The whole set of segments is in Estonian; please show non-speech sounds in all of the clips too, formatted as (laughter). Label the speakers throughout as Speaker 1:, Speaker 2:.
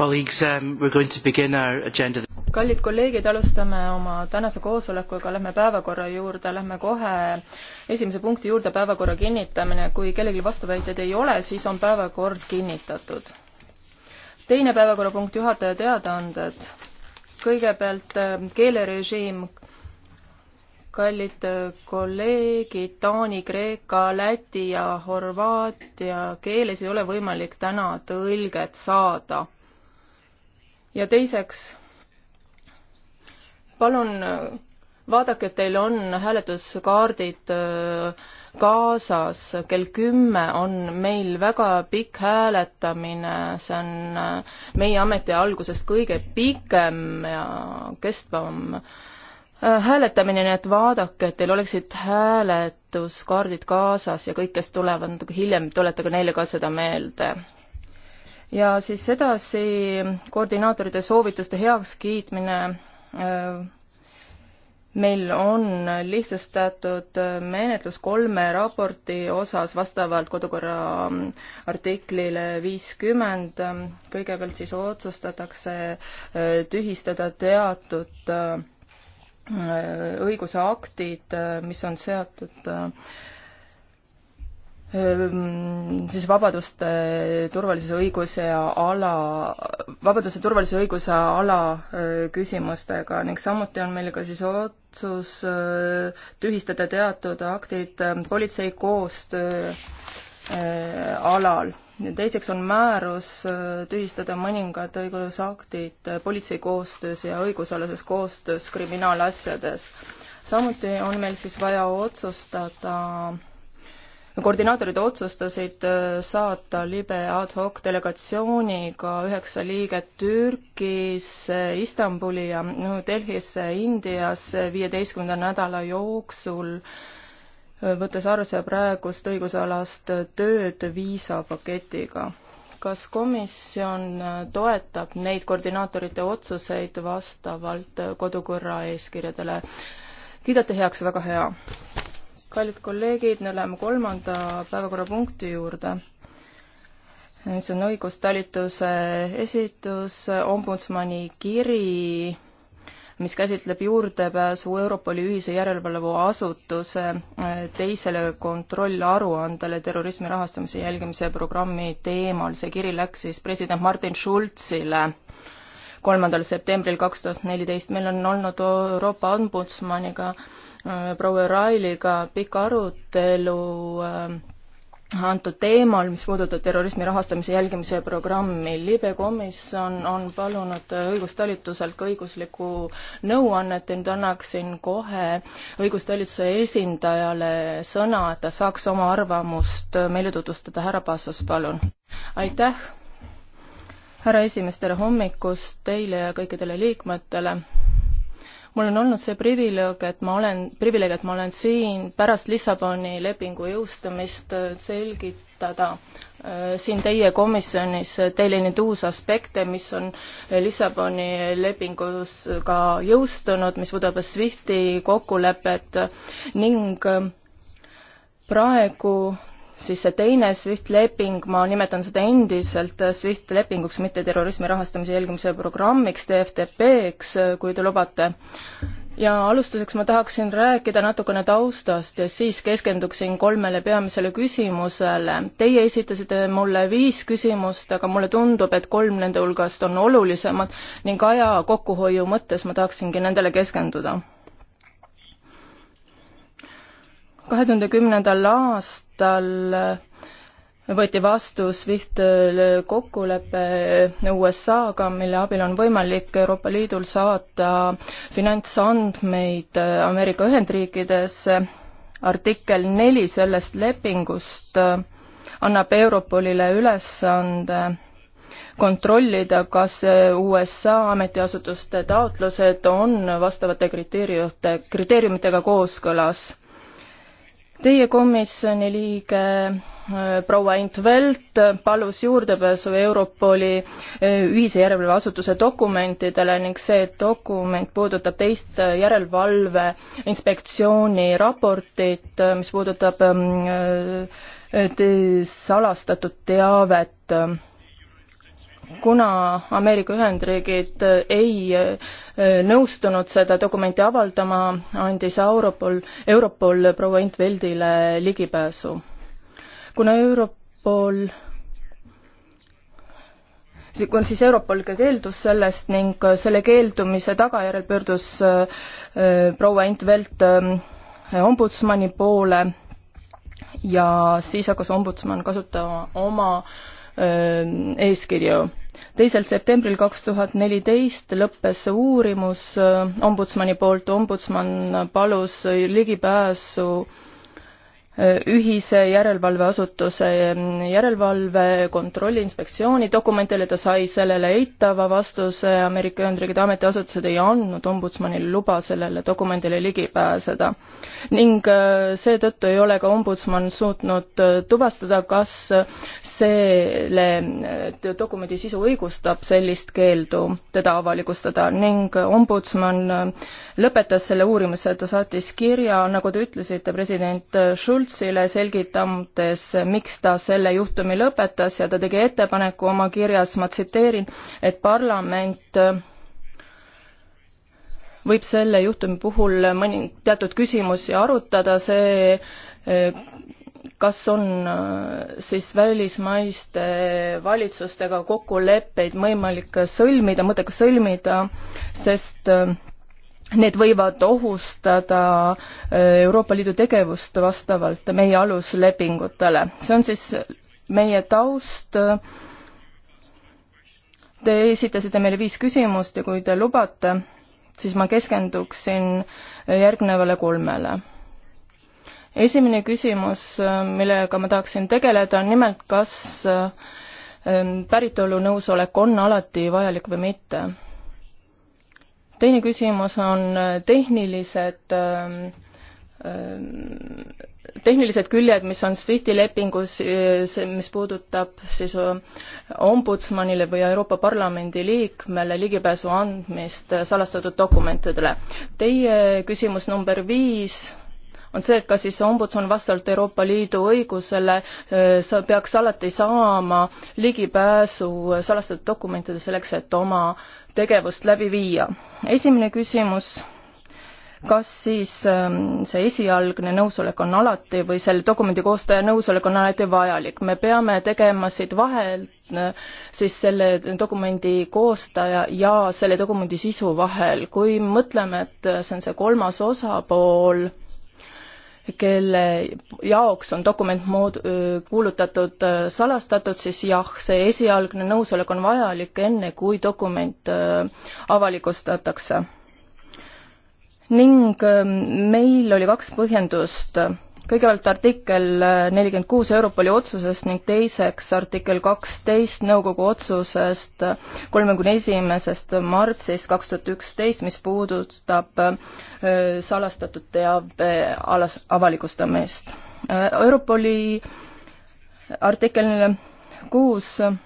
Speaker 1: Um,
Speaker 2: kallid kolleegid, alustame oma tänase koosolekuga, lähme päevakorra juurde, lähme kohe esimese punkti juurde, päevakorra kinnitamine. kui kellelgi vastuväiteid ei ole, siis on päevakord kinnitatud. teine päevakorrapunkt, juhataja teadaanded. kõigepealt äh, keelerežiim kallid äh, kolleegid, taani, kreeka, läti ja horvaatia keeles ei ole võimalik täna tõlget saada ja teiseks, palun vaadake, et teil on hääletuskaardid äh, kaasas, kell kümme on meil väga pikk hääletamine, see on äh, meie ametiaja algusest kõige pikem ja kestvam äh, hääletamine, nii et vaadake, et teil oleksid hääletuskaardid kaasas ja kõik, kes tulevad natuke hiljem, tuletage neile ka seda meelde ja siis edasi koordinaatorite soovituste heakskiitmine. meil on lihtsustatud menetlus kolme raporti osas vastavalt kodukorra artiklile viiskümmend. kõigepealt siis otsustatakse äh, tühistada teatud äh, õiguseaktid, äh, mis on seotud Ehm, siis vabaduste turvalisuse õiguse ala, vabaduse turvalisuse õiguse ala eh, küsimustega ning samuti on meil ka siis otsus eh, tühistada teatud aktid ehm, politsei koostöö eh, alal. teiseks on määrus tühistada mõningad õigusaktid politsei koostöös ja õigusalases koostöös kriminaalasjades. samuti on meil siis vaja otsustada koordinaatorid otsustasid äh, saata libe ad hoc delegatsiooniga üheksa liiget Türgis, Istanbuli ja New Delhisse Indias viieteistkümnenda nädala jooksul, äh, võttes arvesse praegust õigusalast tööd viisapaketiga. kas komisjon äh, toetab neid koordinaatorite otsuseid vastavalt kodukorra eeskirjadele? kiidate heaks, väga hea kallid kolleegid, me läheme kolmanda päevakorrapunkti juurde, mis on õigustalituse esitus, ombudsmani kiri, mis käsitleb juurdepääsu Europoli ühise järelevalveasutuse äh, teisele kontrollaruandele terrorismi rahastamise jälgimise programmi teemal. see kiri läks siis president Martin Schulzile kolmandal septembril kaks tuhat neliteist. meil on olnud Euroopa ombudsmaniga Äh, proua Railiga pika arutelu äh, antud teemal, mis puudutab terrorismi rahastamise jälgimise programmi. libe komisjon on palunud äh, õigustalituselt ka õiguslikku nõuannet ja nüüd annaksin kohe õigustalituse esindajale sõna, et ta saaks oma arvamust meile tutvustada. härra Passos, palun. aitäh, härra esimees, tere hommikust teile ja kõikidele liikmetele mul on olnud see privileeg, et ma olen, privileeg, et ma olen siin pärast Lissaboni lepingu jõustumist äh, selgitada äh, siin teie komisjonis äh, teile neid uusi aspekte, mis on Lissaboni lepingus ka jõustunud, mis puudutab SWIFTi kokkulepet ning praegu siis see teine SWIFT leping, ma nimetan seda endiselt äh, SWIFT lepinguks, mitte terrorismi rahastamise jälgimise programmiks, TFTP-ks, äh, kui te lubate. ja alustuseks ma tahaksin rääkida natukene taustast ja siis keskenduksin kolmele peamisele küsimusele. Teie esitasite mulle viis küsimust, aga mulle tundub, et kolm nende hulgast on olulisemad ning aja kokkuhoiu mõttes ma tahaksingi nendele keskenduda kahe tuhande kümnendal aastal võeti vastu SWIFT kokkulepe USA-ga, mille abil on võimalik Euroopa Liidul saata finantsandmeid Ameerika Ühendriikidesse. artikkel neli sellest lepingust annab Europolile ülesande kontrollida, kas USA ametiasutuste taotlused on vastavate kriteeriumite, kriteeriumitega kooskõlas Teie komisjoni liige äh, proua Int Velt palus juurdepääsu Europoli äh, ühise järelevalveasutuse dokumentidele ning see dokument puudutab teist äh, järelevalve inspektsiooni raportit, mis puudutab ähm, salastatud teavet kuna Ameerika Ühendriigid ei eh, nõustunud seda dokumenti avaldama, andis Europol, Europol proua Intveldile ligipääsu. kuna Europol siis Europol ka keeldus sellest ning selle keeldumise tagajärjel pöördus eh, proua Intvelt eh, ombudsmani poole ja siis hakkas ombudsman kasutama oma eeskirju teisel septembril kaks tuhat neliteist lõppes uurimus äh, ombudsmani poolt, ombudsman palus ligipääsu ühise järelevalveasutuse järelevalve kontrollinspektsiooni dokumentile, ta sai sellele eitava vastuse, Ameerika Ühendriikide ametiasutused ei andnud ombudsmanile luba sellele dokumendile ligi pääseda. ning äh, seetõttu ei ole ka ombudsman suutnud äh, tuvastada, kas selle äh, dokumendi sisu õigustab sellist keeldu teda avalikustada ning ombudsman lõpetas selle uurimise, ta saatis kirja, nagu te ütlesite, president Schulz, Schulzile selgitamates, miks ta selle juhtumi lõpetas ja ta tegi ettepaneku oma kirjas, ma tsiteerin, et parlament äh, võib selle juhtumi puhul mõni, teatud küsimusi arutada, see äh, kas on äh, siis välismaiste valitsustega kokkuleppeid võimalik sõlmida, mõttega sõlmida, sest äh, need võivad ohustada äh, Euroopa Liidu tegevust vastavalt meie aluslepingutele. see on siis meie taust. Te esitasite meile viis küsimust ja kui te lubate, siis ma keskenduksin järgnevale kolmele. esimene küsimus, millega ma tahaksin tegeleda, on nimelt, kas ähm, päritolu nõusolek on alati vajalik või mitte teine küsimus on äh, tehnilised ähm, ähm, tehnilised küljed, mis on SWIFTi lepingus, äh, mis puudutab siis äh, ombudsmanile või Euroopa Parlamendi liikmele ligipääsu andmist salastatud dokumentidele. Teie küsimus number viis on see, et kas siis ombudsman vastavalt Euroopa Liidu õigusele sa-, peaks alati saama ligipääsu salastatud dokumentidele selleks, et oma tegevust läbi viia. esimene küsimus, kas siis ähm, see esialgne nõusolek on alati või selle dokumendi koostaja nõusolek on alati vajalik? me peame tegema siit vahelt äh, siis selle dokumendi koostaja ja selle dokumendi sisu vahel. kui mõtleme, et see on see kolmas osapool, kelle jaoks on dokument mood-, kuulutatud äh, salastatud, siis jah, see esialgne nõusolek on vajalik enne, kui dokument äh, avalikustatakse. ning äh, meil oli kaks põhjendust kõigepealt artikkel äh, nelikümmend kuus Europoli otsusest ning teiseks artikkel kaksteist nõukogu otsusest äh, kolmekümne esimesest martsist kaks tuhat üksteist, mis puudutab äh, salastatud teabe alas, avalikustamist. Europoli artikkel kuus 6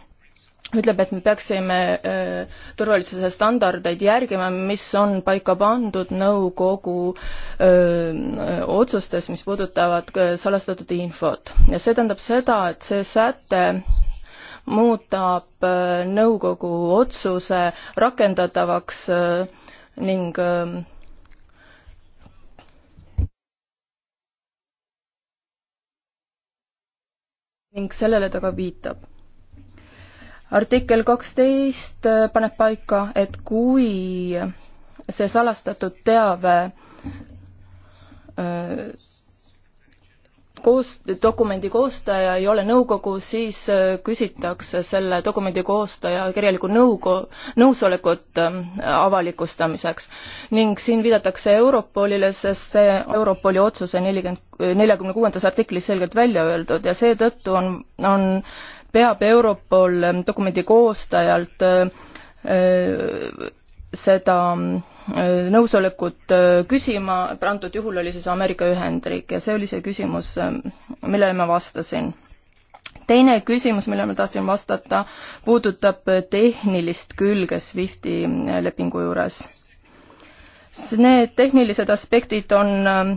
Speaker 2: ütleb, et me peaksime äh, turvalisuse standardeid järgima, mis on paika pandud nõukogu öö, äh, otsustes, mis puudutavad äh, salastatud infot. ja see tähendab seda, et see säte muutab nõukogu otsuse rakendatavaks öö, ning öö, ning sellele ta ka viitab artikkel kaksteist äh, paneb paika, et kui see salastatud teave äh, koos, dokumendi koostaja ei ole nõukogu, siis äh, küsitakse selle dokumendi koostaja kirjalikku nõuko-, nõusolekut ähm, avalikustamiseks. ning siin viidatakse Europolile, sest see Europoli otsuse nelikümmend, neljakümne kuuendas artiklis selgelt välja öeldud ja seetõttu on, on peab Europol ähm, dokumendi koostajalt äh, äh, seda äh, nõusolekut küsima, antud juhul oli siis Ameerika Ühendriik ja see oli see küsimus, ähm, millele ma vastasin. teine küsimus, millele ma tahtsin vastata, puudutab tehnilist külge SWIFTi lepingu juures. Need tehnilised aspektid on ähm,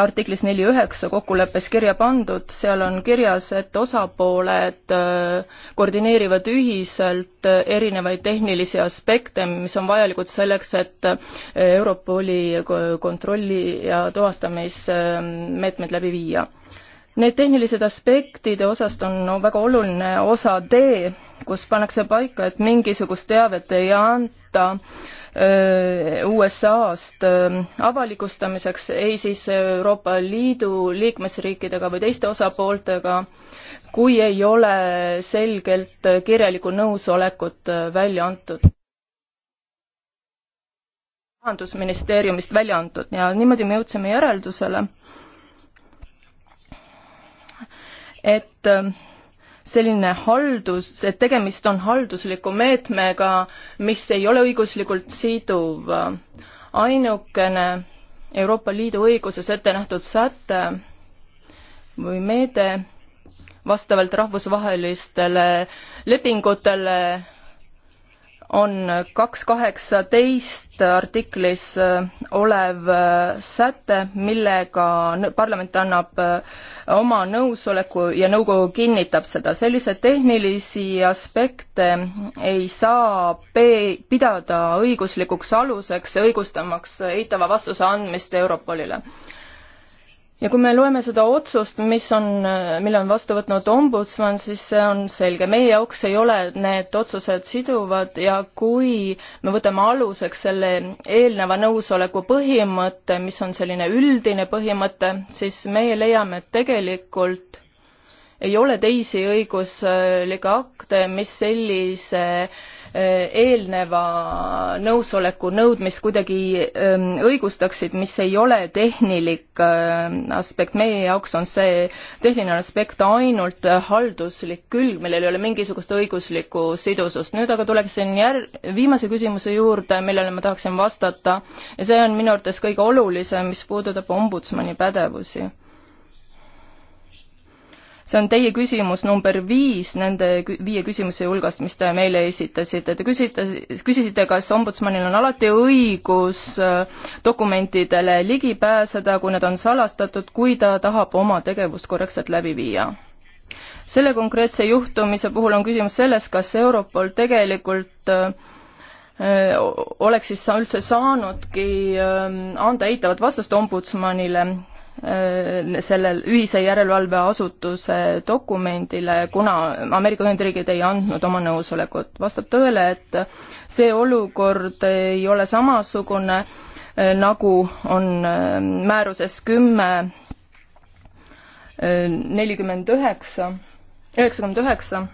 Speaker 2: artiklis neli üheksa kokkuleppes kirja pandud, seal on kirjas, et osapooled äh, koordineerivad ühiselt äh, erinevaid tehnilisi aspekte, mis on vajalikud selleks, et äh, Europoli kontrolli ja tuvastamismeetmed läbi viia. Need tehnilised aspektide osast on no, väga oluline osa D, kus pannakse paika, et mingisugust teavet ei anta äh, USA-st avalikustamiseks, ei siis Euroopa Liidu liikmesriikidega või teiste osapooltega, kui ei ole selgelt kirjalikku nõusolekut välja antud. rahandusministeeriumist välja antud ja niimoodi me jõudsime järeldusele, et selline haldus, et tegemist on haldusliku meetmega, mis ei ole õiguslikult siduv. ainukene Euroopa Liidu õiguses ette nähtud säte või meede vastavalt rahvusvahelistele lepingutele on kaks kaheksateist artiklis äh, olev äh, säte, millega parlament annab äh, oma nõusoleku ja nõukogu kinnitab seda. selliseid tehnilisi aspekte ei saa pidada õiguslikuks aluseks, õigustamaks eitava vastuse andmist Europolile ja kui me loeme seda otsust, mis on, mille on vastu võtnud ombudsman, siis see on selge, meie jaoks ei ole need otsused siduvad ja kui me võtame aluseks selle eelneva nõusoleku põhimõtte, mis on selline üldine põhimõte, siis meie leiame, et tegelikult ei ole teisi õiguslikke akte, mis sellise äh, eelneva nõusoleku nõudmist kuidagi ähm, õigustaksid, mis ei ole tehnilik ähm, aspekt, meie jaoks on see tehniline aspekt ainult halduslik külg, millel ei ole mingisugust õiguslikku sidusust. nüüd aga tuleksin jär-, viimase küsimuse juurde, millele ma tahaksin vastata ja see on minu arvates kõige olulisem, mis puudutab ombudsmani pädevusi see on teie küsimus number viis nende viie küsimuse hulgast, mis te meile esitasite. Te küsite, küsisite, kas ombudsmanil on alati õigus äh, dokumentidele ligi pääseda, kui need on salastatud, kui ta tahab oma tegevust korrektselt läbi viia selle konkreetse juhtumise puhul on küsimus selles, kas Europol tegelikult äh, oleks siis üldse saanudki äh, anda eitavat vastust ombudsmanile, Äh, sellel ühise järelevalveasutuse dokumendile, kuna Ameerika Ühendriigid ei andnud oma nõusolekut. vastab tõele, et see olukord ei ole samasugune, äh, nagu on äh, määruses kümme nelikümmend üheksa, üheksakümmend üheksa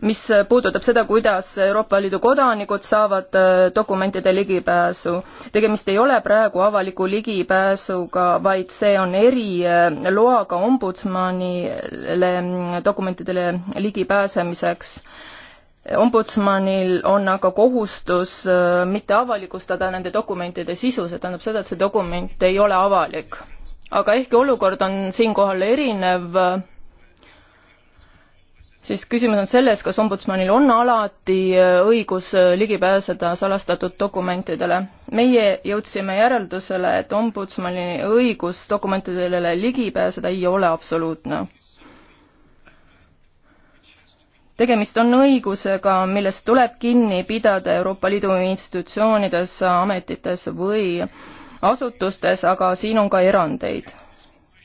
Speaker 2: mis puudutab seda, kuidas Euroopa Liidu kodanikud saavad äh, dokumentide ligipääsu. tegemist ei ole praegu avaliku ligipääsuga, vaid see on eriloaga äh, ombudsmanile mm, dokumentidele ligipääsemiseks. ombudsmanil on aga kohustus äh, mitte avalikustada nende dokumentide sisu, see tähendab seda, et see dokument ei ole avalik. aga ehkki olukord on siinkohal erinev, siis küsimus on selles, kas ombudsmanil on alati äh, õigus äh, ligi pääseda salastatud dokumentidele. meie jõudsime järeldusele, et ombudsmani õigus dokumentidele ligi pääseda ei ole absoluutne. tegemist on õigusega, millest tuleb kinni pidada Euroopa Liidu institutsioonides, ametites või asutustes, aga siin on ka erandeid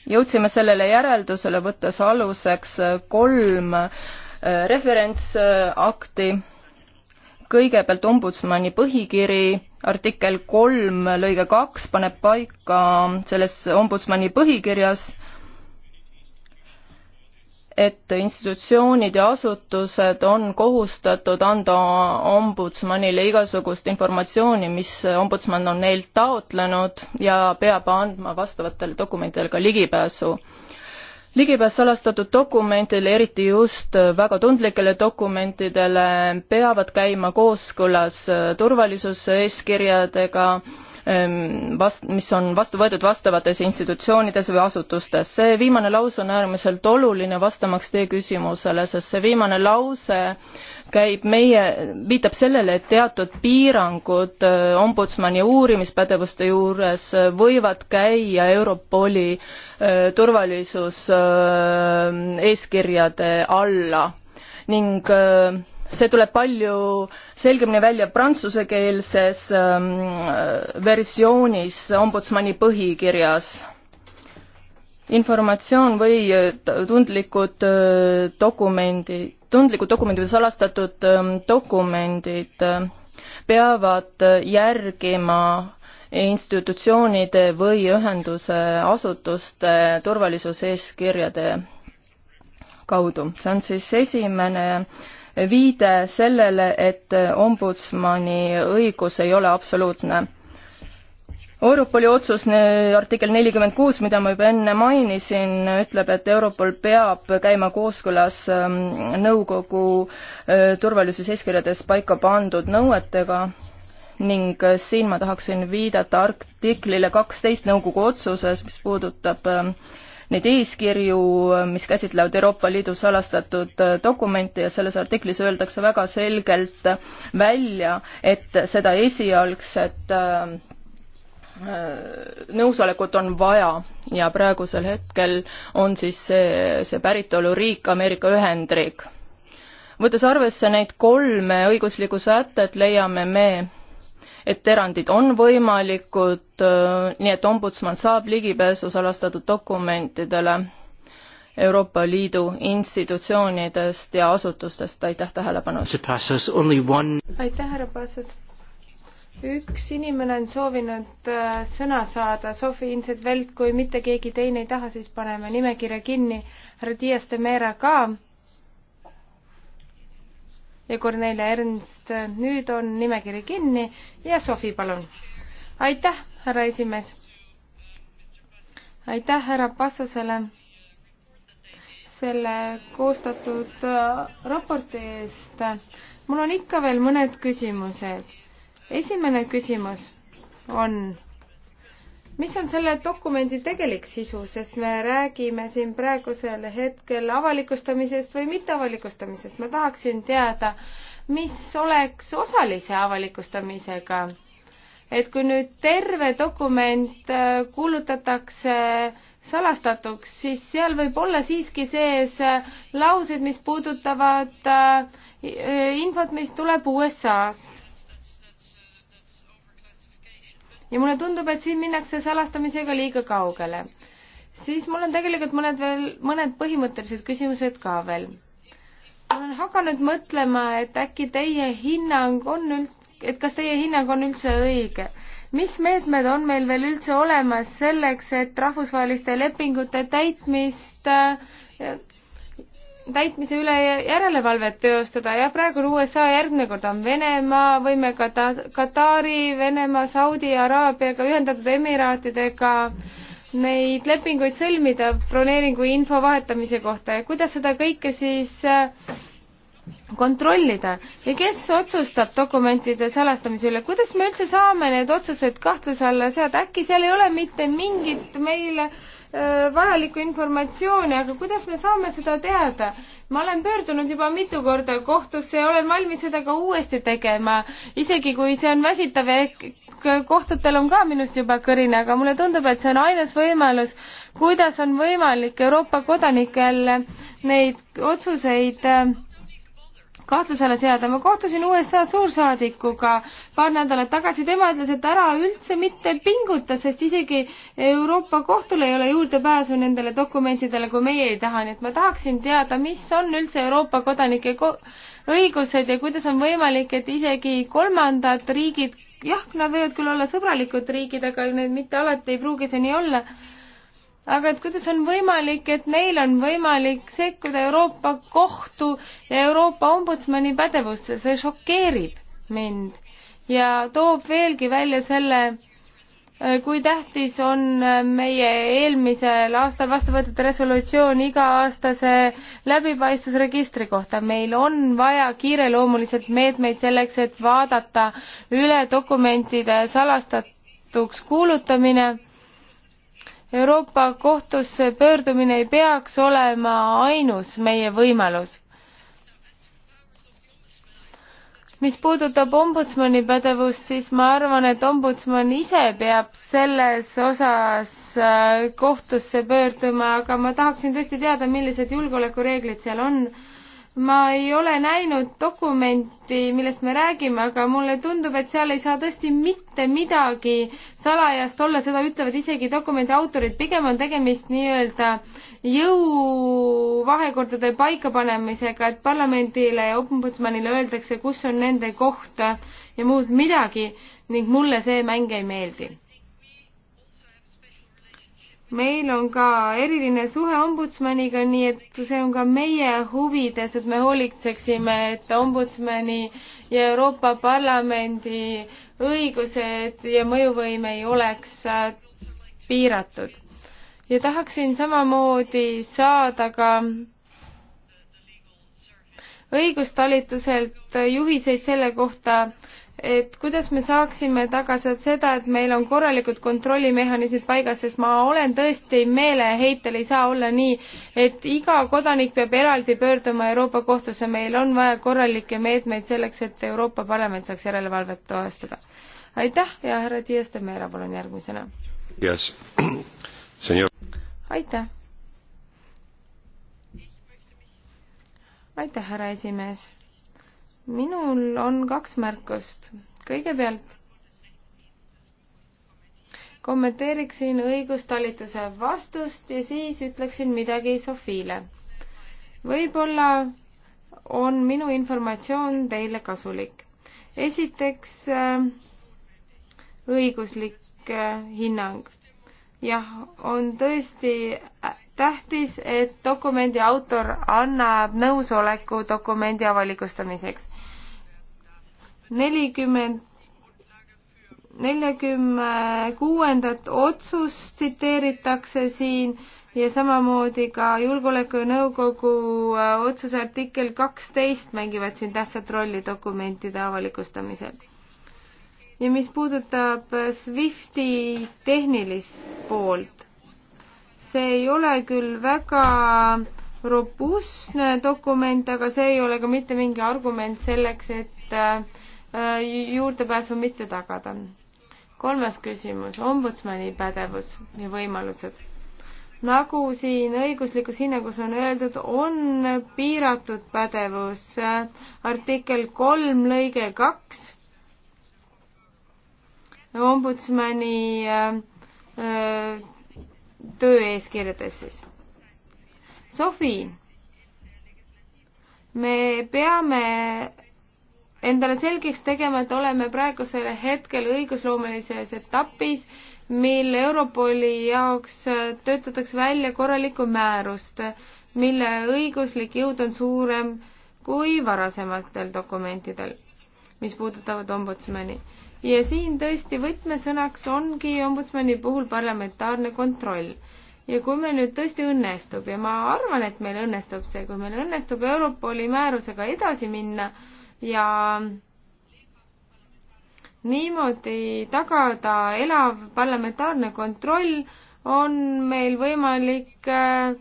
Speaker 2: jõudsime sellele järeldusele, võttes aluseks kolm äh, referentsakti, kõigepealt ombudsmani põhikiri, artikkel kolm lõige kaks paneb paika selles ombudsmani põhikirjas et institutsioonid ja asutused on kohustatud anda ombudsmanile igasugust informatsiooni, mis ombudsman on neilt taotlenud ja peab andma vastavatele dokumentidele ka ligipääsu. ligipääs salastatud dokumentidele, eriti just väga tundlikele dokumentidele, peavad käima kooskõlas turvalisuse eeskirjadega Ehm, vast-, mis on vastu võetud vastavates institutsioonides või asutustes. see viimane lause on äärmiselt oluline vastamaks teie küsimusele, sest see viimane lause käib meie, viitab sellele, et teatud piirangud eh, ombudsmani uurimispädevuste juures võivad käia Europoli eh, turvalisuseeskirjade eh, alla ning see tuleb palju selgemini välja prantsusekeelses ähm, versioonis ombudsmani põhikirjas informatsioon või äh, tundlikud äh, dokumendid, tundlikud dokumendid või salastatud ähm, dokumendid äh, peavad järgima institutsioonide või ühenduse asutuste turvalisuseeskirjade kaudu. see on siis esimene äh, viide sellele, et ombudsmani õigus ei ole absoluutne. Europoli otsus artikkel nelikümmend kuus, mida ma juba enne mainisin, ütleb, et Europol peab käima kooskõlas ähm, nõukogu äh, turvalisuse eeskirjades paika pandud nõuetega ning äh, siin ma tahaksin viidata artiklile kaksteist nõukogu otsuses, mis puudutab äh, neid eeskirju, mis käsitlevad Euroopa Liidu salastatud äh, dokumente ja selles artiklis öeldakse väga selgelt välja, et seda esialgset äh, äh, nõusolekut on vaja ja praegusel hetkel on siis see, see päritoluriik Ameerika Ühendriik. võttes arvesse neid kolme õiguslikku sätet, leiame me, et erandid on võimalikud, äh, nii et ombudsman saab ligipääsu salastatud dokumentidele Euroopa Liidu institutsioonidest ja asutustest, aitäh tähelepanu
Speaker 1: eest!
Speaker 3: aitäh, härra Pasas! üks inimene on soovinud äh, sõna saada, Sofi Inset-Velt, kui mitte keegi teine ei taha, siis paneme nimekirja kinni, härra Dias de Mera ka ja Kornelia Ernst. nüüd on nimekiri kinni ja Sofi, palun. aitäh, härra esimees. aitäh härra Passasele selle koostatud äh, raporti eest. mul on ikka veel mõned küsimused. esimene küsimus on mis on selle dokumendi tegelik sisu, sest me räägime siin praegusel hetkel avalikustamisest või mitteavalikustamisest. ma tahaksin teada, mis oleks osalise avalikustamisega. et kui nüüd terve dokument äh, kuulutatakse salastatuks, siis seal võib olla siiski sees äh, laused, mis puudutavad äh, infot, mis tuleb USA-st ja mulle tundub, et siin minnakse salastamisega liiga kaugele. siis mul on tegelikult mõned veel, mõned põhimõttelised küsimused ka veel. ma olen hakanud mõtlema, et äkki teie hinnang on üld-, et kas teie hinnang on üldse õige. mis meetmed on meil veel üldse olemas selleks, et rahvusvaheliste lepingute täitmist äh, täitmise üle järelevalvet teostada ja praegu on USA, järgmine kord on Venemaa, võime ka ta-, Katari, Venemaa, Saudi Araabiaga, Ühendatud Emiraatidega neid lepinguid sõlmida broneeringu info vahetamise kohta ja kuidas seda kõike siis äh, kontrollida ja kes otsustab dokumentide salastamise üle, kuidas me üldse saame need otsused kahtluse alla seada, äkki seal ei ole mitte mingit meile äh, Äh, vajalikku informatsiooni, aga kuidas me saame seda teada? ma olen pöördunud juba mitu korda kohtusse ja olen valmis seda ka uuesti tegema, isegi kui see on väsitav ja ehk kohtutel on ka minust juba kõrine, aga mulle tundub, et see on ainus võimalus, kuidas on võimalik Euroopa kodanikel neid otsuseid äh, kahtluse alla seada. ma kohtusin USA suursaadikuga paar nädalat tagasi, tema ütles, et ära üldse mitte pinguta, sest isegi Euroopa kohtul ei ole juurdepääsu nendele dokumentidele, kui meie ei taha, nii et ma tahaksin teada, mis on üldse Euroopa kodanike ko õigused ja kuidas on võimalik, et isegi kolmandad riigid, jah, nad võivad küll olla sõbralikud riigid, aga need mitte alati ei pruugi see nii olla aga et kuidas on võimalik, et neil on võimalik sekkuda Euroopa Kohtu ja Euroopa Ombudsmani pädevusse, see šokeerib mind ja toob veelgi välja selle, äh, kui tähtis on äh, meie eelmisel aastal vastu võetud resolutsioon iga-aastase läbipaistvusregistri kohta. meil on vaja kiireloomuliselt meetmeid selleks, et vaadata üle dokumentide salastatuks kuulutamine Euroopa kohtusse pöördumine ei peaks olema ainus meie võimalus. mis puudutab ombudsmani pädevust, siis ma arvan, et ombudsman ise peab selles osas äh, kohtusse pöörduma, aga ma tahaksin tõesti teada, millised julgeolekureeglid seal on ma ei ole näinud dokumenti, millest me räägime, aga mulle tundub, et seal ei saa tõesti mitte midagi salajast olla, seda ütlevad isegi dokumendi autorid, pigem on tegemist nii-öelda jõuvahekordade paikapanemisega, et parlamendile ja ombudsmanile öeldakse, kus on nende koht ja muud midagi ning mulle see mäng ei meeldi meil on ka eriline suhe ombudsmaniga, nii et see on ka meie huvides, et me hoolitseksime, et ombudsmani ja Euroopa Parlamendi õigused ja mõjuvõim ei oleks äh, piiratud. ja tahaksin samamoodi saada ka õigustalituselt juhiseid selle kohta, et kuidas me saaksime tagasi seda, et meil on korralikud kontrollimehhanismid paigas, sest ma olen tõesti meeleheitel, ei saa olla nii, et iga kodanik peab eraldi pöörduma Euroopa kohtusse, meil on vaja korralikke meetmeid selleks, et Euroopa Parlament saaks järelevalvet toestada. aitäh ja härra Dias de Mera, palun järgmisena
Speaker 1: yes.. (clears throat)
Speaker 3: aitäh. aitäh, härra esimees minul on kaks märkust. kõigepealt kommenteeriksin õigustalituse vastust ja siis ütleksin midagi Sofiile. võib-olla on minu informatsioon teile kasulik. esiteks äh, õiguslik äh, hinnang. jah, on tõesti äh, tähtis, et dokumendi autor annab nõusoleku dokumendi avalikustamiseks. nelikümmend, neljakümne kuuendat otsust tsiteeritakse siin ja samamoodi ka Julgeolekunõukogu äh, otsuse artikkel kaksteist mängivad siin tähtsat rolli dokumentide avalikustamisel. ja mis puudutab SWIFTi tehnilist poolt see ei ole küll väga robustne dokument, aga see ei ole ka mitte mingi argument selleks, et äh, juurdepääsu mitte tagada. kolmas küsimus, ombudsmani pädevus ja võimalused. nagu siin õiguslikus hinnangus on öeldud, on piiratud pädevus äh, artikkel kolm lõige kaks ombudsmani öö, äh, tööeeskirjades siis. Sofi, me peame endale selgeks tegema, et oleme praegusel hetkel õigusloomelises etapis, mil Europoli jaoks töötatakse välja korralikku määrust, mille õiguslik jõud on suurem kui varasematel dokumentidel, mis puudutavad ombudsmani ja siin tõesti võtmesõnaks ongi ombudsmani puhul parlamentaarne kontroll. ja kui meil nüüd tõesti õnnestub ja ma arvan, et meil õnnestub see, kui meil õnnestub Europoli määrusega edasi minna ja niimoodi tagada elav parlamentaarne kontroll, on meil võimalik äh,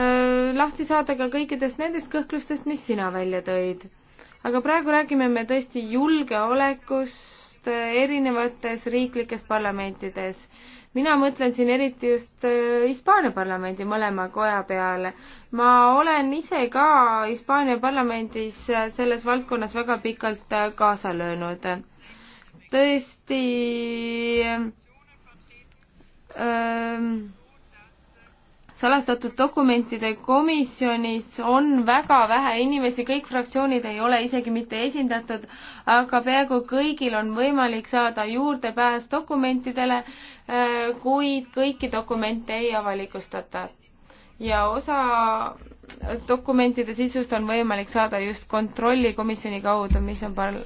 Speaker 3: äh lahti saada ka kõikidest nendest kõhklustest, mis sina välja tõid. aga praegu räägime me tõesti julgeolekust, tegevust äh, erinevates riiklikes parlamentides. mina mõtlen siin eriti just äh, Hispaania parlamendi mõlema koja peale. ma olen ise ka Hispaania parlamendis äh, selles valdkonnas väga pikalt kaasa löönud. tõesti ähm, salastatud dokumentide komisjonis on väga vähe inimesi, kõik fraktsioonid ei ole isegi mitte esindatud, aga peaaegu kõigil on võimalik saada juurdepääs dokumentidele, äh, kuid kõiki dokumente ei avalikustata. ja osa dokumentide sisust on võimalik saada just kontrollikomisjoni kaudu, mis on par-,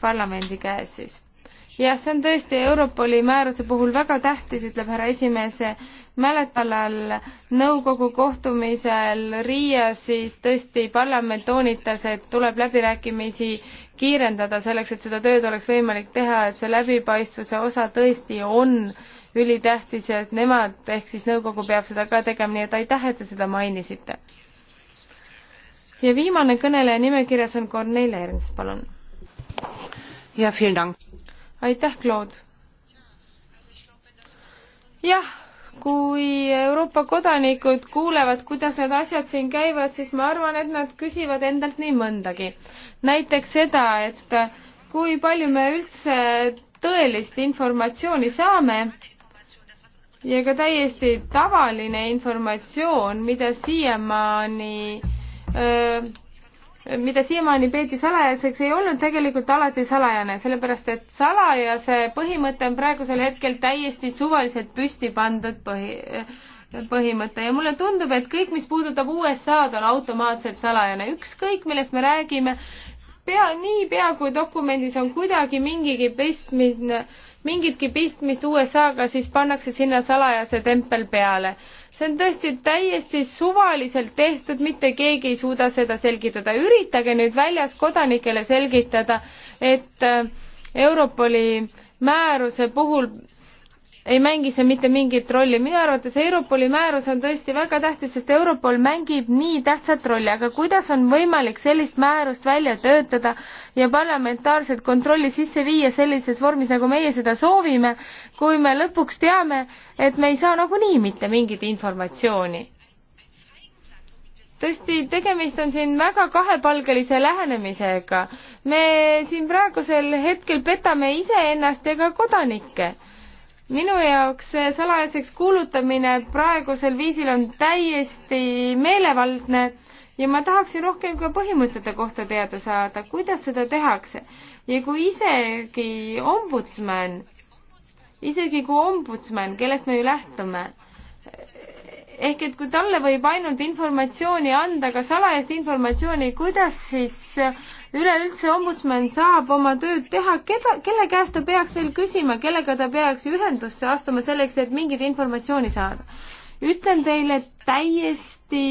Speaker 3: parlamendi käes siis jah, see on tõesti Europoli määruse puhul väga tähtis, ütleb härra esimees, mäletalal nõukogu kohtumisel Riias siis tõesti parlament toonitas, et tuleb läbirääkimisi kiirendada selleks, et seda tööd oleks võimalik teha, et see läbipaistvuse osa tõesti on ülitähtis ja nemad ehk siis nõukogu peab seda ka tegema, nii et aitäh, et te seda mainisite. ja viimane kõneleja nimekirjas on Kornelia Ernst, palun. aitäh, Claude jah, kui Euroopa kodanikud kuulevad, kuidas need asjad siin käivad, siis ma arvan, et nad küsivad endalt nii mõndagi. näiteks seda, et kui palju me üldse tõelist informatsiooni saame ja ka täiesti tavaline informatsioon, mida siiamaani öö, mida siiamaani peeti salajaseks, ei olnud tegelikult alati salajane, sellepärast et salajase põhimõte on praegusel hetkel täiesti suvaliselt püsti pandud põhi, põhimõte ja mulle tundub, et kõik, mis puudutab USA-d, on automaatselt salajane, ükskõik millest me räägime, pea, niipea kui dokumendis on kuidagi mingigi pistmine, mingitki pistmist USA-ga, siis pannakse sinna salajase tempel peale see on tõesti täiesti suvaliselt tehtud, mitte keegi ei suuda seda selgitada. üritage nüüd väljas kodanikele selgitada, et äh, Europoli määruse puhul ei mängi see mitte mingit rolli. minu arvates Europoli määrus on tõesti väga tähtis, sest Europol mängib nii tähtsat rolli, aga kuidas on võimalik sellist määrust välja töötada ja parlamentaarset kontrolli sisse viia sellises vormis, nagu meie seda soovime, kui me lõpuks teame, et me ei saa nagunii mitte mingit informatsiooni? tõesti, tegemist on siin väga kahepalgelise lähenemisega. me siin praegusel hetkel petame iseennast ja ka kodanikke minu jaoks see salajaseks kuulutamine praegusel viisil on täiesti meelevaldne ja ma tahaksin rohkem ka põhimõtete kohta teada saada, kuidas seda tehakse. ja kui isegi ombudsman, isegi kui ombudsman, kellest me ju lähtume, ehk et kui talle võib ainult informatsiooni anda, ka salajast informatsiooni, kuidas siis üleüldse ombudsman saab oma tööd teha, keda, kelle käest ta peaks veel küsima, kellega ta peaks ühendusse astuma selleks, et mingit informatsiooni saada? ütlen teile täiesti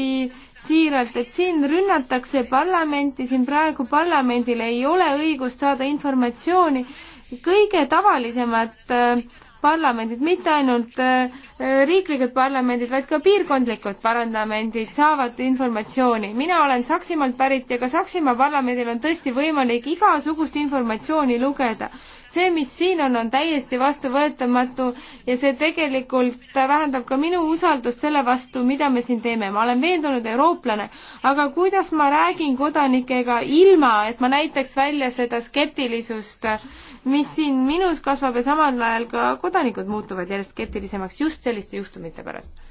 Speaker 3: siiralt, et siin rünnatakse parlamenti, siin praegu parlamendil ei ole õigust saada informatsiooni, kõige tavalisemat äh, parlamendid, mitte ainult äh, riiklikud parlamendid, vaid ka piirkondlikud parlamendid saavad informatsiooni. mina olen Saksimaalt pärit ja ka Saksimaa parlamendil on tõesti võimalik igasugust informatsiooni lugeda. see, mis siin on, on täiesti vastuvõetamatu ja see tegelikult vähendab ka minu usaldust selle vastu, mida me siin teeme. ma olen veendunud eurooplane, aga kuidas ma räägin kodanikega ilma, et ma näitaks välja seda skeptilisust mis siin minus kasvab ja samal ajal ka kodanikud muutuvad järjest skeptilisemaks just selliste juhtumite pärast.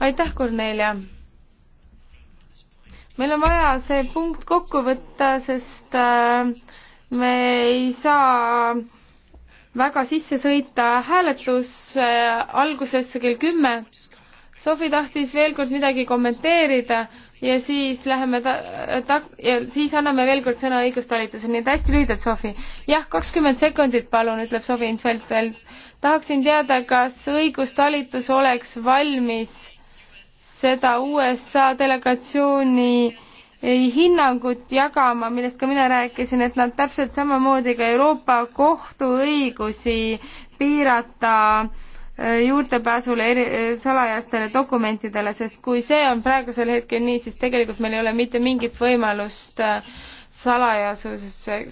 Speaker 3: aitäh, Kornelia! meil on vaja see punkt kokku võtta, sest äh, me ei saa väga sisse sõita hääletuse äh, algusesse kell kümme. Sofi tahtis veel kord midagi kommenteerida, ja siis läheme ta-, ta- ja siis anname veel kord sõna õigustalitusele, nii et hästi lühidalt, Sofi. jah, kakskümmend sekundit, palun, ütleb Sofi Infeld veel. tahaksin teada, kas õigustalitus oleks valmis seda USA delegatsiooni hinnangut jagama, millest ka mina rääkisin, et nad täpselt samamoodi ka Euroopa Kohtu õigusi piirata äh, Äh, juurdepääsule eri, äh, salajastele dokumentidele, sest kui see on praegusel hetkel nii, siis tegelikult meil ei ole mitte mingit võimalust äh, salajasus,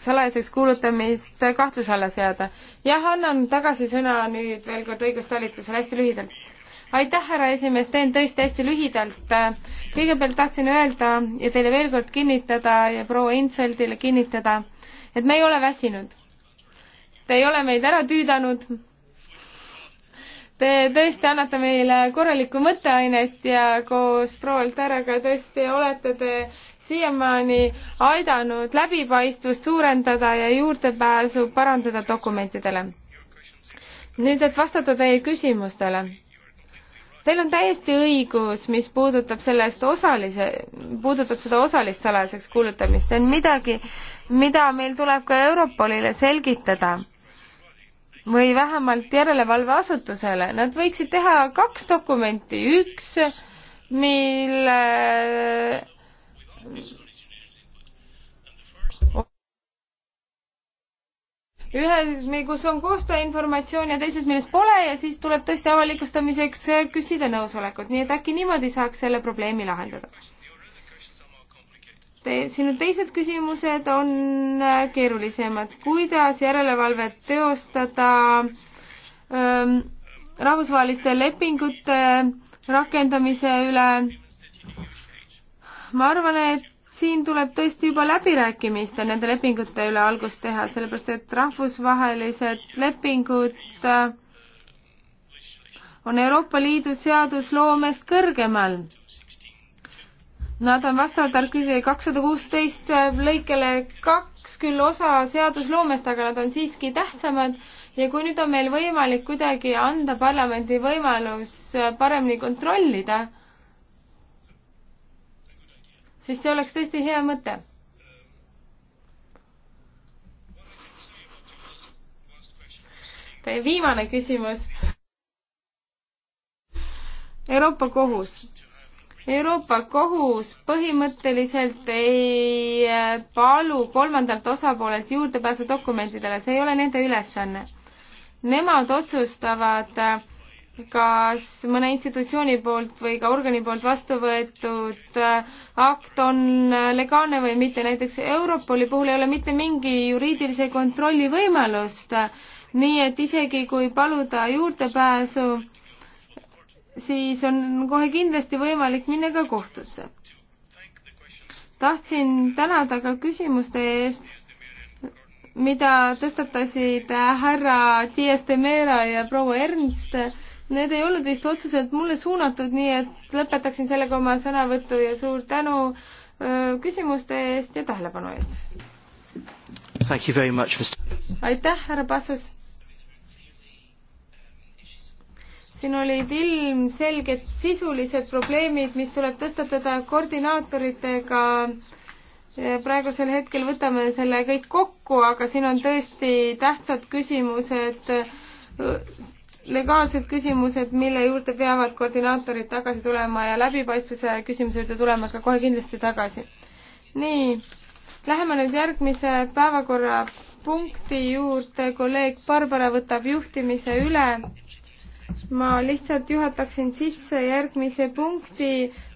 Speaker 3: salajaseks kuulutamist kahtluse alla seada. jah, annan tagasi sõna nüüd veel kord õigustalitusele hästi lühidalt. aitäh, härra esimees, teen tõesti hästi lühidalt. kõigepealt tahtsin öelda ja teile veel kord kinnitada ja proua Infeldile kinnitada, et me ei ole väsinud. Te ei ole meid ära tüüdanud Te tõesti annate meile korralikku mõtteainet ja koos proua Altaraga tõesti olete te siiamaani aidanud läbipaistvust suurendada ja juurdepääsu parandada dokumentidele. nüüd, et vastata teie küsimustele. Teil on täiesti õigus, mis puudutab sellest osalise, puudutab seda osalist salajaseks kuulutamist, see on midagi, mida meil tuleb ka Europolile selgitada või vähemalt järelevalveasutusele, nad võiksid teha kaks dokumenti, üks, mille ühes, kus on koostööinformatsioon ja teises, milles pole ja siis tuleb tõesti avalikustamiseks küsida nõusolekut, nii et äkki niimoodi saaks selle probleemi lahendada Te, sinu teised küsimused on äh, keerulisemad. kuidas järelevalvet teostada ähm, rahvusvaheliste lepingute rakendamise üle? ma arvan, et siin tuleb tõesti juba läbirääkimiste nende lepingute üle algust teha, sellepärast et rahvusvahelised lepingud äh, on Euroopa Liidu seadusloomest kõrgemal Nad on vastavalt artikli kakssada kuusteist lõikele kaks küll osa seadusloomest, aga nad on siiski tähtsamad ja kui nüüd on meil võimalik kuidagi anda parlamendi võimalus paremini kontrollida, siis see oleks tõesti hea mõte. Teie viimane küsimus. Euroopa Kohus Euroopa Kohus põhimõtteliselt ei äh, palu kolmandalt osapoolelt juurdepääsu dokumentidele, see ei ole nende ülesanne. Nemad otsustavad, äh, kas mõne institutsiooni poolt või ka organi poolt vastu võetud äh, akt on legaalne või mitte. näiteks Europoli puhul ei ole mitte mingi juriidilise kontrolli võimalust, nii et isegi kui paluda juurdepääsu siis on kohe kindlasti võimalik minna ka kohtusse. tahtsin tänada ka küsimuste eest, mida tõstatasid härra Dias de Mera ja proua Ernst. Need ei olnud vist otseselt mulle suunatud, nii et lõpetaksin sellega oma sõnavõtu ja suur tänu küsimuste eest ja tähelepanu eest. aitäh, härra Passus siin olid ilmselged sisulised probleemid, mis tuleb tõstatada koordinaatoritega. praegusel hetkel võtame selle kõik kokku, aga siin on tõesti tähtsad küsimused, legaalsed küsimused, mille juurde peavad koordinaatorid tagasi tulema ja läbipaistvuse küsimuse juurde tulema ka kohe kindlasti tagasi. nii, läheme nüüd järgmise päevakorrapunkti juurde, kolleeg Barbara võtab juhtimise üle ma lihtsalt juhataksin sisse järgmise punkti.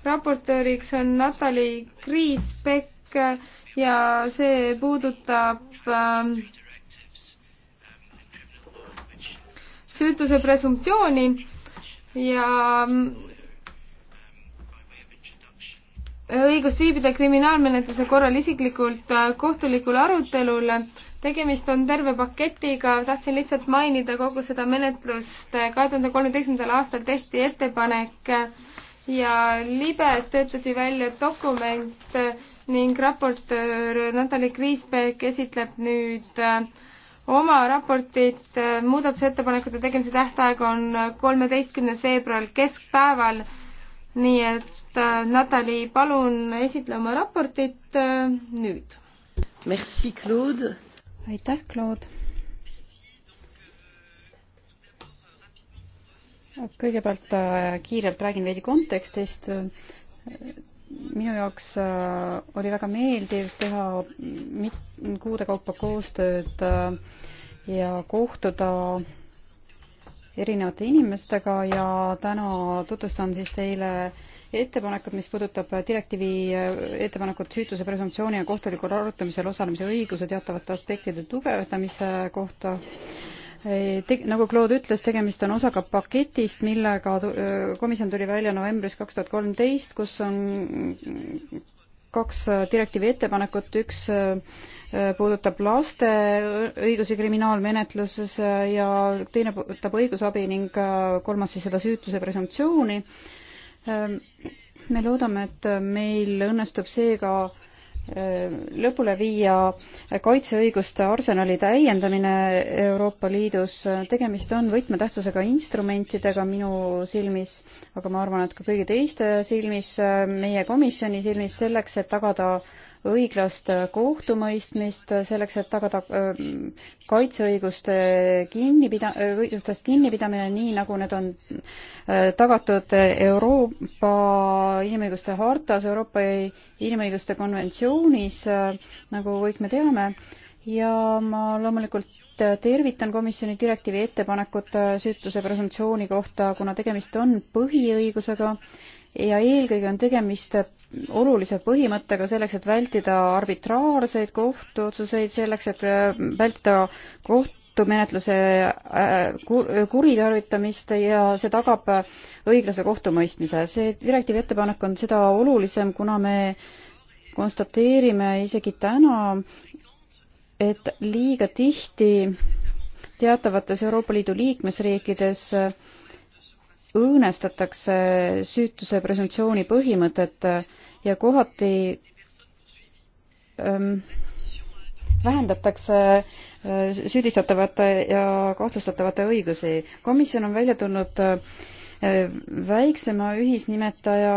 Speaker 3: raportööriks on Natali Kriisbeck ja see puudutab ähm, süütuse presumptsiooni ja ähm, õigust viibida kriminaalmenetluse korral isiklikult äh, kohtulikul arutelul tegemist on terve paketiga, tahtsin lihtsalt mainida kogu seda menetlust. kahe tuhande kolmeteistkümnendal aastal tehti ettepanek ja libes töötati välja dokument ning raportöör Natalja Kriisberg esitleb nüüd äh, oma raportit. muudatusettepanekute tegemise tähtaeg on kolmeteistkümnes veebruar keskpäeval. nii et äh, Natali, palun esitle oma raportit äh, nüüd. Merci, Claude
Speaker 4: aitäh, Claude. kõigepealt äh, kiirelt räägin veidi kontekstist. minu jaoks äh, oli väga meeldiv teha kuude kaupa koostööd äh, ja kohtuda erinevate inimestega ja täna tutvustan siis teile ettepanekut, mis puudutab direktiivi ettepanekut süütuse presumptsiooni ja kohtulikul arutamisel osalemise õiguse teatavate aspektide tugevdamise kohta. Te, nagu Claude ütles, tegemist on osaga paketist, millega komisjon tuli välja novembris kaks tuhat kolmteist, kus on kaks direktiivi ettepanekut, üks Äh, puudutab laste õigusi kriminaalmenetluses äh, ja teine puudutab õigusabi ning äh, kolmas siis seda süütuse presumptsiooni. Ähm, me loodame, et meil õnnestub seega lõpule viia kaitseõiguste arsenali täiendamine Euroopa Liidus. tegemist on võtmetähtsusega instrumentidega minu silmis, aga ma arvan, et ka kõigi teiste silmis, meie komisjoni silmis, selleks, et tagada õiglast kohtumõistmist selleks, et tagada äh, kaitseõiguste kinnipida-, õigustest kinnipidamine, nii nagu need on äh, tagatud Euroopa inimõiguste hartas, Euroopa inimõiguste konventsioonis, äh, nagu kõik me teame, ja ma loomulikult tervitan komisjoni direktiivi ettepanekut süütuse presumptsiooni kohta, kuna tegemist on põhiõigusega ja eelkõige on tegemist olulise põhimõttega selleks, et vältida arbitraarseid kohtuotsuseid, selleks, et äh, vältida kohtumenetluse äh, kuritarvitamist ja see tagab äh, õiglase kohtumõistmise. see direktiivi ettepanek on seda olulisem, kuna me konstateerime isegi täna, et liiga tihti teatavates Euroopa Liidu liikmesriikides äh, õõnestatakse süütuse presumptsiooni põhimõtet ja kohati ähm, vähendatakse äh, süüdistatavate ja kahtlustatavate õigusi. komisjon on välja tulnud äh, väiksema ühisnimetaja,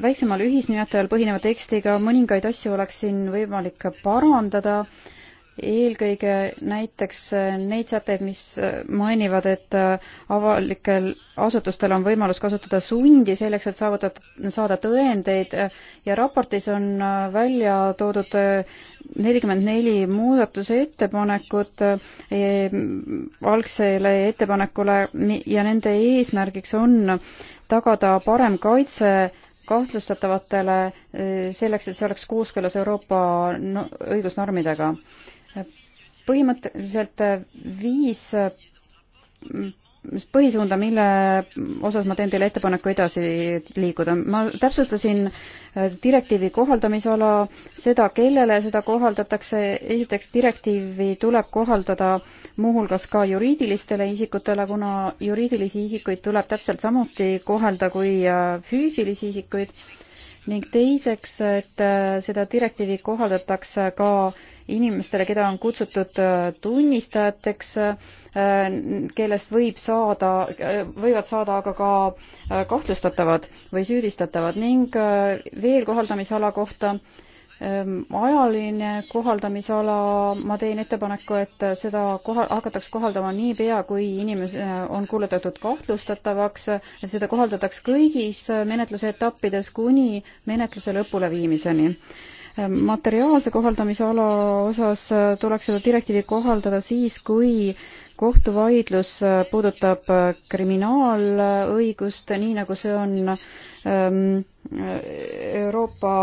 Speaker 4: väiksemal ühisnimetajal põhineva tekstiga, mõningaid asju oleks siin võimalik parandada äh, eelkõige näiteks äh, neid sätteid, mis äh, mainivad, et äh, avalikel asutustel on võimalus kasutada sundi selleks, et saavutada, saada tõendeid ja raportis on välja toodud nelikümmend neli muudatuse ettepanekut e, algsele ettepanekule ja nende eesmärgiks on tagada parem kaitse kahtlustatavatele selleks, et see oleks kooskõlas Euroopa õigusnormidega põhimõtteliselt viis põhisuunda, mille osas ma teen teile ettepaneku edasi liikuda. ma täpsustasin direktiivi kohaldamisala, seda, kellele seda kohaldatakse, esiteks direktiivi tuleb kohaldada muuhulgas ka juriidilistele isikutele, kuna juriidilisi isikuid tuleb täpselt samuti kohelda kui füüsilisi isikuid ning teiseks, et äh, seda direktiivi kohaldatakse ka inimestele, keda on kutsutud äh, tunnistajateks, äh, kellest võib saada, võivad saada aga ka kahtlustatavad või süüdistatavad ning veel kohaldamisala kohta Ehm, ajaline kohaldamisala, ma teen ettepaneku, et seda koha, hakataks kohaldama niipea, kui inimene äh, on kuulutatud kahtlustatavaks, et seda kohaldataks kõigis menetluse etappides kuni menetluse lõpuleviimiseni. Ehm, materiaalse kohaldamise ala osas äh, tuleks seda direktiivi kohaldada siis, kui kohtuvaidlus äh, puudutab kriminaalõigust, nii nagu see on ehm, Euroopa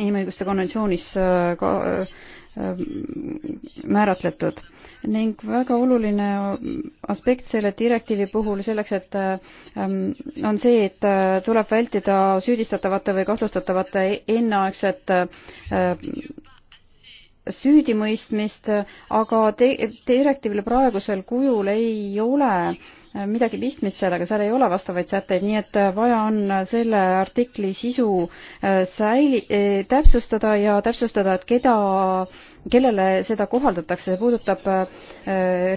Speaker 4: inimõiguste konventsioonis äh, ka äh, määratletud ning väga oluline aspekt selle direktiivi puhul selleks, et äh, on see, et tuleb vältida süüdistatavate või kahtlustatavate enneaegset süüdimõistmist, aga te-, direktiivil praegusel kujul ei ole Äh, midagi pistmist sellega, seal ei ole vastavaid sätteid, nii et äh, vaja on äh, selle artikli sisu säili-, täpsustada ja täpsustada, et keda, kellele seda kohaldatakse, see puudutab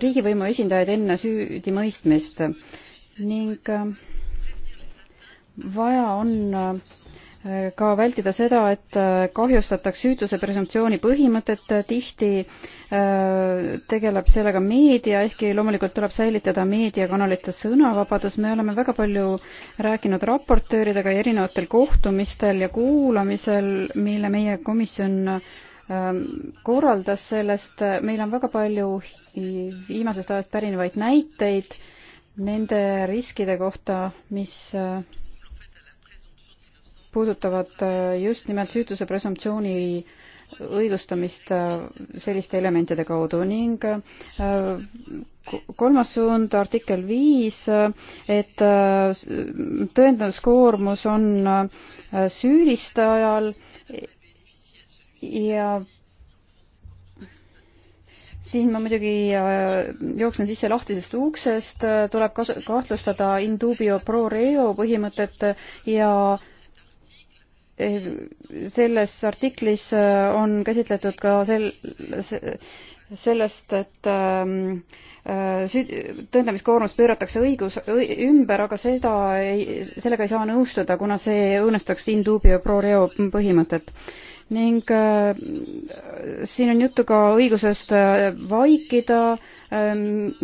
Speaker 4: riigivõimu esindajaid enne süüdimõistmist ning vaja on ka vältida seda, et äh, kahjustataks süütuse presumptsiooni põhimõtet, tihti äh, tegeleb sellega meedia, ehkki loomulikult tuleb säilitada meediakanalite sõnavabadus, me oleme väga palju rääkinud raportööridega erinevatel kohtumistel ja kuulamisel, mille meie komisjon ähm, korraldas sellest, meil on väga palju viimasest ajast pärinevaid näiteid nende riskide kohta, mis äh, puudutavad äh, just nimelt süütuse presumptsiooni õigustamist äh, selliste elementide kaudu ning äh, kolmas suund, artikkel viis, et tõendamiskoormus on süüdistajal ja siin ma muidugi jooksen sisse lahtisest uksest, tuleb kahtlustada in dubio pro reo põhimõtet ja äh, Eh, selles artiklis eh, on käsitletud ka sel-, sellest, et ehm, eh, süüd-, tõendamiskoormus pööratakse õigus õi, ümber, aga seda ei, sellega ei saa nõustuda, kuna see õõnestaks in dubio pro reo põhimõtet. ning äh, siin on juttu ka õigusest vaikida äh,,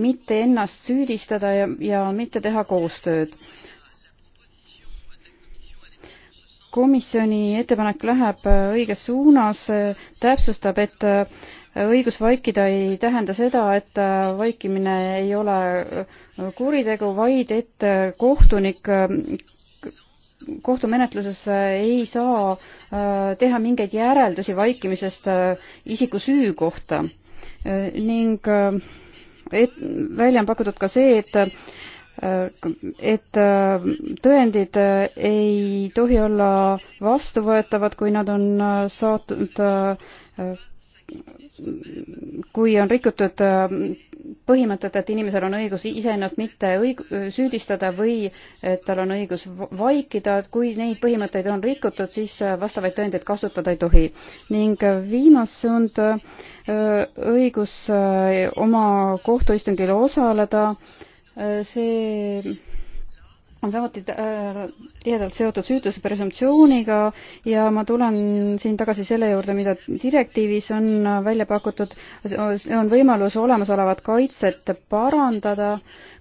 Speaker 4: mitte ennast süüdistada ja, ja mitte teha koostööd äh, komisjoni ettepanek läheb äh, õiges suunas, äh, täpsustab, et äh, õigus vaikida ei tähenda seda, et vaikimine ei ole kuritegu, vaid et kohtunik kohtumenetluses ei saa teha mingeid järeldusi vaikimisest isiku süü kohta ning et välja on pakutud ka see, et et äh, tõendid äh, ei tohi olla vastuvõetavad, kui nad on äh, saatnud, kui on rikutud põhimõtet, et inimesel on õigus iseennast mitte õig-, süüdistada või et tal on õigus vaikida, et kui neid põhimõtteid on rikutud, siis vastavaid tõendeid kasutada ei tohi. ning viimane suund, õigus oma kohtuistungil osaleda Äh, see on samuti äh, tihedalt seotud süütuse presumptsiooniga ja ma tulen siin tagasi selle juurde, mida direktiivis on äh, välja pakutud, see on võimalus olemasolevat kaitset parandada,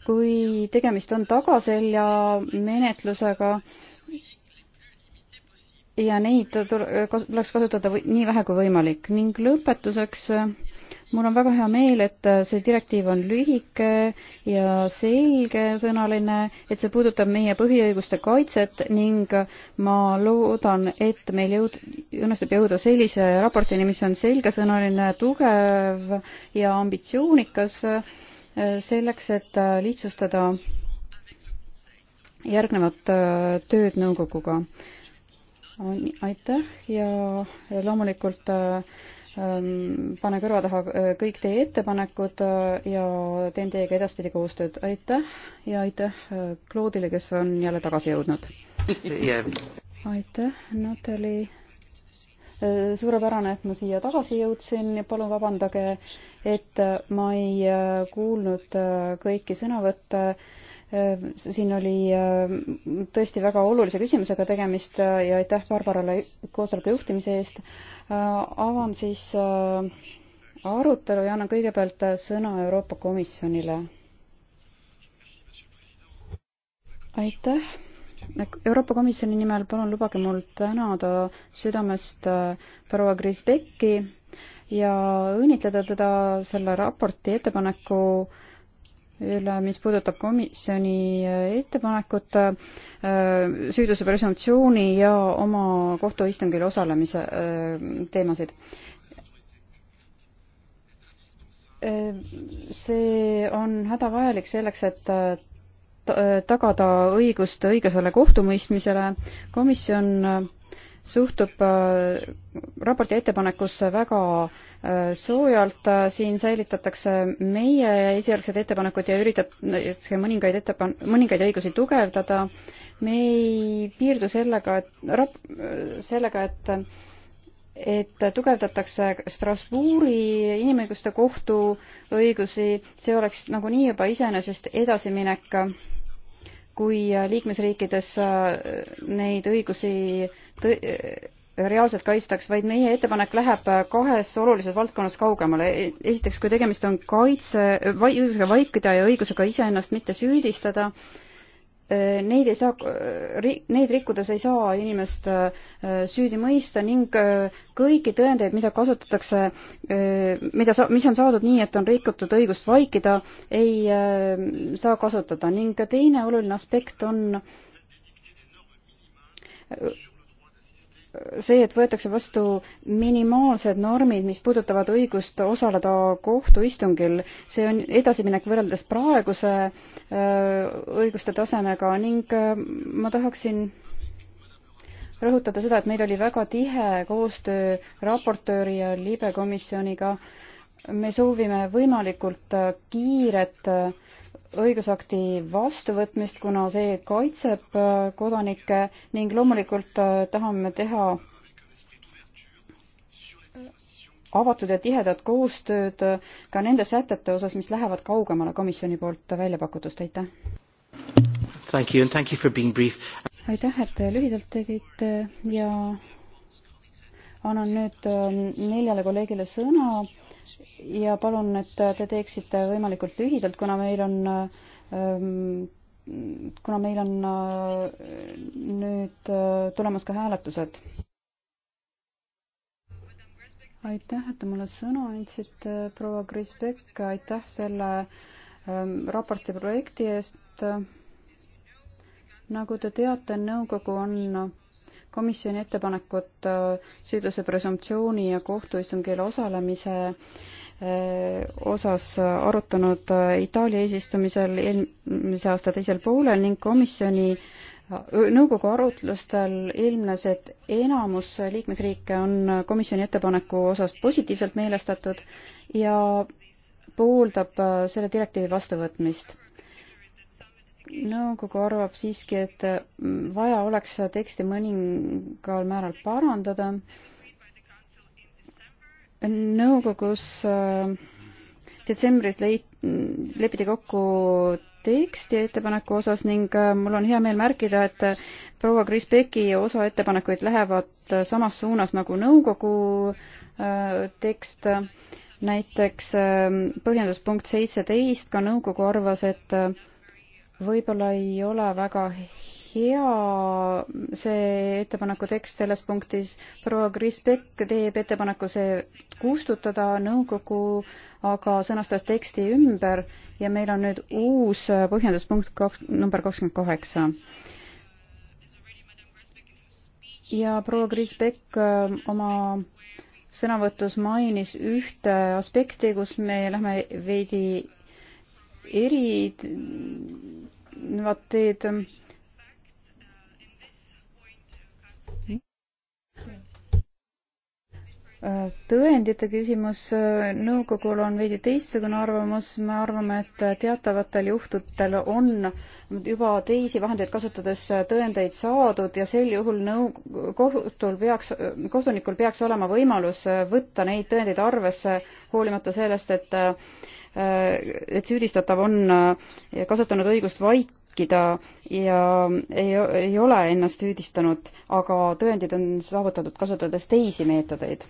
Speaker 4: kui tegemist on tagaselja menetlusega ja neid tuleks kasutada nii vähe kui võimalik ning lõpetuseks mul on väga hea meel, et äh, see direktiiv on lühike ja selgesõnaline, et see puudutab meie põhiõiguste kaitset ning ma loodan, et meil jõud-, õnnestub jõuda sellise raportini, mis on selgesõnaline, tugev ja ambitsioonikas äh, selleks, et äh, lihtsustada järgnevat tööd nõukoguga. aitäh ja loomulikult äh, Ähm, pane kõrva taha äh, kõik teie ettepanekud äh, ja teen teiega edaspidi koostööd. aitäh ja aitäh äh, Claude'ile, kes on jälle tagasi jõudnud. aitäh, Natali. suurepärane, et ma siia tagasi jõudsin ja palun vabandage, et ma ei kuulnud kõiki sõnavõtte Äh, siin oli äh, tõesti väga olulise küsimusega tegemist äh, ja aitäh Barbarale koosoleku juhtimise eest. avan siis arutelu ja annan kõigepealt sõna Euroopa Komisjonile. aitäh. Euroopa Komisjoni nimel palun lubage mul tänada südamest proua Grisbecki ja õnnitleda teda selle raporti ettepaneku äh, üle, mis puudutab komisjoni äh, ettepanekut äh, süüduse presumptsiooni ja oma kohtuistungil osalemise äh, teemasid. see on hädavajalik selleks, et tagada õigust õiglasele kohtumõistmisele. komisjon suhtub äh, raporti ettepanekusse väga äh, soojalt, siin säilitatakse meie esialgsed ettepanekud ja üritatakse mõningaid ettepan-, mõningaid õigusi tugevdada. me ei piirdu sellega, et rap-, sellega, et et tugevdatakse Strasbourgi inimõiguste kohtu õigusi, see oleks nagunii juba iseenesest edasiminek kui äh, liikmesriikides äh, neid õigusi äh, reaalselt kaitstaks, vaid meie ettepanek läheb kahes olulises valdkonnas kaugemale. E, esiteks, kui tegemist on kaitse, õigusega vaikida ja õigusega iseennast mitte süüdistada, neid ei saa, neid rikkudes ei saa inimest äh, süüdi mõista ning äh, kõiki tõendeid, mida kasutatakse, äh, mida sa-, mis on saadud nii, et on rikutud õigust vaikida, ei saa kasutada ning teine oluline aspekt on see, et võetakse vastu minimaalsed normid, mis puudutavad õigust osaleda kohtuistungil, see on edasiminek võrreldes praeguse õiguste tasemega ning ma tahaksin rõhutada seda, et meil oli väga tihe koostöö raportööri ja libekomisjoniga. me soovime võimalikult kiiret õigusakti vastuvõtmist, kuna see kaitseb äh, kodanikke ning loomulikult äh, tahame teha avatud ja tihedat koostööd äh, ka nende sätete osas, mis lähevad kaugemale komisjoni poolt välja pakutust, aitäh! aitäh, et te lühidalt tegite ja annan nüüd neljale kolleegile sõna ja palun, et te teeksite võimalikult lühidalt, kuna meil on ähm, kuna meil on äh, nüüd äh, tulemas ka hääletused. aitäh, et te mulle sõna andsite, proua Kris Pekk, aitäh selle ähm, raporti projekti eest. nagu te teate, nõukogu on komisjoni ettepanekut äh, süüdlase presumptsiooni ja kohtuistungil osalemise äh, osas äh, arutanud Itaalia eesistumisel eelmise aasta teisel poolel ning komisjoni nõukogu arutlustel ilmnes, et enamus liikmesriike on komisjoni ettepaneku osas positiivselt meelestatud ja pooldab selle direktiivi vastuvõtmist nõukogu arvab siiski, et mm, vaja oleks teksti mõningal määral parandada. nõukogus äh, detsembris leit-, lepiti kokku teksti ettepaneku osas ning äh, mul on hea meel märkida, et äh, proua Kris Beki osa ettepanekuid lähevad samas suunas nagu nõukogu tekst, näiteks põhjendus punkt seitseteist, ka nõukogu arvas, et võib-olla ei ole väga hea see ettepaneku tekst selles punktis. proua Grisbeck teeb ettepaneku see kustutada, nõukogu aga sõnastas teksti ümber ja meil on nüüd uus põhjenduspunkt kaks, number kakskümmend kaheksa. ja proua Grisbeck äh, oma sõnavõtus mainis ühte aspekti, kus me lähme veidi erinevad teed tõendite küsimus, nõukogul on veidi teistsugune arvamus, me arvame, et teatavatel juhtudel on juba teisi vahendeid kasutades tõendeid saadud ja sel juhul nõu-, kohtul peaks, kohtunikul peaks olema võimalus võtta neid tõendeid arvesse, hoolimata sellest, et et süüdistatav on kasutanud õigust vaikida ja ei, ei ole ennast süüdistanud, aga tõendid on saavutatud kasutades teisi meetodeid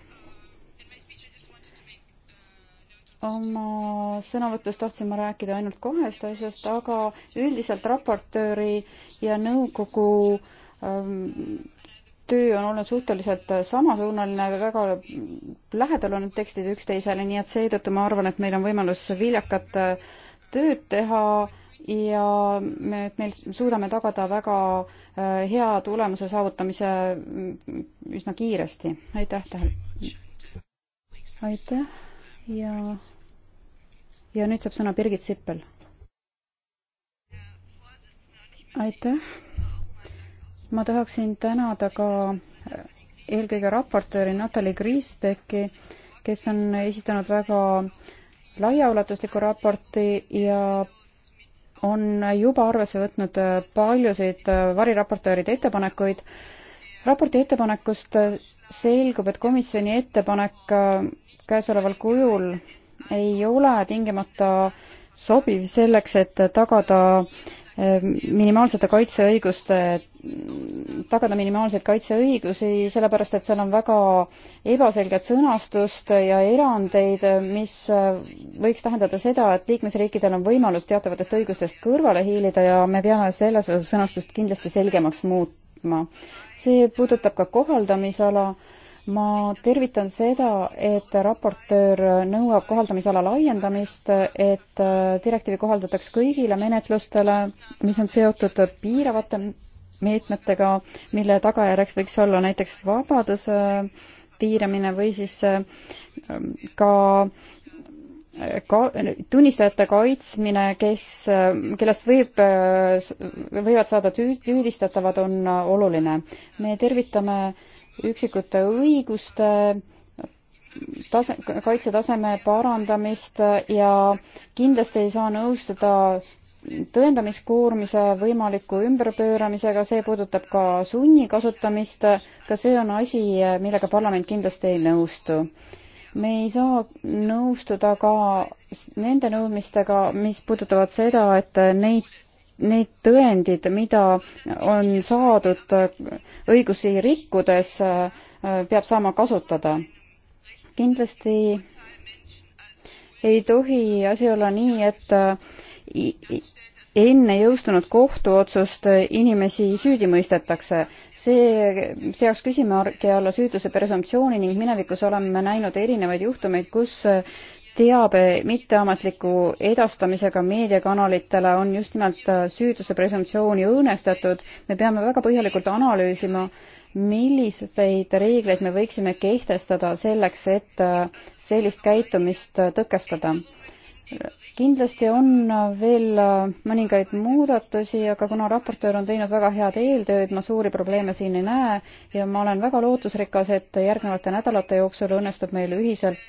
Speaker 4: oma sõnavõtus tahtsin ma rääkida ainult kahest asjast, aga üldiselt raportööri ja nõukogu ähm, töö on olnud suhteliselt samasuunaline, väga lähedal on need tekstid üksteisele, nii et seetõttu ma arvan, et meil on võimalus viljakat äh, tööd teha ja me, et meil suudame tagada väga äh, hea tulemuse saavutamise mm, üsna kiiresti. aitäh tähelepanu! aitäh! ja, ja nüüd saab sõna Birgit Sippel. aitäh. ma tahaksin tänada ka eelkõige raportööri Natalja Kriisbecki, kes on esitanud väga laiaulatusliku raporti ja on juba arvesse võtnud paljusid variraportööride ettepanekuid. raporti ettepanekust selgub, et komisjoni ettepanek käesoleval kujul ei ole tingimata sobiv selleks, et tagada eh, minimaalsete kaitseõiguste, tagada minimaalseid kaitseõigusi, sellepärast et seal on väga ebaselget sõnastust ja erandeid, mis võiks tähendada seda, et liikmesriikidel on võimalus teatavatest õigustest kõrvale hiilida ja me peame selles osas sõnastust kindlasti selgemaks muutma. see puudutab ka kohaldamisala ma tervitan seda, et raportöör nõuab kohaldamisala laiendamist, et äh, direktiivi kohaldataks kõigile menetlustele, mis on seotud piiravate meetmetega, mille tagajärjeks võiks olla näiteks vabaduse piiramine või siis äh, ka äh, ka-, tunnistajate kaitsmine, kes, kellest võib, võivad saada tüü-, süüdistatavad, on oluline. me tervitame äh, üksikute õiguste tase, kaitsetaseme parandamist ja kindlasti ei saa nõustuda tõendamiskoormise võimaliku ümberpööramisega, see puudutab ka sunni kasutamist, ka see on asi, millega parlament kindlasti ei nõustu. me ei saa nõustuda ka nende nõudmistega, mis puudutavad seda, et neid need tõendid, mida on saadud õigusi rikkudes, peab saama kasutada. kindlasti ei tohi asi olla nii, et enne jõustunud kohtuotsust inimesi süüdi mõistetakse. see seaks küsimärgi alla süütuse presumptsiooni ning minevikus oleme näinud erinevaid juhtumeid, kus teabe mitteametliku edastamisega meediakanalitele on just nimelt äh, süütuse presumptsiooni õõnestatud. me peame väga põhjalikult analüüsima, milliseid reegleid me võiksime kehtestada selleks, et äh, sellist käitumist äh, tõkestada. kindlasti on veel mõningaid muudatusi, aga kuna raportöör on teinud väga head eeltööd, ma suuri probleeme siin ei näe ja ma olen väga lootusrikas, et järgnevate nädalate jooksul õnnestub meil ühiselt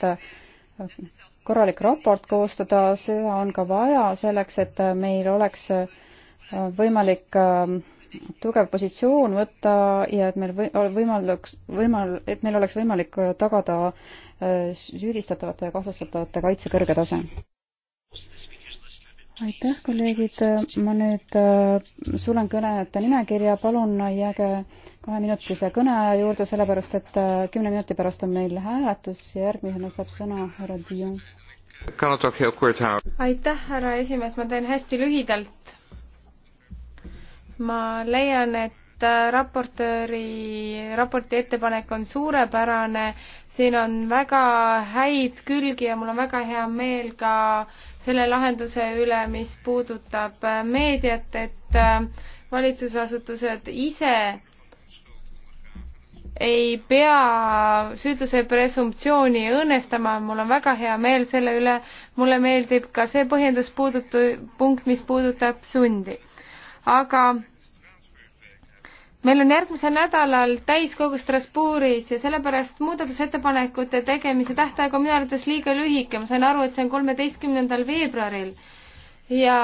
Speaker 4: korralik raport koostada, seda on ka vaja selleks, et meil oleks äh, võimalik äh, tugev positsioon võtta ja et meil võimalduks, võimal-, et meil oleks võimalik äh, tagada süüdistatavate ja kahtlustatavate kaitse kõrge tase. aitäh, kolleegid, ma nüüd sulen kõnelejate nimekirja, palun jääge kaheminutilise kõneaja juurde, sellepärast et äh, kümne minuti pärast on meil hääletus ja järgmisena saab sõna härra Dion.
Speaker 3: aitäh, härra esimees, ma teen hästi lühidalt. ma leian, et äh, raportööri, raporti ettepanek on suurepärane, siin on väga häid külgi ja mul on väga hea meel ka selle lahenduse üle, mis puudutab äh, meediat, et valitsusasutused ise ei pea süütuse presumptsiooni õõnestama, mul on väga hea meel selle üle, mulle meeldib ka see põhjendus puudutu-, punkt, mis puudutab sundi. aga meil on järgmisel nädalal täiskogu Strasbourgis ja sellepärast muudatusettepanekute tegemise tähtaeg on minu arvates liiga lühike, ma sain aru, et see on kolmeteistkümnendal veebruaril ja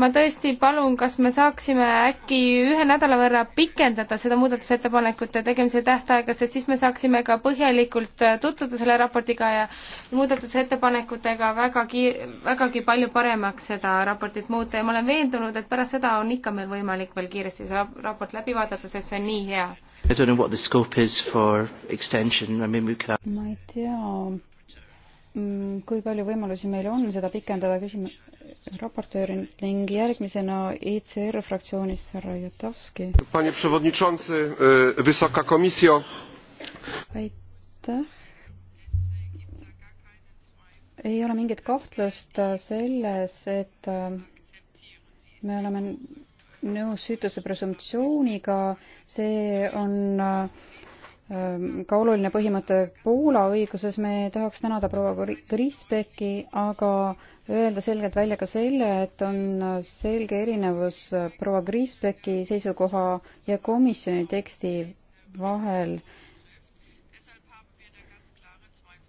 Speaker 3: ma tõesti palun, kas me saaksime äkki ühe nädala võrra pikendada seda muudatusettepanekute tegemise tähtaega, sest siis me saaksime ka põhjalikult äh, tutvuda selle raportiga ja muudatusettepanekutega väga kiir-, vägagi palju paremaks seda raportit muuta ja ma olen veendunud, et pärast seda on ikka meil võimalik veel kiiresti see raport läbi vaadata, sest see on nii hea.
Speaker 1: I don't know what the scope is for extension, I mean we could have ma ei
Speaker 4: tea Mm, kui palju võimalusi meil on seda pikendada, küsime raportöörilt ning järgmisena ECR fraktsioonist härra Jutovski.
Speaker 1: E,
Speaker 4: aitäh. ei ole mingit kahtlust selles, et e, me oleme nõus süütuse presumptsiooniga, see on äh, Ehm, ka oluline põhimõte Poola õiguses, me tahaks tänada proua Grisbecki, aga öelda selgelt välja ka selle, et on selge erinevus proua Grisbecki seisukoha ja komisjoni teksti vahel.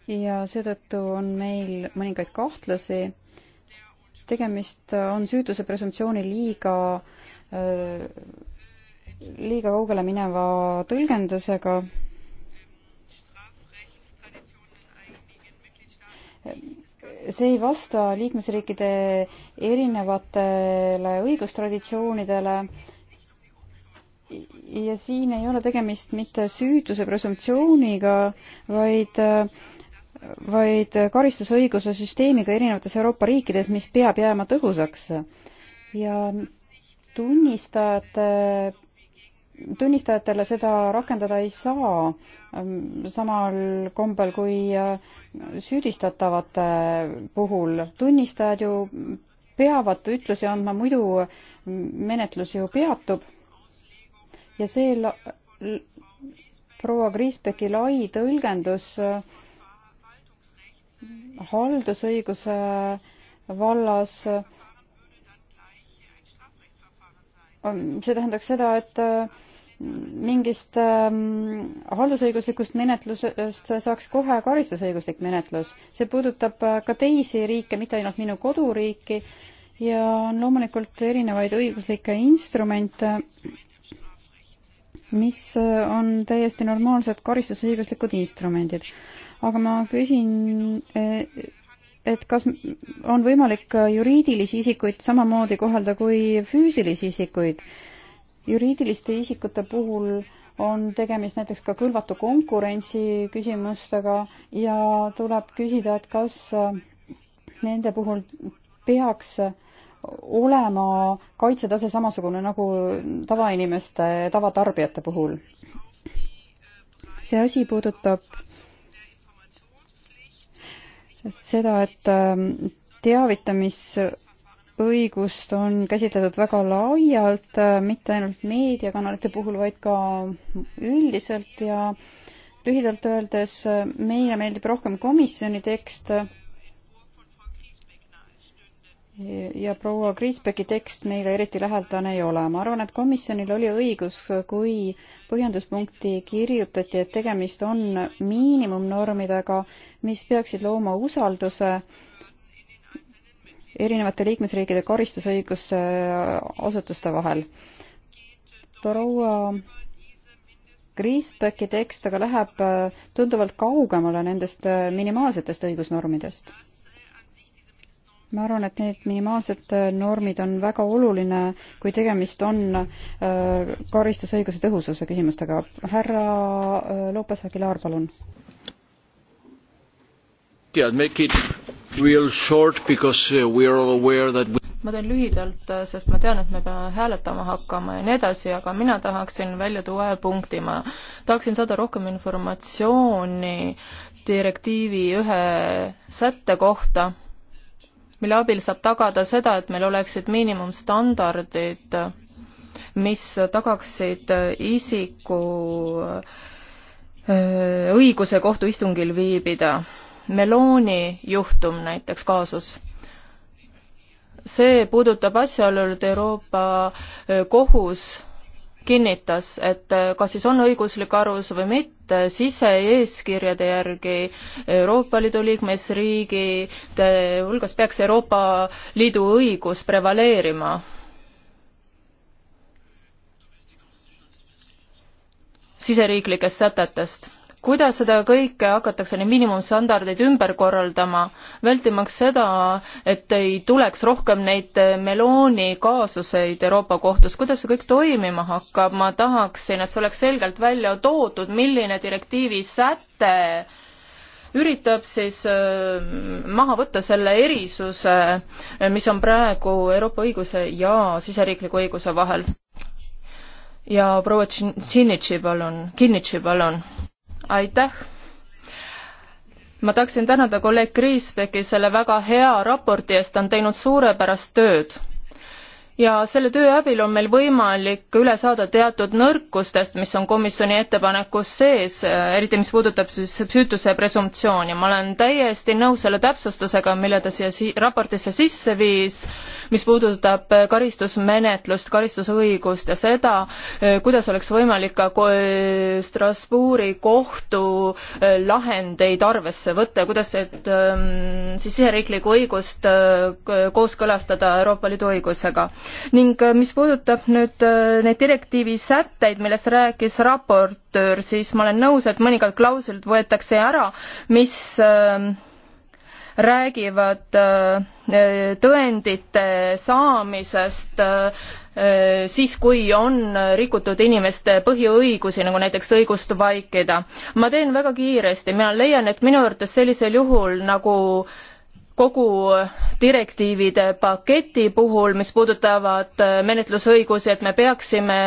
Speaker 4: ja seetõttu on meil mõningaid kahtlusi. tegemist on süütuse presumptsiooni liiga öö, ehm, liiga kaugele mineva tõlgendusega see ei vasta liikmesriikide erinevatele õigustraditsioonidele ja siin ei ole tegemist mitte süütuse presumptsiooniga, vaid vaid karistusõiguse süsteemiga erinevates Euroopa riikides, mis peab jääma tõhusaks. ja tunnistajate tunnistajatele seda rakendada ei saa, ähm, samal kombel kui äh, süüdistatavate puhul. tunnistajad ju peavad ütlusi andma, muidu menetlus ju peatub. ja see proua Kriisbecki lai tõlgendus äh, haldusõiguse vallas äh, see tähendaks seda, et mingist ähm, haldusõiguslikust menetlusest saaks kohe karistusõiguslik menetlus. see puudutab äh, ka teisi riike, mitte ainult minu koduriiki ja on loomulikult erinevaid õiguslikke instrumente, mis äh, on täiesti normaalsed karistusõiguslikud instrumendid. aga ma küsin, äh, et kas on võimalik juriidilisi isikuid samamoodi kohelda kui füüsilisi isikuid? juriidiliste isikute puhul on tegemist näiteks ka kõlvatu konkurentsi küsimustega ja tuleb küsida, et kas äh, nende puhul peaks äh, olema kaitsetase samasugune nagu tavainimeste, tavatarbijate puhul. see asi puudutab seda, et äh, teavitamis õigust on käsitletud väga laialt, äh, mitte ainult meediakanalite puhul, vaid ka üldiselt ja lühidalt öeldes äh, meile meeldib rohkem komisjoni tekst ja proua Kriisbecki tekst meile eriti lähedane ei ole. ma arvan, et komisjonil oli õigus, kui põhjenduspunkti kirjutati, et tegemist on miinimumnormidega, mis peaksid looma usalduse äh, erinevate liikmesriikide karistusõiguse asutuste vahel. proua Kriisbecki tekst aga läheb äh, tunduvalt kaugemale nendest äh, minimaalsetest õigusnormidest. ma arvan, et need minimaalsed äh, normid on väga oluline, kui tegemist on karistusõiguse tõhususe küsimustega. härra Lopez Aguilar, palun.
Speaker 1: tead, me
Speaker 3: kiit- Real short because uh, we are all aware that we
Speaker 4: ma teen lühidalt, äh, sest
Speaker 2: ma tean, et me peame hääletama hakkama ja nii edasi, aga mina tahaksin välja tuua ühe punkti, ma tahaksin saada rohkem informatsiooni direktiivi ühe sätte kohta, mille abil saab tagada seda, et meil oleksid miinimumstandardid, mis tagaksid äh, isiku äh, õiguse kohtuistungil viibida Meloni juhtum näiteks kaasus. see puudutab asjaolu, et Euroopa äh, kohus kinnitas, et äh, kas siis on õiguslik alus või mitte, sise-eeskirjade järgi Euroopa Liidu liikmesriigide hulgas peaks Euroopa Liidu õigus prevaleerima. siseriiklikest sätetest kuidas seda kõike hakatakse, neid miinimumstandardeid ümber korraldama, vältimaks seda, et ei tuleks rohkem neid Meloni kaasuseid Euroopa Kohtus, kuidas see kõik toimima hakkab, ma tahaksin, et see oleks selgelt välja toodud, milline direktiivi säte üritab siis äh, maha võtta selle erisuse, äh, mis on praegu Euroopa õiguse ja siseriikliku õiguse vahel ja proua Tšinnitši, palun, Kinnitši, palun aitäh! ma tahaksin tänada kolleeg Kriisbecki selle väga hea raporti eest, ta on teinud suurepärast tööd ja selle töö abil on meil võimalik üle saada teatud nõrkustest, mis on komisjoni ettepanekus sees, eriti mis puudutab siis süütuse presumptsiooni. ma olen täiesti nõus selle täpsustusega, mille ta siia si-, raportisse sisse viis, mis puudutab karistusmenetlust, karistusõigust ja seda, kuidas oleks võimalik ka Strasbourgi kohtu äh, lahendeid arvesse võtta ja kuidas, et ähm, siis siseriiklikku õigust äh, kooskõlastada Euroopa Liidu õigusega ning äh, mis puudutab nüüd äh, neid direktiivi sätteid, millest rääkis raportöör, siis ma olen nõus, et mõningad klauslid võetakse ära, mis ähm, räägivad äh, tõendite saamisest siis, kui on rikutud inimeste põhiõigusi, nagu näiteks õigust vaikida. ma teen väga kiiresti, mina leian, et minu arvates sellisel juhul nagu äh, kogu direktiivide paketi puhul, mis puudutavad äh, menetlusõigusi, et me peaksime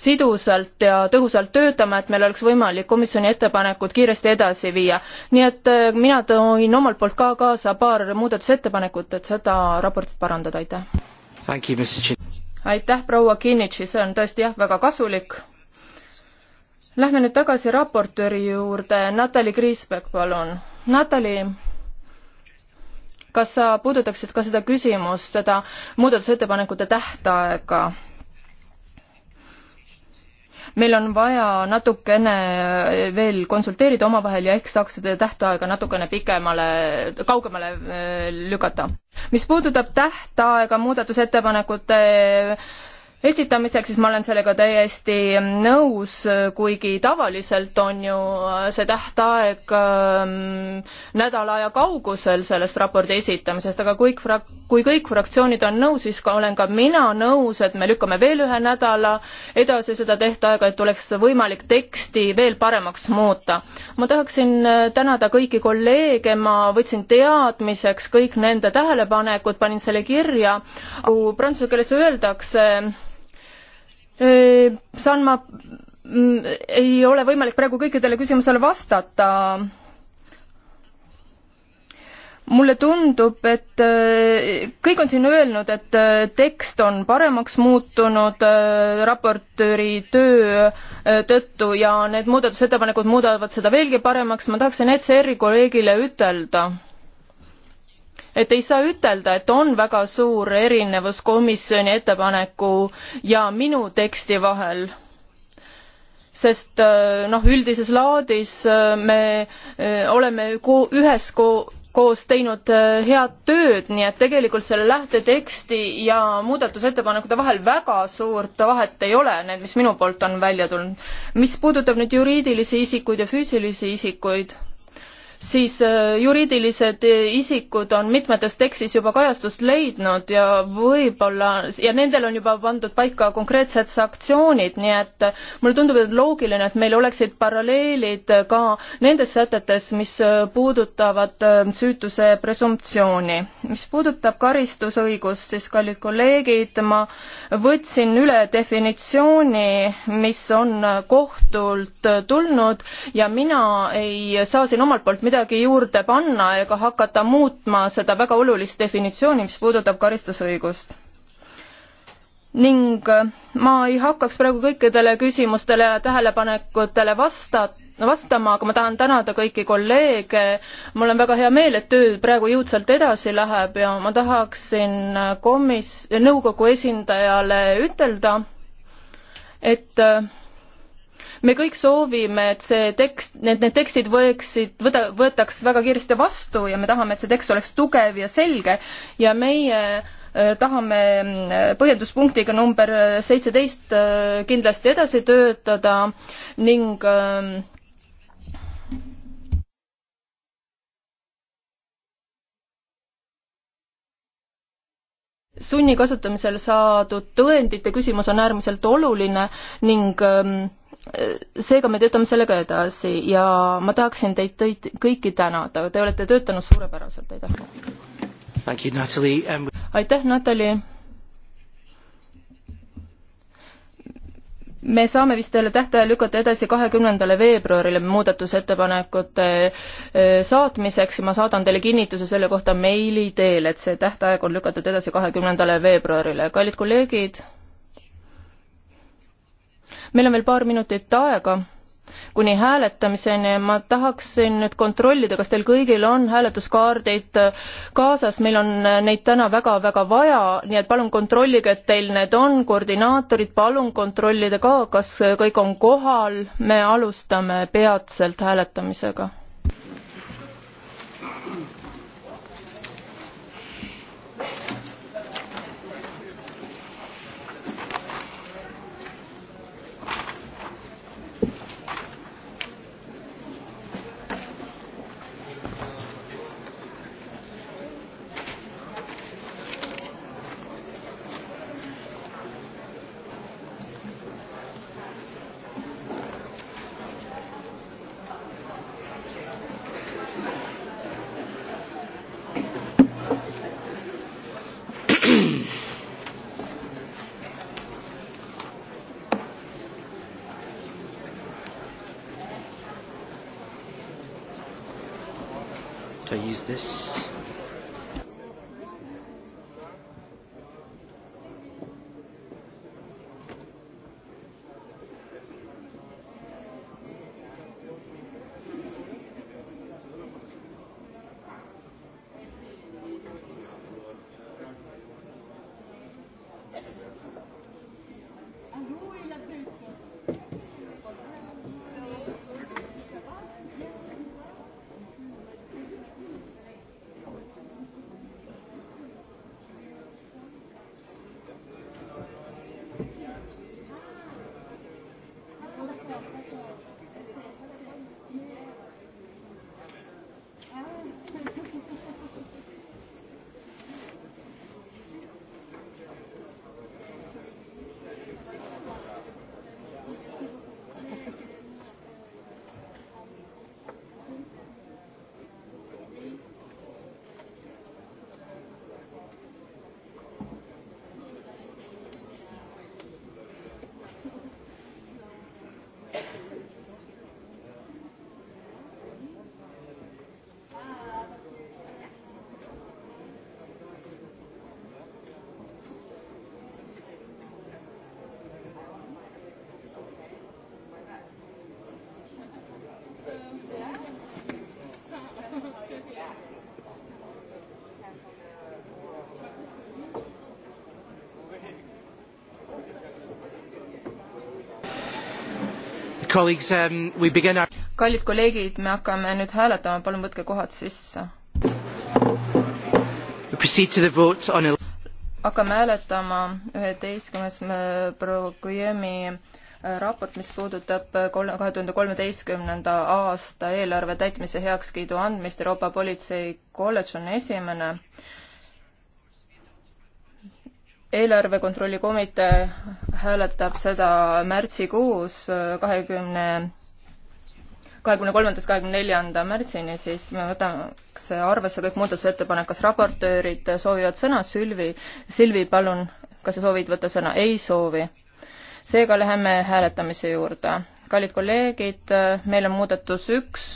Speaker 2: sidusalt ja tõhusalt töötama, et meil oleks võimalik komisjoni ettepanekud kiiresti edasi viia. nii et äh, mina toon omalt poolt ka kaasa paar muudatusettepanekut, et seda raportit parandada,
Speaker 1: aitäh.
Speaker 2: aitäh, proua Kinnitši, see on tõesti jah, väga kasulik. Lähme nüüd tagasi raportööri juurde, Natalja Kriisbeck, palun. Natalja kas sa puudutaksid ka seda küsimust, seda muudatusettepanekute tähtaega? meil on vaja natukene veel konsulteerida omavahel ja ehk saaks seda tähtaega natukene pikemale, kaugemale äh, lükata. mis puudutab tähtaega muudatusettepanekute esitamiseks, siis ma olen sellega täiesti nõus, kuigi tavaliselt on ju see tähtaeg ähm, nädala aja kaugusel sellest raporti esitamisest, aga kui fra-, kui kõik fraktsioonid on nõus, siis ka olen ka mina nõus, et me lükkame veel ühe nädala edasi seda tähtaega, et oleks võimalik teksti veel paremaks muuta. ma tahaksin äh, tänada kõiki kolleege, ma võtsin teadmiseks kõik nende tähelepanekud, panin selle kirja, kui prantsuse keeles öeldakse, saan ma, mm, ei ole võimalik praegu kõikidele küsimustele vastata. mulle tundub, et kõik on siin öelnud, et tekst on paremaks muutunud raportööri töö tõttu ja need muudatusettepanekud muudavad seda veelgi paremaks. ma tahaksin ECR-i kolleegile ütelda et ei saa ütelda, et on väga suur erinevus komisjoni ettepaneku ja minu teksti vahel sest äh, noh, üldises laadis äh, me äh, oleme ko üheskoos koos teinud head tööd, nii et tegelikult selle lähteteksti ja muudatusettepanekute vahel väga suurt vahet ei ole, need, mis minu poolt on välja tulnud. mis puudutab nüüd juriidilisi isikuid ja füüsilisi isikuid, siis äh, juriidilised äh, isikud on mitmetes tekstis juba kajastust leidnud ja võib-olla, ja nendel on juba pandud paika konkreetsed sanktsioonid, nii et äh, mulle tundub, et loogiline, et meil oleksid paralleelid ka nendes sätetes, mis puudutavad süütuse presumptsiooni. mis puudutab karistusõigust, siis kallid kolleegid, ma võtsin üle definitsiooni, mis on kohtult tulnud ja mina ei saa siin omalt poolt midagi juurde panna ega hakata muutma seda väga olulist definitsiooni, mis puudutab karistusõigust. ning äh, ma ei hakkaks praegu kõikidele küsimustele ja tähelepanekutele vasta-, vastama, aga ma tahan tänada kõiki kolleege, mul on väga hea meel, et töö praegu jõudsalt edasi läheb ja ma tahaksin äh, komis-, nõukogu esindajale ütelda, et äh, me kõik soovime, et see tekst, need, need tekstid võeksid, võta, võetaks väga kiiresti vastu ja me tahame, et see tekst oleks tugev ja selge ja meie äh, tahame äh, põhjenduspunktiga number seitseteist äh, kindlasti edasi töötada ning sunni kasutamisel saadud tõendite küsimus on äärmiselt oluline ning ähm, seega me töötame sellega edasi ja ma tahaksin teid tõid, kõiki tänada, te olete töötanud suurepäraselt,
Speaker 1: aitäh! Um,
Speaker 2: aitäh, Natali! me saame vist selle tähtaja lükata edasi kahekümnendale veebruarile muudatusettepanekute äh, saatmiseks ja ma saadan teile kinnituse selle kohta meili teel, et see tähtaeg on lükatud edasi kahekümnendale veebruarile. kallid kolleegid meil on veel paar minutit aega kuni hääletamiseni ja ma tahaksin nüüd kontrollida, kas teil kõigil on hääletuskaardid kaasas, meil on neid täna väga-väga vaja, nii et palun kontrollige, et teil need on, koordinaatorid, palun kontrollida ka, kas kõik on kohal, me alustame peatselt hääletamisega
Speaker 1: use this Um,
Speaker 2: kallid kolleegid, me hakkame nüüd hääletama, palun võtke kohad sisse. hakkame hääletama üheteistkümnes äh, proua Guillaume'i äh, raport, mis puudutab äh, kolme, kahe tuhande kolmeteistkümnenda aasta eelarve täitmise heakskiidu andmist, Euroopa Politsei kolledž on esimene. eelarve kontrolli komitee hääletab seda märtsikuus kahekümne, kahekümne kolmandast kahekümne neljanda märtsini, siis me võtaks arvesse kõik muudatusettepanek, kas raportöörid soovivad sõna, Sülvi, Silvi, palun, kas sa soovid võtta sõna? ei soovi. seega läheme hääletamise juurde. kallid kolleegid, meil on muudatus üks,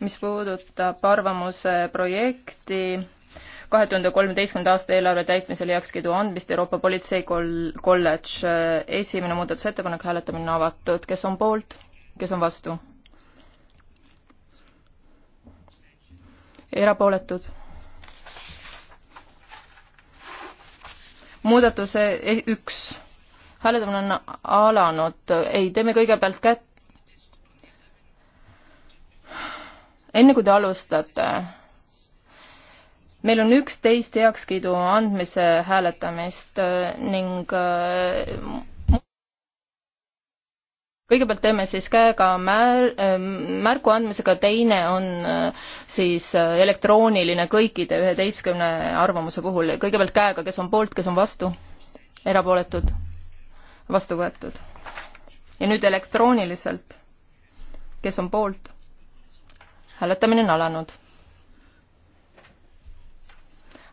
Speaker 2: mis puudutab arvamuse projekti kahe tuhande kolmeteistkümnenda aasta eelarve täitmisele heakskiidu andmist Euroopa Politsei kol-, kolledž. esimene muudatusettepanek, hääletamine on avatud, kes on poolt, kes on vastu? erapooletud muudatuse e-, üks hääletamine on alanud, ei, teeme kõigepealt kätt. enne kui te alustate, meil on üksteist heakskiidu andmise hääletamist äh, ning äh, kõigepealt teeme siis käega mär-, äh, märku andmisega, teine on siis elektrooniline kõikide üheteistkümne arvamuse puhul. kõigepealt käega, kes on poolt, kes on vastu, erapooletud, vastu võetud. ja nüüd elektrooniliselt, kes on poolt? hääletamine on alanud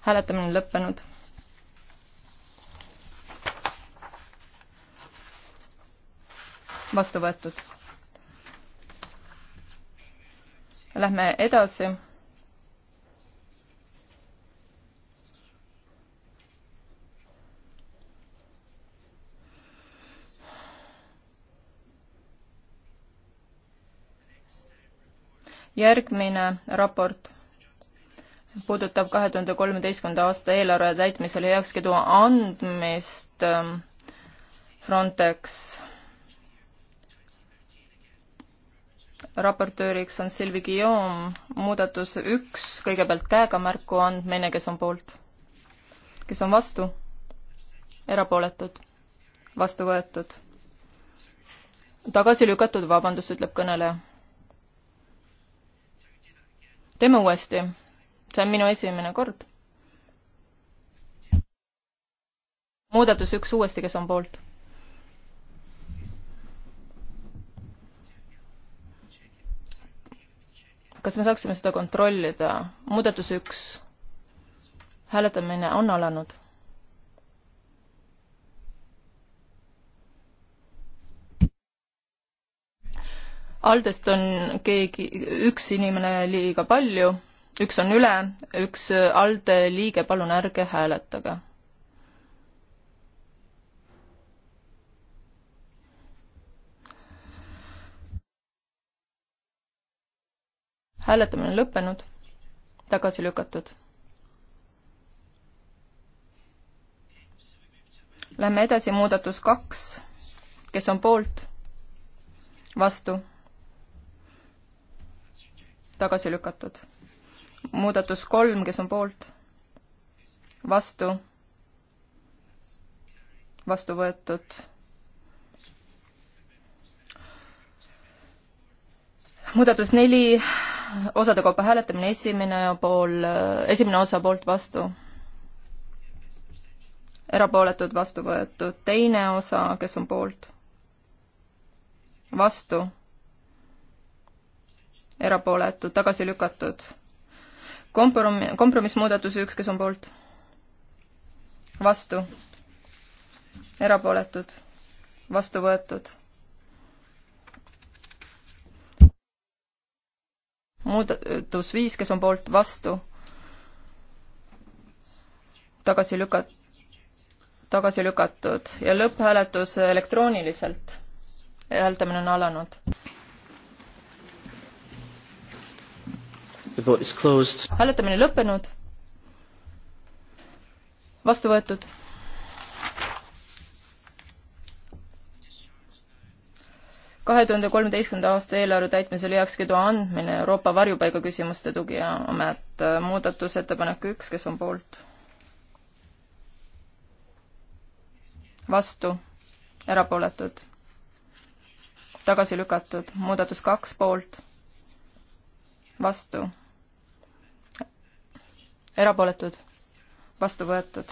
Speaker 2: hääletamine on lõppenud. vastu võetud. Lähme edasi. järgmine raport puudutab kahe tuhande kolmeteistkümnenda aasta eelarve täitmisele heakskiidu andmist ähm, Frontex. raportööriks on Silvi Guillaume, muudatus üks, kõigepealt käega märku andmine, kes on poolt, kes on vastu, erapooletud, vastu võetud, tagasi lükatud, vabandust, ütleb kõneleja. teeme uuesti see on minu esimene kord. muudatus üks uuesti, kes on poolt? kas me saaksime seda kontrollida? muudatus üks. hääletamine on alanud. Aldest on keegi, üks inimene liiga palju üks on üle, üks ALDE liige, palun ärge hääletage. hääletamine on lõppenud, tagasi lükatud. Lähme edasi, muudatus kaks, kes on poolt, vastu, tagasi lükatud muudatus kolm, kes on poolt? vastu? vastu võetud. muudatus neli, osade kaupa hääletamine, esimene pool, esimene osa poolt vastu. erapooletud, vastu võetud, teine osa, kes on poolt? vastu erapooletud, tagasi lükatud kompromiss, kompromissmuudatus üks, kes on poolt? vastu? erapooletud? vastu võetud? muudatus viis, kes on poolt? vastu? tagasi lükat-, tagasi lükatud ja lõpphääletus elektrooniliselt. hääletamine on alanud. hääletamine lõppenud. vastu võetud. kahe tuhande kolmeteistkümnenda aasta eelarve täitmisel heakskiidu andmine Euroopa varjupaigaküsimuste tugiamet, muudatusettepanek üks, kes on poolt? vastu, erapooletud, tagasi lükatud, muudatus kaks poolt, vastu erapooletud, vastu võetud.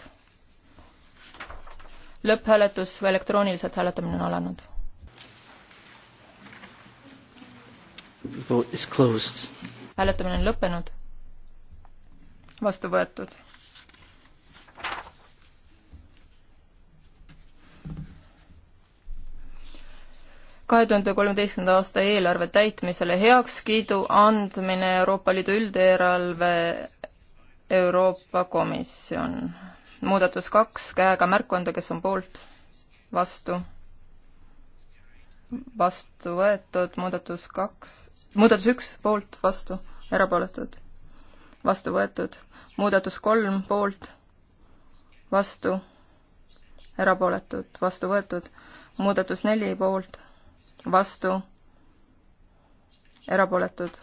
Speaker 2: lõpphääletus või elektrooniliselt hääletamine on alanud. hääletamine on lõppenud. vastu võetud. kahe tuhande kolmeteistkümnenda aasta eelarve täitmisele heakskiidu andmine Euroopa Liidu üldeelarve Euroopa Komisjon. muudatus kaks, käega märku anda, kes on poolt, vastu, vastu võetud, muudatus kaks, muudatus üks, poolt, vastu, erapooletud, vastu võetud, muudatus kolm, poolt, vastu, erapooletud, vastu võetud, muudatus neli, poolt, vastu, erapooletud,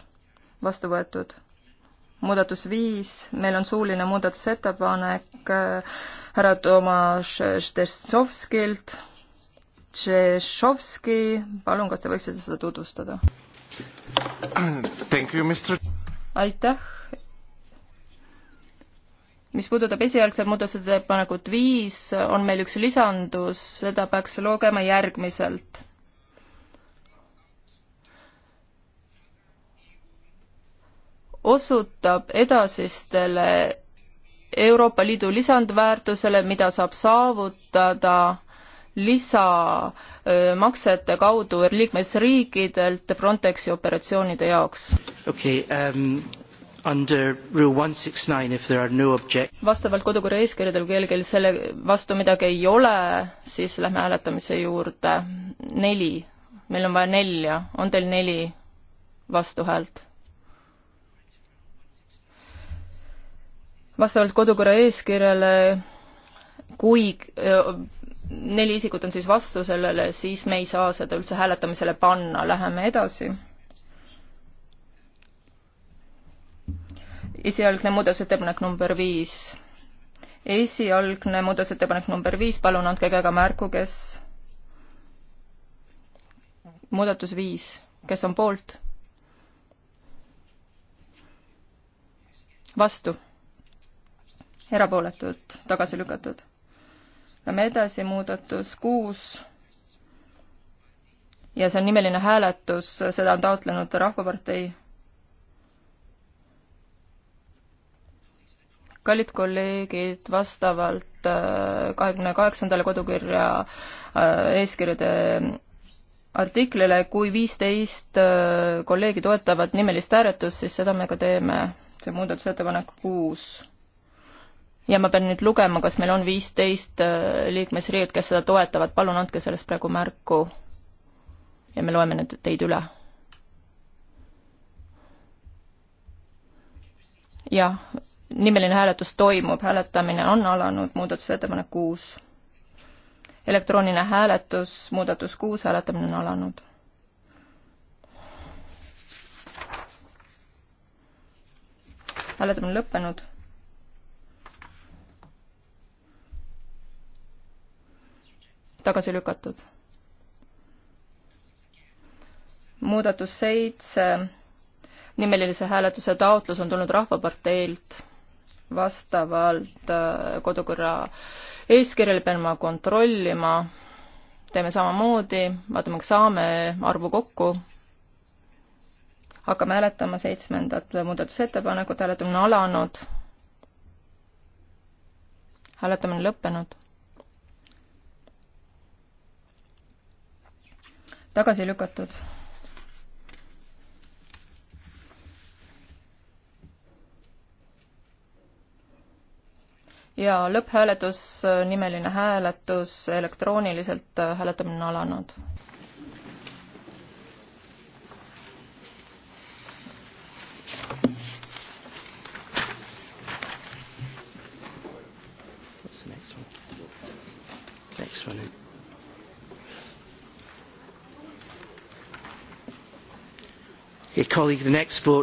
Speaker 2: vastu võetud muudatus viis, meil on suuline muudatusettepanek äh, härra Tomas Štešovskilt. Tšešovski, palun, kas te võiksite seda tutvustada? aitäh. mis puudutab esialgset muudatusettepanekut viis, on meil üks lisandus, seda peaks lugema järgmiselt osutab edasistele Euroopa Liidu lisandväärtusele, mida saab saavutada lisamaksete kaudu liikmesriikidelt Frontexi operatsioonide jaoks
Speaker 1: okay,. Um No object...
Speaker 2: vastavalt kodukorra eeskirjadele, kui kellelgi selle vastu midagi ei ole, siis lähme hääletamise juurde. neli, meil on vaja nelja, on teil neli vastuhäält? vastavalt kodukorra eeskirjale, kui neli isikut on siis vastu sellele, siis me ei saa seda üldse hääletamisele panna, läheme edasi. esialgne muudatusettepanek number viis. esialgne muudatusettepanek number viis, palun andke käega märku, kes muudatus viis, kes on poolt? vastu erapooletult tagasi lükatud. Lähme edasi, muudatus kuus. ja see on nimeline hääletus, seda on taotlenud Rahvapartei. kallid kolleegid, vastavalt äh, kahekümne kaheksandale kodukirja äh, eeskirjade äh, artiklile, kui viisteist kolleegi toetavad nimelist hääletust, siis seda me ka teeme, see muudatusettepanek kuus ja ma pean nüüd lugema, kas meil on viisteist äh, liikmesriigilt, kes seda toetavad, palun andke sellest praegu märku. ja me loeme nüüd teid üle. jah, nimeline hääletus toimub, hääletamine on alanud, muudatusettepanek kuus. elektrooniline hääletus, muudatus kuus, hääletamine on alanud. hääletamine lõppenud tagasi lükatud. muudatus seitse, nimelise hääletuse taotlus on tulnud Rahvaparteilt vastavalt äh, kodukorra eeskirjale pean ma kontrollima, teeme samamoodi, vaatame, kas saame arvu kokku. hakkame hääletama seitsmendat muudatusettepanekut, hääletamine on alanud. hääletamine lõppenud tagasi lükatud. ja lõpphääletus, nimeline hääletus elektrooniliselt, hääletamine on alanud
Speaker 1: Uh,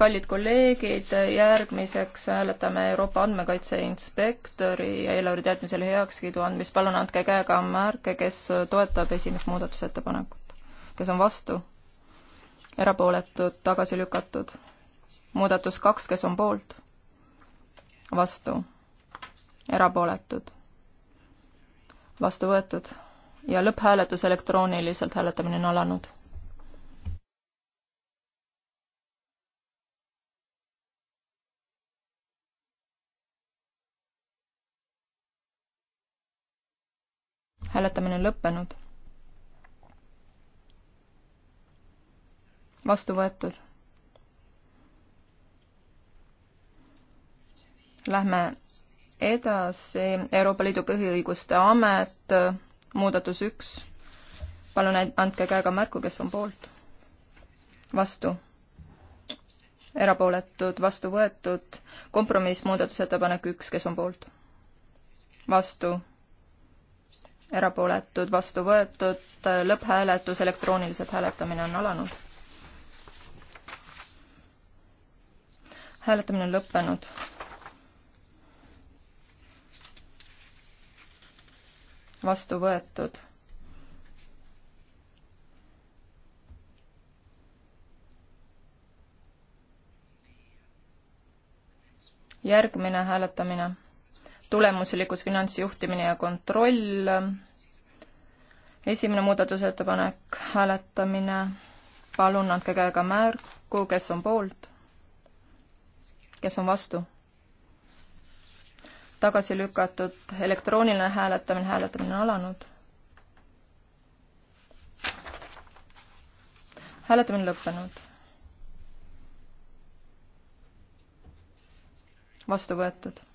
Speaker 2: kallid kolleegid, järgmiseks hääletame Euroopa Andmekaitse Inspektori eelarve teadmisele heakskiidu andmist. palun andke käega märke, kes toetab esimest muudatusettepanekut, kes on vastu, erapooletud, tagasi lükatud. muudatus kaks, kes on poolt, vastu, erapooletud, vastu võetud ja lõpphääletus elektrooniliselt, hääletamine on alanud hääletamine on lõppenud. vastu võetud. Lähme edasi, Euroopa Liidu Põhiõiguste Amet, muudatus üks. palun andke käega märku, kes on poolt. vastu. erapooletud, vastu võetud. kompromiss, muudatusettepanek üks, kes on poolt? vastu erapooletud, vastu võetud, lõpphääletus, elektrooniliselt hääletamine on alanud. hääletamine on lõppenud. vastu võetud. järgmine hääletamine tulemuslikkus, finantsjuhtimine ja kontroll. esimene muudatusettepanek, hääletamine. palun andke käega märku, kes on poolt, kes on vastu. tagasi lükatud elektrooniline hääletamine, hääletamine on alanud. hääletamine lõppenud. vastu võetud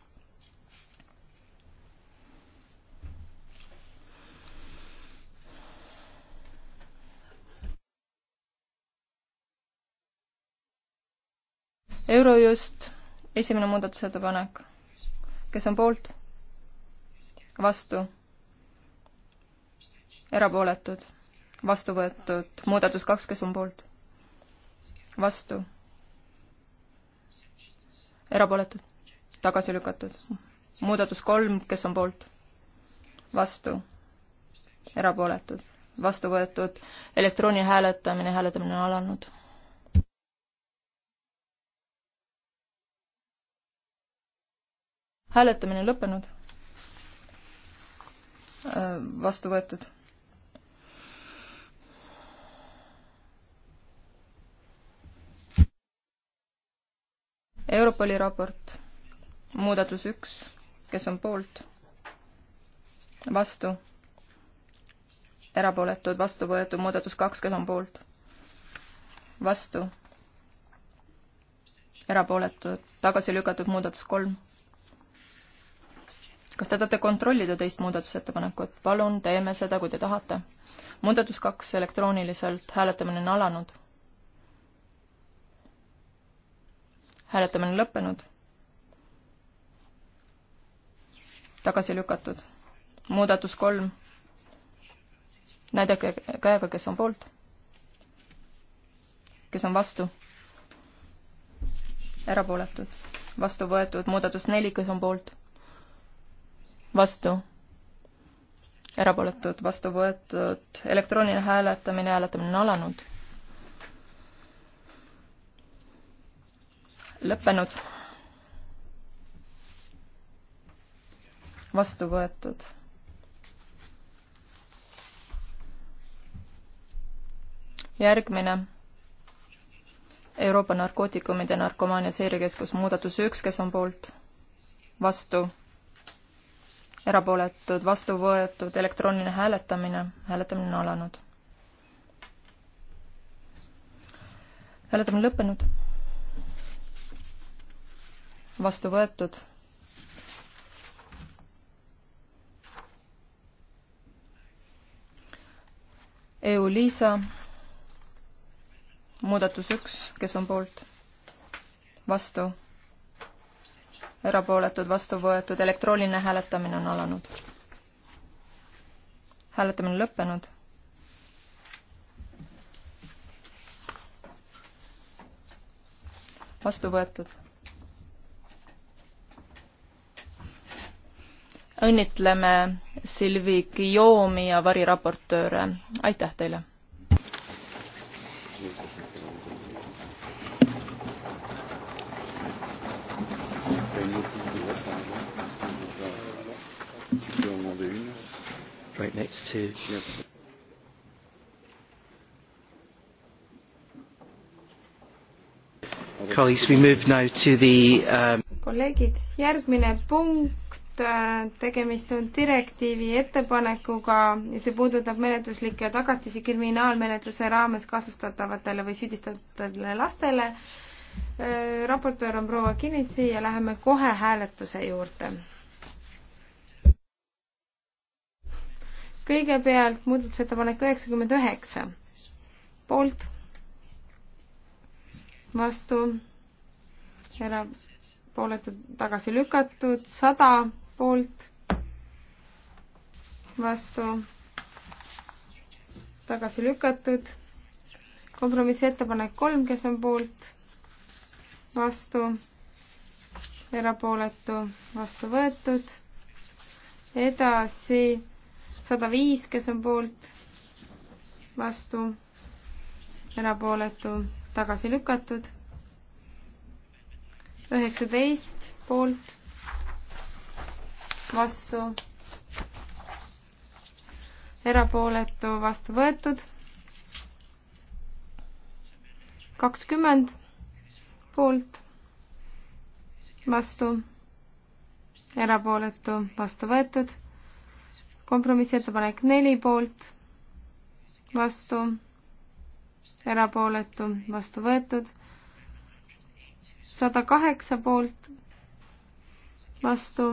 Speaker 2: Eurojust, esimene muudatusettepanek. kes on poolt? vastu? erapooletud? vastu võetud muudatus kaks, kes on poolt? vastu? erapooletud? tagasi lükatud? muudatus kolm, kes on poolt? vastu? erapooletud? vastu võetud elektrooniline hääletamine, hääletamine on alanud hääletamine lõppenud. Äh, vastu võetud. Europoli raport, muudatus üks, kes on poolt? vastu? erapooletud, vastu võetud, muudatus kaks, kes on poolt? vastu? erapooletud, tagasi lükatud, muudatus kolm kas te tahate kontrollida teist muudatusettepanekut? palun, teeme seda, kui te tahate. muudatus kaks elektrooniliselt, hääletamine on alanud. hääletamine on lõppenud. tagasi lükatud. muudatus kolm. näidake käega, kes on poolt. kes on vastu? erapooletud. vastu võetud. muudatus neli, kes on poolt vastu, erapooletud, vastu võetud, elektrooniline hääletamine, hääletamine on alanud. lõppenud. vastu võetud järgmine Euroopa narkootikumide narkomaania seirekeskus muudatus üks, kes on poolt, vastu, erapooletud, vastu võetud, elektrooniline hääletamine, hääletamine on alanud. hääletamine lõppenud. vastu võetud. EU-Liisa, muudatus üks, kes on poolt? vastu erapooletud, vastu võetud, elektrooniline hääletamine on alanud. hääletamine on lõppenud. vastu võetud. õnnitleme Silvi Guillaume'i ja variraportööre, aitäh teile!
Speaker 1: Thank you. right next to. Yes. Colleagues, we move now to the um...
Speaker 3: kolleegid, järgmine punkt, äh, tegemist on direktiivi ettepanekuga ja see puudutab menetluslikke tagatisi kriminaalmenetluse raames kahtlustatavatele või süüdistatavatele lastele. Äh, raportöör on proua Kinnitsi ja läheme kohe hääletuse juurde kõigepealt muudatusettepanek üheksakümmend üheksa, poolt, vastu, erapooletud tagasi lükatud, sada poolt, vastu, tagasi lükatud, kompromissettepanek kolm, kes on poolt, vastu, erapooletu, vastu võetud, edasi sada viis, kes on poolt, vastu, erapooletu, tagasi lükatud. üheksateist poolt, vastu, erapooletu, vastu võetud. kakskümmend poolt, vastu, erapooletu, vastu võetud kompromissettepanek neli poolt, vastu, erapooletu, vastu võetud. sada kaheksa poolt, vastu,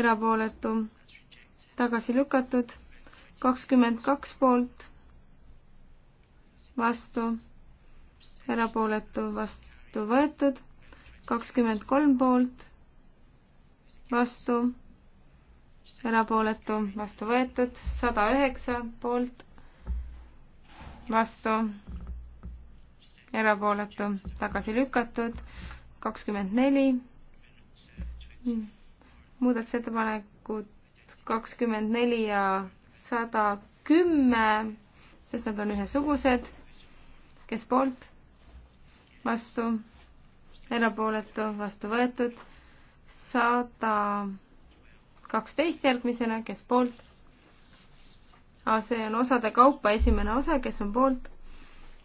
Speaker 3: erapooletu, tagasi lükatud. kakskümmend kaks poolt, vastu, erapooletu, vastu võetud. kakskümmend kolm poolt, vastu erapooletu, vastu võetud, sada üheksa poolt, vastu, erapooletu, tagasi lükatud, kakskümmend neli, muudatusettepanekud kakskümmend neli ja sada kümme, sest nad on ühesugused, kes poolt, vastu, erapooletu, vastu võetud, sada 100 kaksteist järgmisena, kes poolt? see on osade kaupa esimene osa, kes on poolt,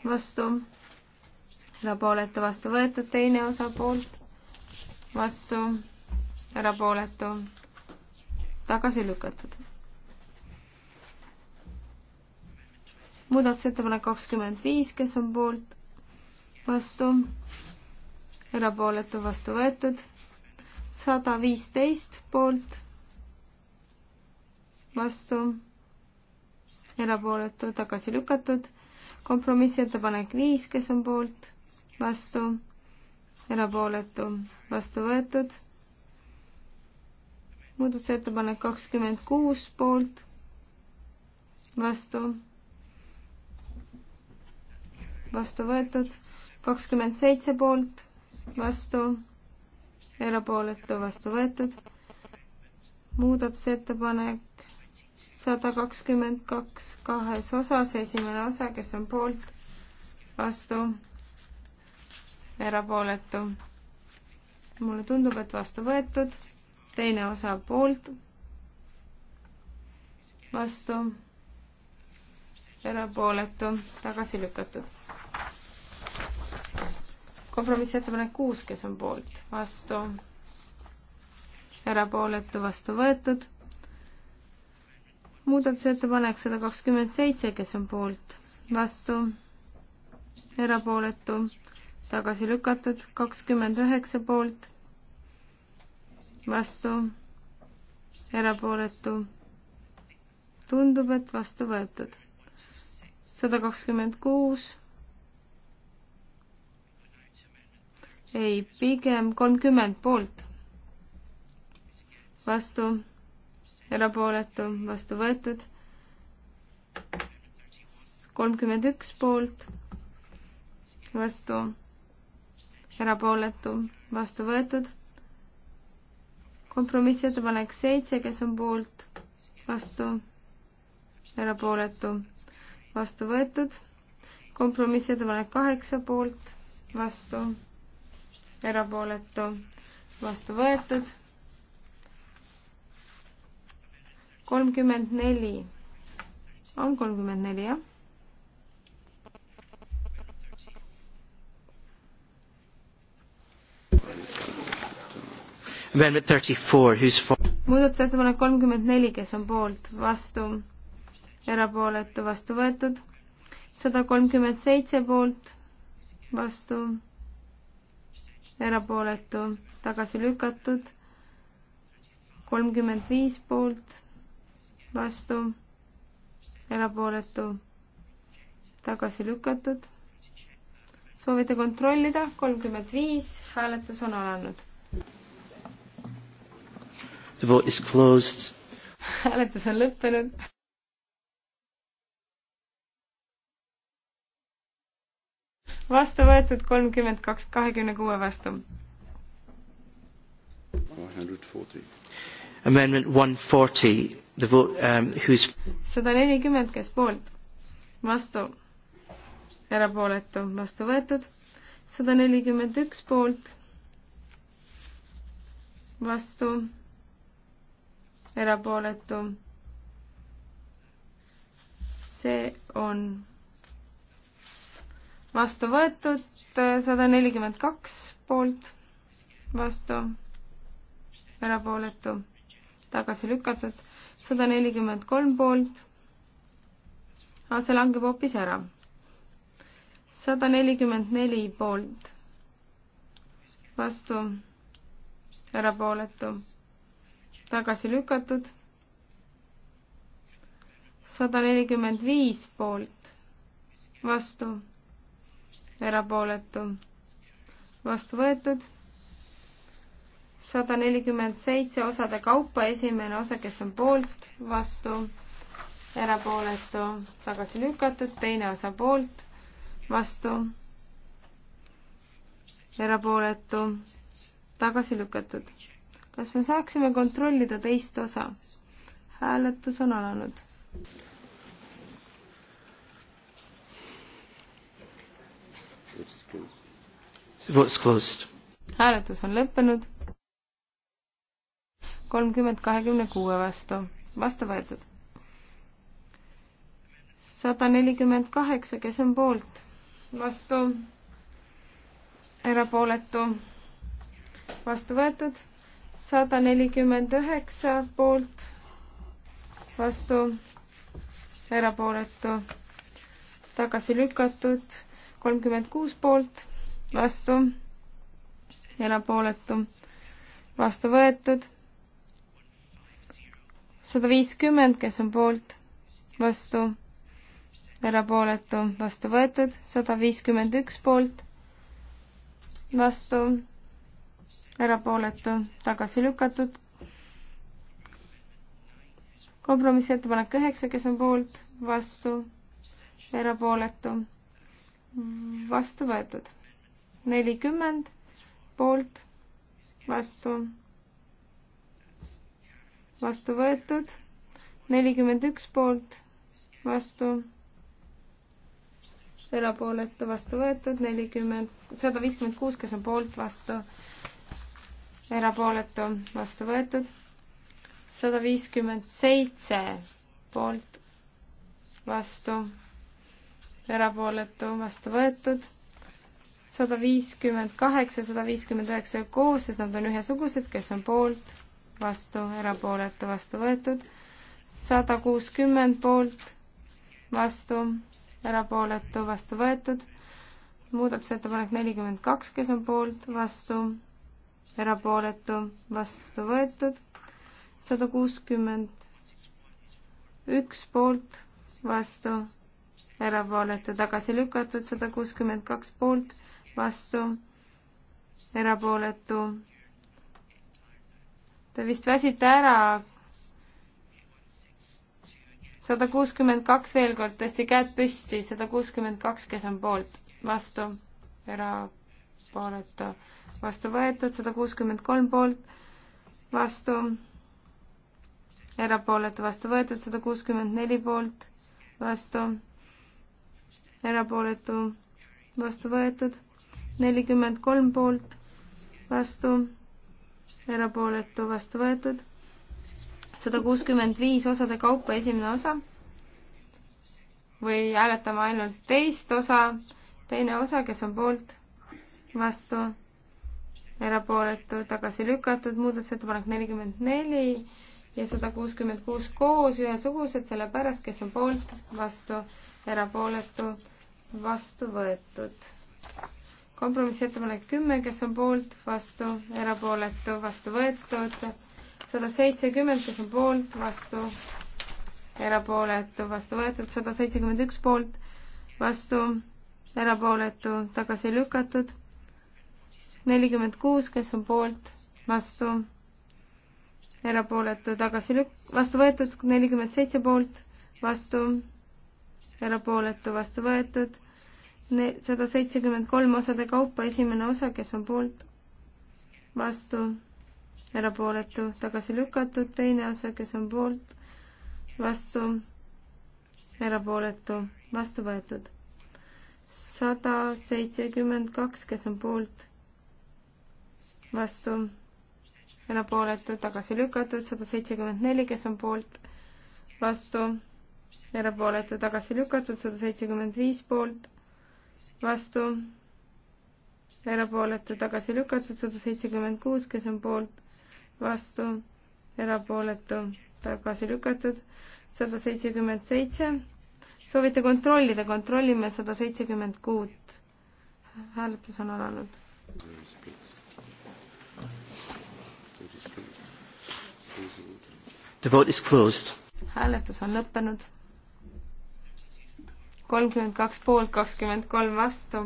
Speaker 3: vastu, erapooletu, vastu võetud, teine osa poolt, vastu, erapooletu, tagasi lükatud. muudatusettepanek kakskümmend viis, kes on poolt, vastu, erapooletu, vastu võetud, sada viisteist poolt vastu, erapooletu, tagasi lükatud. kompromissettepanek viis, kes on poolt, vastu, erapooletu, vastu võetud. muudatusettepanek kakskümmend kuus poolt, vastu, vastu võetud, kakskümmend seitse poolt, vastu, erapooletu, vastu võetud. muudatusettepanek sada kakskümmend kaks kahes osas, esimene osa, kes on poolt, vastu, erapooletu. mulle tundub, et vastu võetud, teine osa poolt, vastu, erapooletu, tagasi lükatud. kompromissettepanek kuus, kes on poolt, vastu, erapooletu, vastu võetud muudatusettepanek sada kakskümmend seitse, kes on poolt, vastu, erapooletu, tagasi lükatud, kakskümmend üheksa poolt, vastu, erapooletu, tundub, et vastu võetud. sada kakskümmend kuus, ei, pigem kolmkümmend poolt, vastu erapooletu, vastu võetud. kolmkümmend üks poolt, vastu, erapooletu, vastu võetud. kompromissettepanek seitse, kes on poolt, vastu, erapooletu, vastu võetud. kompromissettepanek kaheksa poolt, vastu, erapooletu, vastu võetud kolmkümmend neli. on kolmkümmend neli, jah? muudatusettepanek kolmkümmend neli, kes on poolt, vastu, erapooletu, vastu võetud, sada kolmkümmend seitse poolt, vastu, erapooletu, tagasi lükatud, kolmkümmend viis poolt vastu, erapooletu, tagasi lükatud. soovite kontrollida, kolmkümmend viis, hääletus on alanud.
Speaker 1: The vote is closed.
Speaker 3: hääletus on lõppenud. vastu võetud kolmkümmend kaks kahekümne kuue vastu.
Speaker 1: Amendment 140, the vote, um, who's...
Speaker 3: sada nelikümmend, kes poolt, vastu, erapooletu, vastu võetud, sada nelikümmend üks poolt, vastu, erapooletu, see on vastu võetud, sada nelikümmend kaks poolt, vastu, erapooletu tagasi lükatud, sada nelikümmend kolm poolt. aa, see langeb hoopis ära. sada nelikümmend neli poolt, vastu, erapooletu, tagasi lükatud. sada nelikümmend viis poolt, vastu, erapooletu, vastu võetud sada nelikümmend seitse osade kaupa, esimene osa, kes on poolt, vastu, erapooletu, tagasi lükatud, teine osa poolt, vastu, erapooletu, tagasi lükatud. kas me saaksime kontrollida teist osa? hääletus on alanud. hääletus on lõppenud kolmkümmend kahekümne kuue vastu, vastu võetud. sada nelikümmend kaheksa, kes on poolt, vastu, erapooletu, vastu võetud, sada nelikümmend üheksa poolt, vastu, erapooletu, tagasi lükatud, kolmkümmend kuus poolt, vastu, erapooletu, vastu võetud sada viiskümmend, kes on poolt, vastu, erapooletu, vastu võetud, sada viiskümmend üks poolt, vastu, erapooletu, tagasi lükatud. kompromissettepanek üheksa, kes on poolt, vastu, erapooletu, vastu võetud. nelikümmend poolt, vastu vastu võetud, nelikümmend üks poolt, vastu, erapooletu, vastu võetud, nelikümmend, sada viiskümmend kuus, kes on poolt, vastu, erapooletu, vastu võetud, sada viiskümmend seitse poolt, vastu, erapooletu, vastu võetud sada viiskümmend kaheksa, sada viiskümmend üheksa koos, sest nad on ühesugused, kes on poolt, vastu, erapooletu, vastu võetud. sada kuuskümmend poolt, vastu, erapooletu, vastu võetud. muudatusettepanek nelikümmend kaks, kes on poolt, vastu, erapooletu, vastu võetud. sada kuuskümmend üks poolt, vastu, erapooletu, tagasi lükatud, sada kuuskümmend kaks poolt, vastu, erapooletu Te vist väsite ära. sada kuuskümmend kaks veel kord, tõesti käed püsti, sada kuuskümmend kaks, kes on poolt, vastu, erapooletu, vastu võetud, sada kuuskümmend kolm poolt, vastu, erapooletu, vastu võetud, sada kuuskümmend neli poolt, vastu, erapooletu, vastu võetud, nelikümmend kolm poolt, vastu erapooletu vastu võetud. sada kuuskümmend viis osade kaupa esimene osa või hääletame ainult teist osa, teine osa, kes on poolt, vastu, erapooletu, tagasi lükatud, muudatusettepanek nelikümmend neli ja sada kuuskümmend kuus koos, ühesugused, sellepärast, kes on poolt, vastu, erapooletu, vastu võetud kompromissettepanek kümme, kes on poolt, vastu, erapooletu, vastu võetud. sada seitsekümmend, kes on poolt, vastu, erapooletu, vastu võetud. sada seitsekümmend üks poolt, vastu, erapooletu, tagasi lükatud. nelikümmend kuus, kes on poolt, vastu, erapooletu, tagasi lük-, vastu võetud. nelikümmend seitse poolt, vastu, erapooletu, vastu võetud sada seitsekümmend kolm osade kaupa, esimene osa, kes on poolt, vastu, erapooletu, tagasi lükatud, teine osa, kes on poolt, vastu, erapooletu, vastu võetud. sada seitsekümmend kaks, kes on poolt, vastu, erapooletu, tagasi lükatud, sada seitsekümmend neli, kes on poolt, vastu, erapooletu, tagasi lükatud, sada seitsekümmend viis poolt vastu, erapooletu tagasi lükatud, sada seitsekümmend kuus, kes on poolt, vastu, erapooletu tagasi lükatud, sada seitsekümmend seitse. soovite kontrollida,
Speaker 1: kontrollime
Speaker 3: sada seitsekümmend kuut. hääletus on alanud.
Speaker 1: The vote is closed.
Speaker 3: hääletus on lõppenud kolmkümmend kaks poolt, kakskümmend kolm vastu.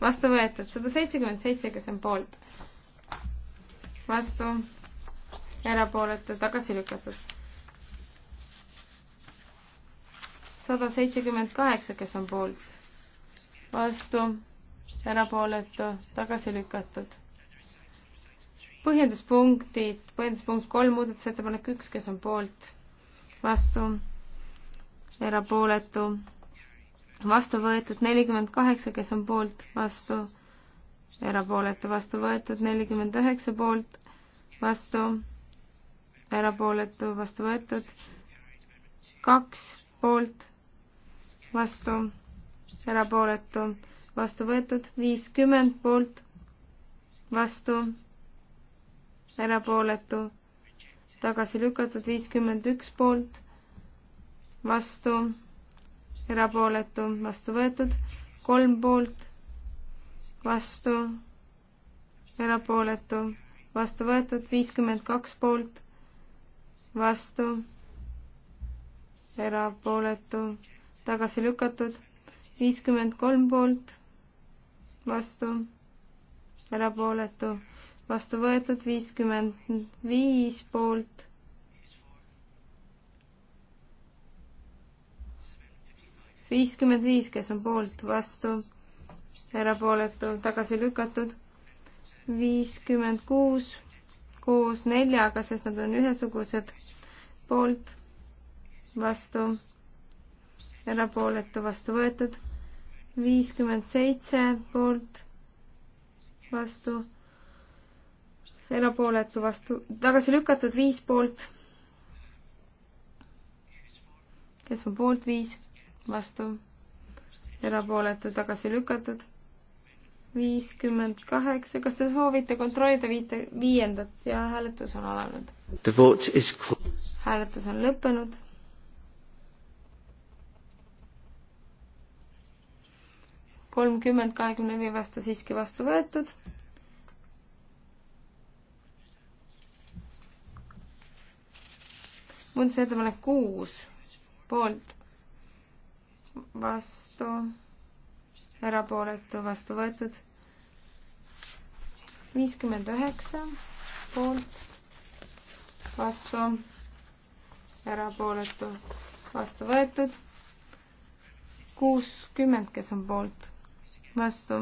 Speaker 3: vastu võetud sada seitsekümmend seitse, kes on poolt. vastu, erapooletu, tagasi lükatud. sada seitsekümmend kaheksa, kes on poolt. vastu, erapooletu, tagasi lükatud. põhjenduspunktid, põhjenduspunkt kolm, muudatusettepanek üks, kes on poolt vastu, erapooletu, vastu võetud nelikümmend kaheksa, kes on poolt, vastu, erapooletu, vastu võetud nelikümmend üheksa poolt, vastu, erapooletu, vastu võetud kaks poolt, vastu, erapooletu, vastu võetud viiskümmend poolt, vastu, erapooletu tagasi lükatud, viiskümmend üks poolt, vastu, erapooletu, vastu võetud, kolm poolt, vastu, erapooletu, vastu võetud, viiskümmend kaks poolt, vastu, erapooletu, tagasi lükatud, viiskümmend kolm poolt, vastu, erapooletu vastu võetud viiskümmend viis poolt. viiskümmend viis, kes on poolt, vastu, erapooletu, tagasi lükatud. viiskümmend kuus koos neljaga, sest nad on ühesugused, poolt, vastu, erapooletu, vastu võetud. viiskümmend seitse poolt, vastu erapooletu vastu, tagasi lükatud viis poolt. kes on poolt viis, vastu, erapooletu, tagasi lükatud. viiskümmend kaheksa, kas te soovite kontrollida viite, viiendat ja hääletus on alanud? hääletus on lõppenud. kolmkümmend kahekümne viie vastu siiski vastu võetud muudatusettepanek kuus, poolt, vastu, erapooletu, vastu võetud. viiskümmend üheksa, poolt, vastu, erapooletu, vastu võetud. kuuskümmend, kes on poolt, vastu,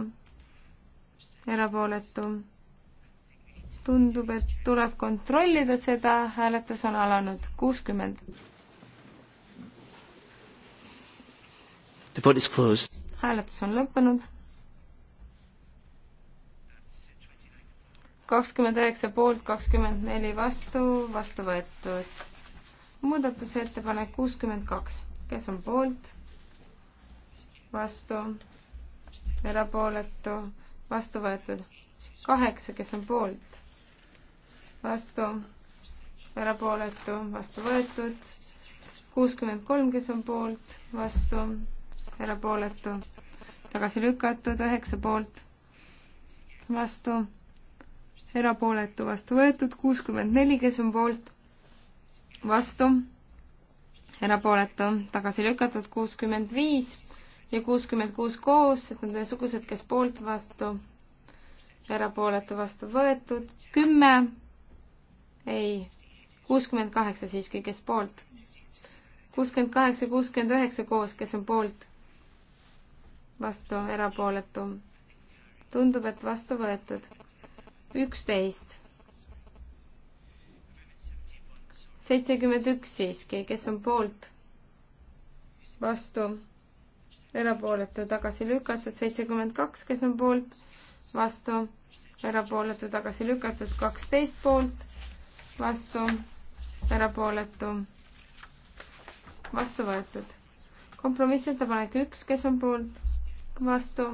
Speaker 3: erapooletu tundub, et tuleb kontrollida seda, hääletus on alanud kuuskümmend. hääletus on lõppenud. kakskümmend üheksa poolt, kakskümmend neli vastu, vastu võetud. muudatusettepanek kuuskümmend kaks, kes on poolt? vastu, erapooletu, vastu võetud. kaheksa, kes on poolt? vastu, erapooletu, vastu võetud, kuuskümmend kolm, kes on poolt, vastu, erapooletu, tagasi lükatud, üheksa poolt, vastu, erapooletu, vastu võetud, kuuskümmend neli, kes on poolt, vastu, erapooletu, tagasi lükatud, kuuskümmend viis ja kuuskümmend kuus koos, sest nad on ühesugused, kes poolt, vastu, erapooletu, vastu võetud, kümme ei, kuuskümmend kaheksa siiski, kes poolt? kuuskümmend kaheksa, kuuskümmend üheksa koos, kes on poolt? vastu, erapooletu. tundub, et vastu võetud. üksteist. seitsekümmend üks siiski, kes on poolt? vastu, erapooletu, tagasi lükatud, seitsekümmend kaks, kes on poolt? vastu, erapooletu, tagasi lükatud, kaksteist poolt vastu, erapooletu, vastu võetud. kompromissettepanek üks, kes on poolt, vastu,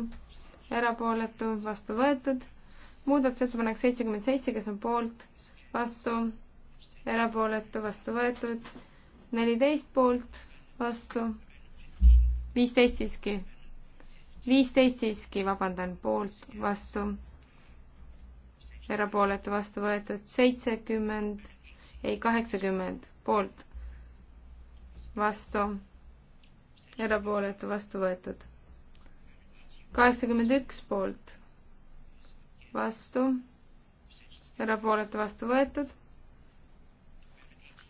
Speaker 3: erapooletu, vastu võetud. muudatusettepanek seitsekümmend seitse, kes on poolt, vastu, erapooletu, vastu võetud. neliteist poolt, vastu, viisteist siiski, viisteist siiski, vabandan, poolt, vastu erapooletu vastu võetud seitsekümmend, ei kaheksakümmend poolt, vastu, erapooletu vastu võetud. kaheksakümmend üks poolt, vastu, erapooletu vastu võetud.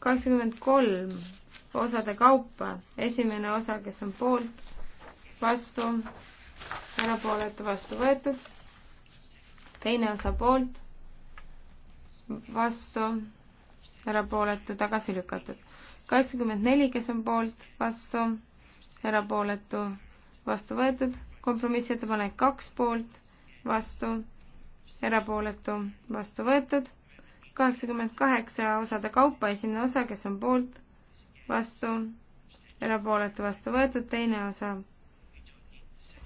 Speaker 3: kaheksakümmend kolm osade kaupa, esimene osa, kes on poolt, vastu, erapooletu vastu võetud, teine osa poolt vastu, erapooletu, tagasi lükatud. kaheksakümmend neli, kes on poolt, vastu, erapooletu, vastu võetud. kompromissettepanek kaks poolt, vastu, erapooletu, vastu võetud. kaheksakümmend kaheksa osade kaupa, esimene osa, kes on poolt, vastu, erapooletu, vastu võetud, teine osa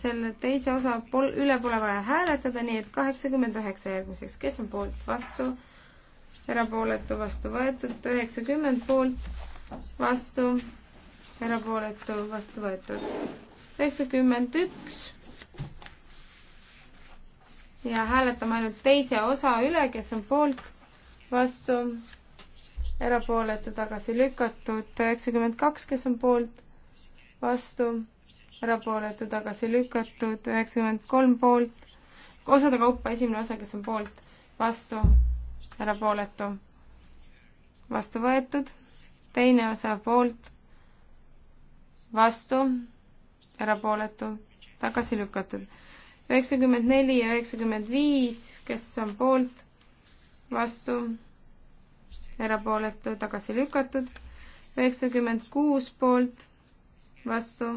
Speaker 3: selle teise osa pol-, üle pole vaja hääletada, nii et kaheksakümmend üheksa järgmiseks, kes on poolt, vastu, erapooletu vastu võetud, üheksakümmend poolt vastu, erapooletu vastu võetud, üheksakümmend üks. ja hääletame ainult teise osa üle, kes on poolt, vastu, erapooletu tagasi lükatud, üheksakümmend kaks, kes on poolt, vastu, erapooletu tagasi lükatud, üheksakümmend kolm poolt, osade kaupa esimene osa, kes on poolt, vastu erapooletu, vastu võetud, teine osa poolt, vastu, erapooletu, tagasi lükatud. üheksakümmend neli ja üheksakümmend viis, kes on poolt, vastu, erapooletu, tagasi lükatud. üheksakümmend kuus poolt, vastu,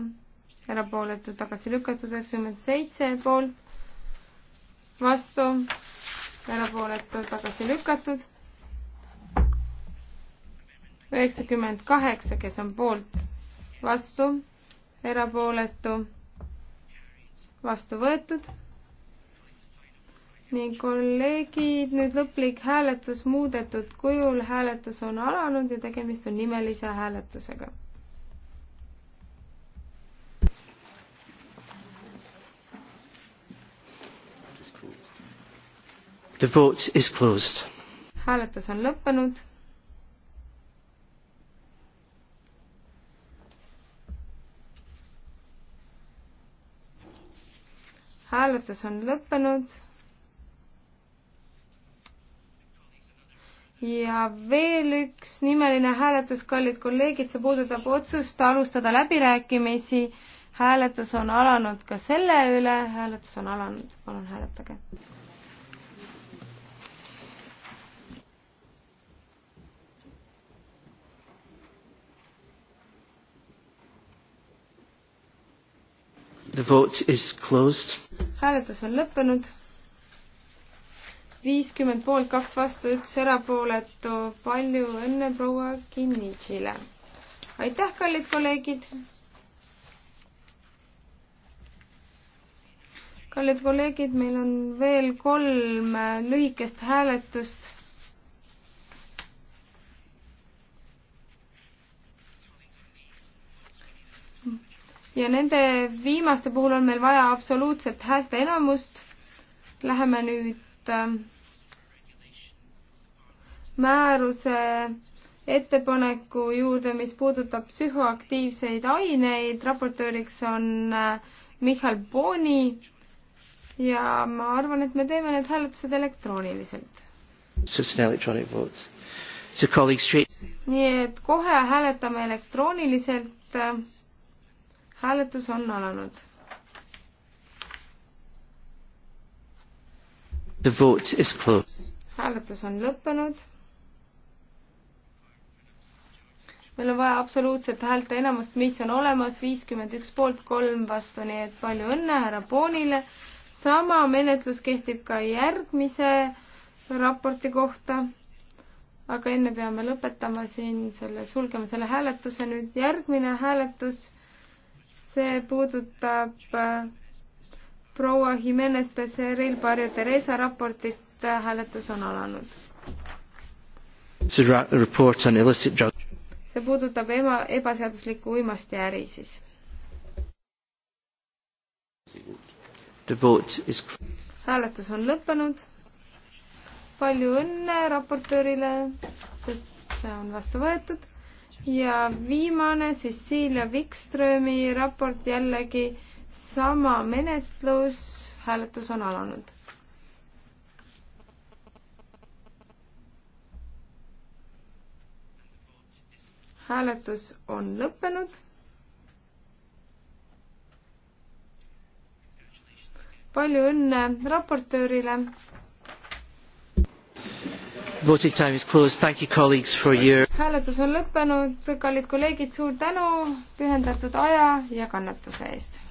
Speaker 3: erapooletu, tagasi lükatud. üheksakümmend seitse poolt, vastu erapooletud, tagasi lükatud. üheksakümmend kaheksa, kes on poolt, vastu, erapooletu, vastu võetud. nii, kolleegid, nüüd lõplik hääletus muudetud kujul, hääletus on alanud ja tegemist on nimelise hääletusega
Speaker 1: The vote is closed. hääletus on
Speaker 3: lõppenud. hääletus on lõppenud. ja veel üks nimeline hääletus, kallid kolleegid, see puudutab otsust alustada läbirääkimisi. hääletus on alanud ka selle üle, hääletus on alanud, palun hääletage
Speaker 1: The vote is closed.
Speaker 3: hääletus on lõppenud. viiskümmend poolt, kaks vastu, üks erapooletu. palju õnne proua Kinnitšile. aitäh, kallid kolleegid. kallid kolleegid, meil on veel kolm lühikest hääletust ja nende viimaste puhul on meil vaja absoluutset häälteenamust. Läheme nüüd ähm, määruse ettepaneku juurde, mis puudutab psühhoaktiivseid aineid. raportööriks on äh, Michal Boni ja ma arvan, et me teeme need hääletused elektrooniliselt. nii et kohe hääletame elektrooniliselt hääletus on alanud.
Speaker 1: The vote is closed.
Speaker 3: hääletus on lõppenud. meil on vaja absoluutset häälte enamust, mis on olemas, viiskümmend üks poolt, kolm vastu, nii et palju õnne härra Poonile. sama menetlus kehtib ka järgmise raporti kohta. aga enne peame lõpetama siin selle, sulgeme selle hääletuse nüüd. järgmine hääletus see puudutab äh, proua Jimenez Becerril Barrio Teresa raportit, äh, hääletus on alanud. see puudutab ema, ebaseaduslikku uimastiäri siis. Is... hääletus on lõppenud. palju õnne raportöörile, sest see on vastu võetud ja viimane Cecilia Wikströmi raport jällegi sama menetlus, hääletus on alanud. hääletus on lõppenud. palju õnne raportöörile
Speaker 1: voting time is closed. Thank you colleagues for your
Speaker 3: hääletus on lõppenud, kallid kolleegid, suur tänu pühendatud aja ja kannatuse eest.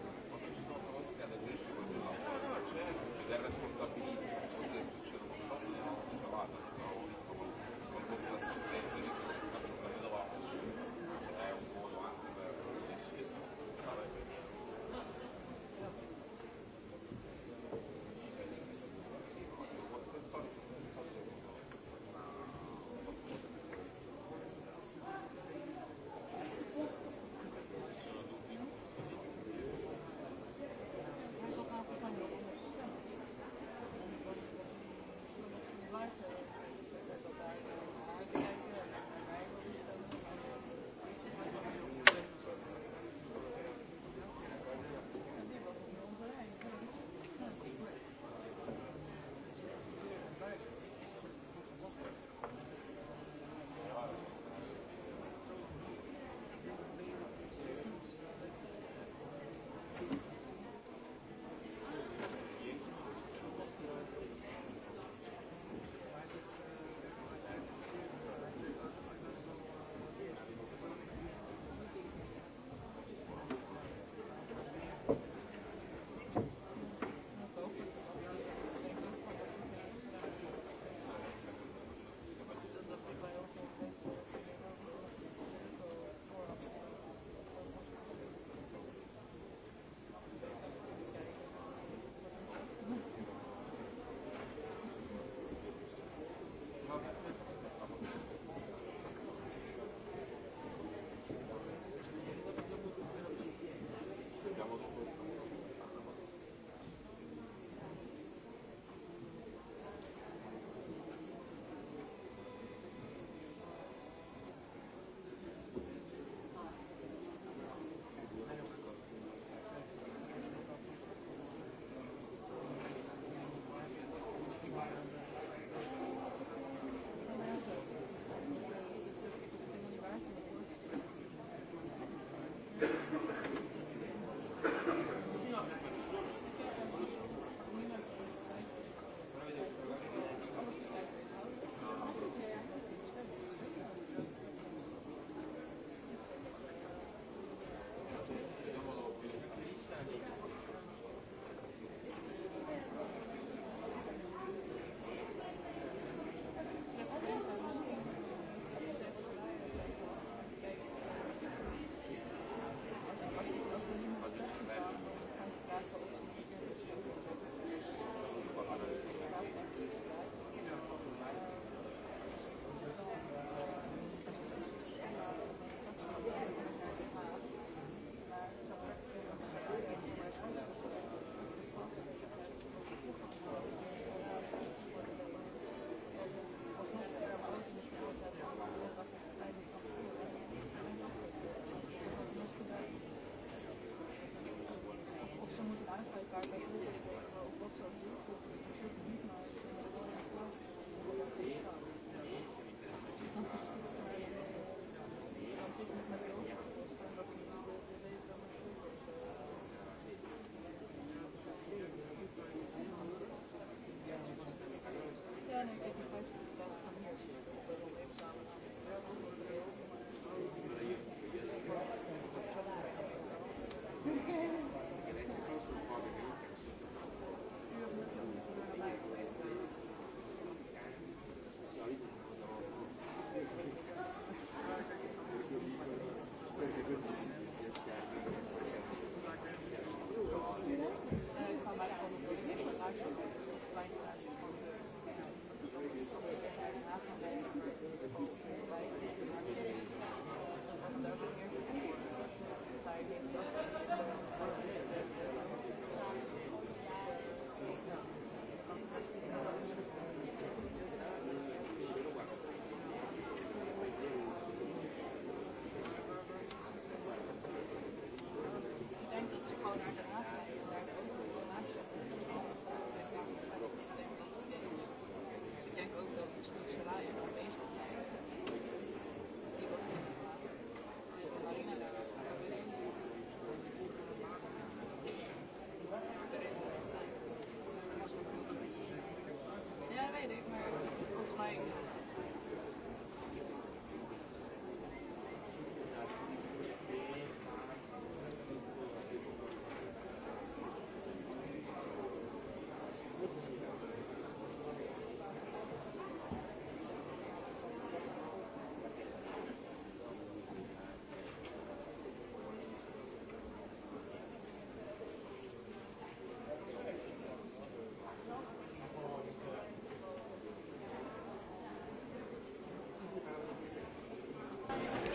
Speaker 1: cose, ma ci sono cose che adesso ci del responsabilità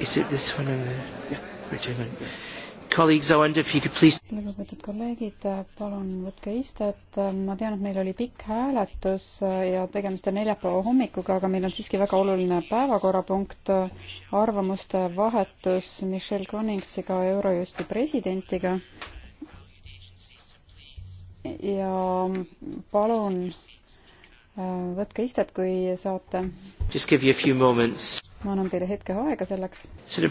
Speaker 1: Is it this one in the... Yeah, return on... Yeah. Colleagues, I wonder if you could please...
Speaker 4: lugupeetud kolleegid, palun võtke istet. ma tean, et meil oli pikk hääletus ja tegemist on neljapäeva hommikuga, aga meil on siiski väga oluline päevakorrapunkt, arvamuste vahetus Michelle Koningsiga, Eurojusti presidentiga. ja palun äh, võtke istet, kui saate.
Speaker 1: Just give you a few moments
Speaker 4: ma annan teile hetke aega selleks. see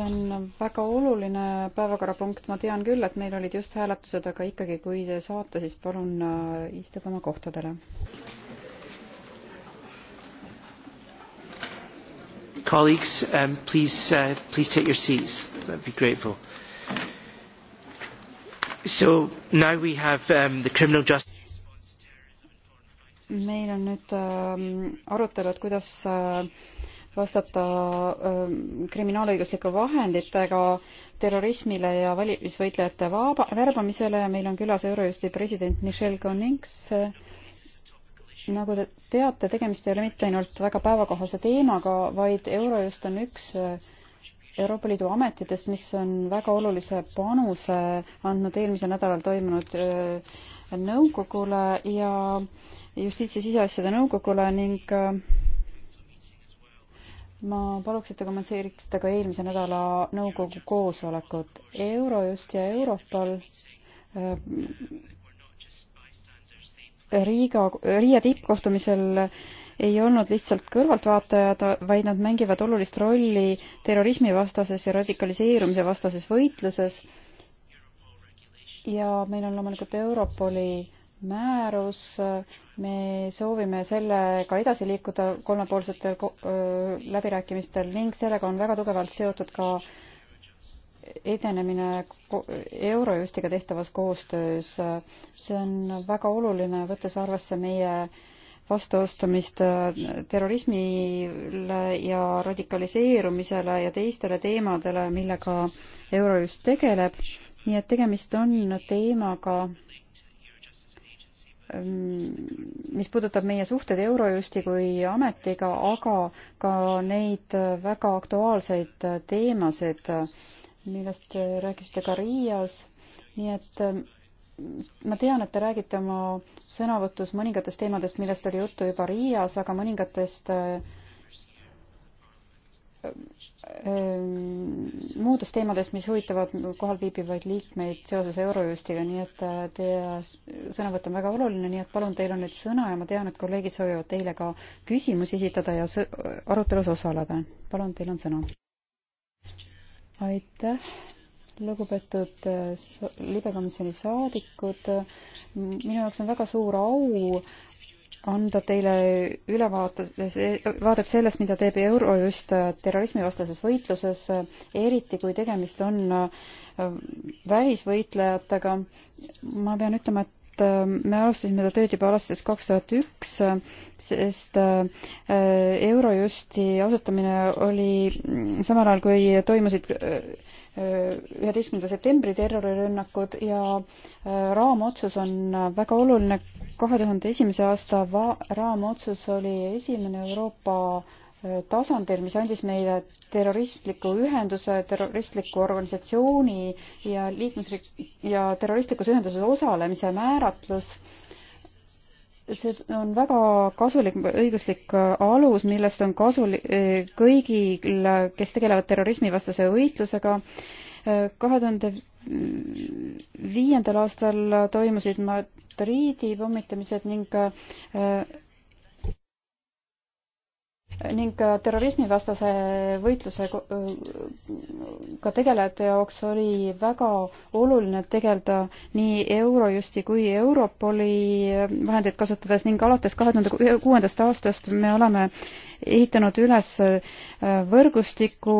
Speaker 4: on väga oluline päevakorrapunkt, ma tean küll, et meil olid just hääletused, aga ikkagi, kui te saate, siis palun äh, istuge oma kohtadele.
Speaker 1: Colleagues, um, please, uh, please take your seats. I'd be grateful. So now we have um, the criminal justice
Speaker 4: meil on nüüd ähm, arutelud, kuidas äh, vastata ähm, kriminaalõiguslike vahenditega terrorismile ja valimisvõitlejate vaba, värbamisele ja meil on külas Eurojusti president Michel Konings. Äh, nagu te teate, tegemist ei ole mitte ainult väga päevakohase teemaga, vaid Eurojust on üks äh, Euroopa Liidu ametitest, mis on väga olulise panuse andnud eelmisel nädalal toimunud nõukogule ja äh, justiits- ja siseasjade nõukogule ning äh, ma paluks, et te kommenteeriksite ka eelmise nädala nõukogu koosolekut. Eurojust ja Europol äh, Riiga, Riia tippkohtumisel ei olnud lihtsalt kõrvaltvaatajad, vaid nad mängivad olulist rolli terrorismivastases ja radikaliseerumise vastases võitluses. ja meil on loomulikult Europoli määrus, me soovime sellega edasi liikuda kolmepoolsetel läbirääkimistel ning sellega on väga tugevalt seotud ka edenemine Eurojustiga tehtavas koostöös. see on väga oluline, võttes arvesse meie vastuostumist terrorismile ja radikaliseerumisele ja teistele teemadele, millega Eurojust tegeleb. nii et tegemist on teemaga, Ehm, mis puudutab meie suhted Eurojusti kui ametiga, aga ka neid väga aktuaalseid teemasid, millest rääkisite ka Riias, nii et ehm, ma tean, et te räägite oma sõnavõtus mõningatest teemadest, millest oli juttu juba Riias, aga mõningatest äh, Ehm, muudest teemadest, mis huvitavad kohalviibivaid liikmeid seoses Eurojustiga, nii et äh, teie sõnavõtt on väga oluline, nii et palun, teil on nüüd sõna ja ma tean, et kolleegid soovivad teile ka küsimusi esitada ja arutelus osaleda. palun, teil on sõna. aitäh, lugupeetud äh, libekomisjoni saadikud. minu jaoks on väga suur au anda teile ülevaate, vaadet sellest, mida teeb euro just äh, terrorismivastases võitluses, äh, eriti kui tegemist on äh, välisvõitlejatega. ma pean ütlema, et me alustasime seda tööd juba alates kaks tuhat üks, sest Eurojusti asutamine oli mm, samal ajal, kui toimusid üheteistkümnenda septembri terrorirünnakud ja äh, raamotsus on väga oluline. kahe tuhande esimese aasta raamotsus oli esimene Euroopa äh, tasandil, mis andis meile terroristliku ühenduse, terroristliku organisatsiooni ja liikmesriik ja terroristlikus ühenduses osalemise määratlus äh, see on väga kasulik õiguslik äh, alus, millest on kasulik äh, kõigil, äh, kes tegelevad terrorismivastase võitlusega. kahe tuhande viiendal aastal toimusid Madriidi pommitamised ning ning äh, terrorismivastase võitlusega äh, tegelejate jaoks oli väga oluline tegeleda nii Eurojusti kui Europoli äh, vahendeid kasutades ning alates kahe tuhande kuuendast aastast me oleme ehitanud üles võrgustiku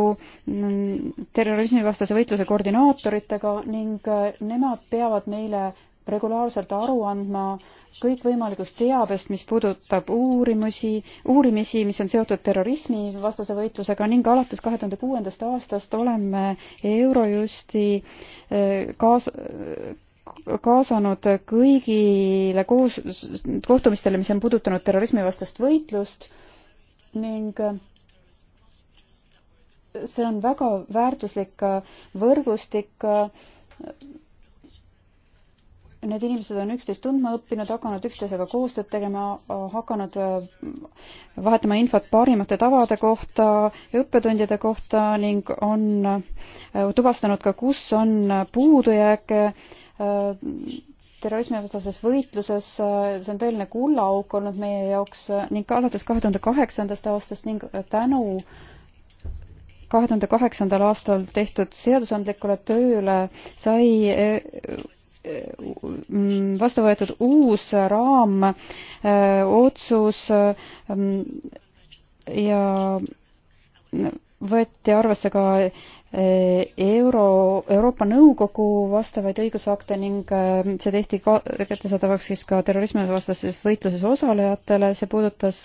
Speaker 4: mm, terrorismivastase võitluse koordinaatoritega ning nemad peavad meile regulaarselt aru andma kõikvõimalikust teabest, mis puudutab uurimusi, uurimisi, mis on seotud terrorismi vastase võitlusega ning alates kahe tuhande kuuendast aastast oleme Eurojusti äh, kaas-, kaasanud kõigile koos, kohtumistele, mis on puudutanud terrorismivastast võitlust ning äh, see on väga väärtuslik äh, võrgustik need inimesed on üksteist tundma õppinud, hakanud üksteisega koostööd tegema, hakanud äh, vahetama infot parimate tavade kohta, õppetundide kohta ning on äh, tuvastanud ka, kus on puudujääke äh, terrorismivastases võitluses, see on tõeline kullaauk olnud meie jaoks ning alates kahe tuhande kaheksandast aastast ning tänu kahe tuhande kaheksandal aastal tehtud seadusandlikule tööle sai Mm, vastu võetud uus raamotsus äh, ähm, ja võeti arvesse ka äh, euro, Euroopa Nõukogu vastavaid õigusakte ning äh, see tehti ka kättesaadavaks siis ka terrorismivastases võitluses osalejatele, see puudutas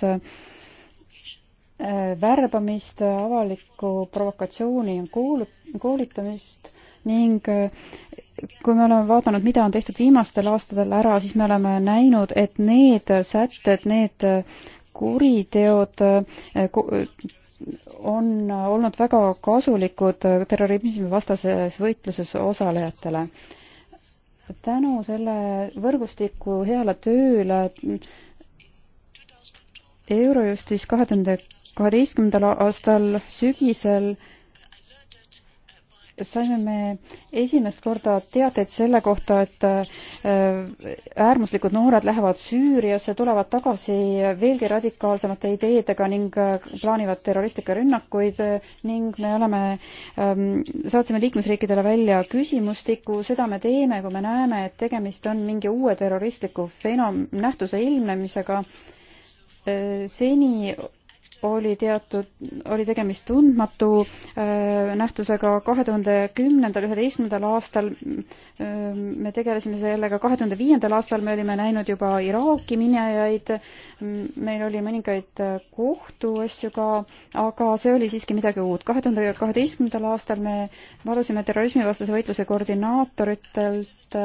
Speaker 4: värbamist, avalikku provokatsiooni ja kool, koolitamist ning äh, kui me oleme vaadanud, mida on tehtud viimastel aastatel ära, siis me oleme näinud, et need sätted, need äh, kuriteod äh, on olnud väga kasulikud terrorismivastases võitluses osalejatele. tänu selle võrgustiku heale tööle Eurojustis kahe tuhande kaheteistkümnendal aastal sügisel saime me esimest korda teateid selle kohta, et äh, äärmuslikud noored lähevad Süüriasse, tulevad tagasi veelgi radikaalsemate ideedega ning äh, plaanivad terroristlikke rünnakuid äh, ning me oleme, ähm, saatsime liikmesriikidele välja küsimustiku, seda me teeme, kui me näeme, et tegemist on mingi uue terroristliku fenom-, nähtuse ilmnemisega. seni oli teatud, oli tegemist tundmatu äh, nähtusega kahe tuhande kümnendal, üheteistkümnendal aastal. Äh, me tegelesime sellega kahe tuhande viiendal aastal, me olime näinud juba Iraaki minejaid. meil oli mõningaid äh, kohtuasju ka, aga see oli siiski midagi uut. kahe tuhande kaheteistkümnendal aastal me palusime terrorismivastase võitluse koordinaatoritelt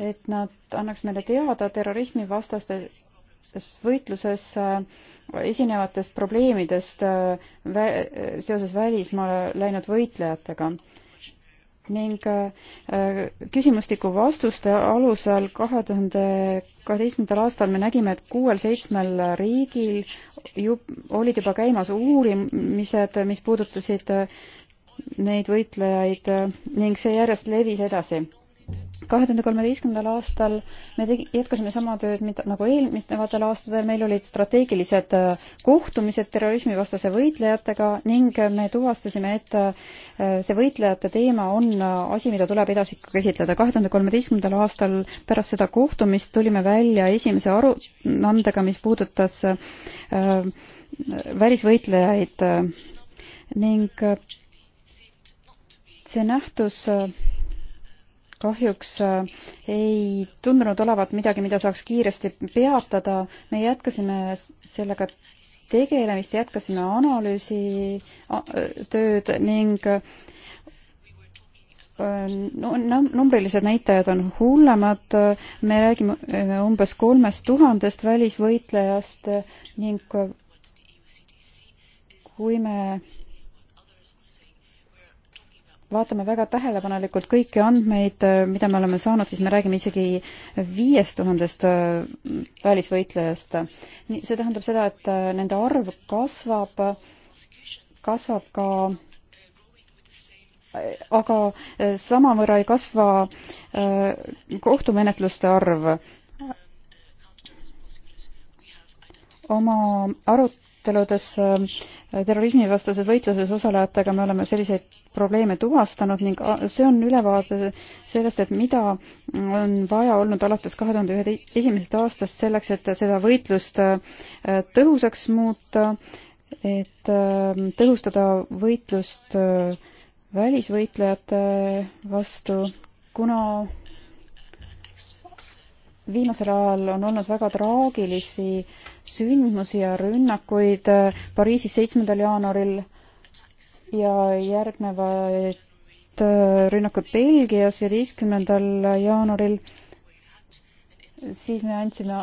Speaker 4: et nad annaks meile teada terrorismivastaste võitluses äh, esinevatest probleemidest äh, vä-, seoses välismaale läinud võitlejatega ning äh, küsimustiku vastuste alusel kahe tuhande kaheteistkümnendal aastal me nägime, et kuuel-seitsmel riigil ju olid juba käimas uurimised, mis puudutasid neid võitlejaid ning see järjest levis edasi kahe tuhande kolmeteistkümnendal aastal me tegi, jätkasime sama tööd mida, nagu eelmistel aastatel, meil olid strateegilised äh, kohtumised terrorismivastase võitlejatega ning me tuvastasime, et äh, see võitlejate teema on äh, asi, mida tuleb edasi ikka käsitleda. kahe tuhande kolmeteistkümnendal aastal pärast seda kohtumist tulime välja esimese aruandega, mis puudutas äh, välisvõitlejaid ning see nähtus äh, kahjuks äh, ei tundunud olevat midagi, mida saaks kiiresti peatada. me jätkasime sellega tegelemist, jätkasime analüüsi äh, tööd ning äh, no numbrilised näitajad on hullemad, me räägime umbes kolmest tuhandest välisvõitlejast ning kui me vaatame väga tähelepanelikult kõiki andmeid, äh, mida me oleme saanud, siis me räägime isegi viiest tuhandest äh, välisvõitlejast. see tähendab seda, et äh, nende arv kasvab, kasvab ka aga samavõrra ei kasva kohtumenetluste arv. oma aruteludes terrorismivastases võitluses osalejatega me oleme selliseid probleeme tuvastanud ning see on ülevaade sellest, et mida on vaja olnud alates kahe tuhande ühe esimesest aastast selleks, et seda võitlust äh, tõhusaks muuta, et äh, tõhustada võitlust äh, välisvõitlejate vastu, kuna viimasel ajal on olnud väga traagilisi sündmusi ja rünnakuid Pariisis seitsmendal jaanuaril ja järgnevad äh, rünnakud Belgias üheteistkümnendal jaanuaril, siis me andsime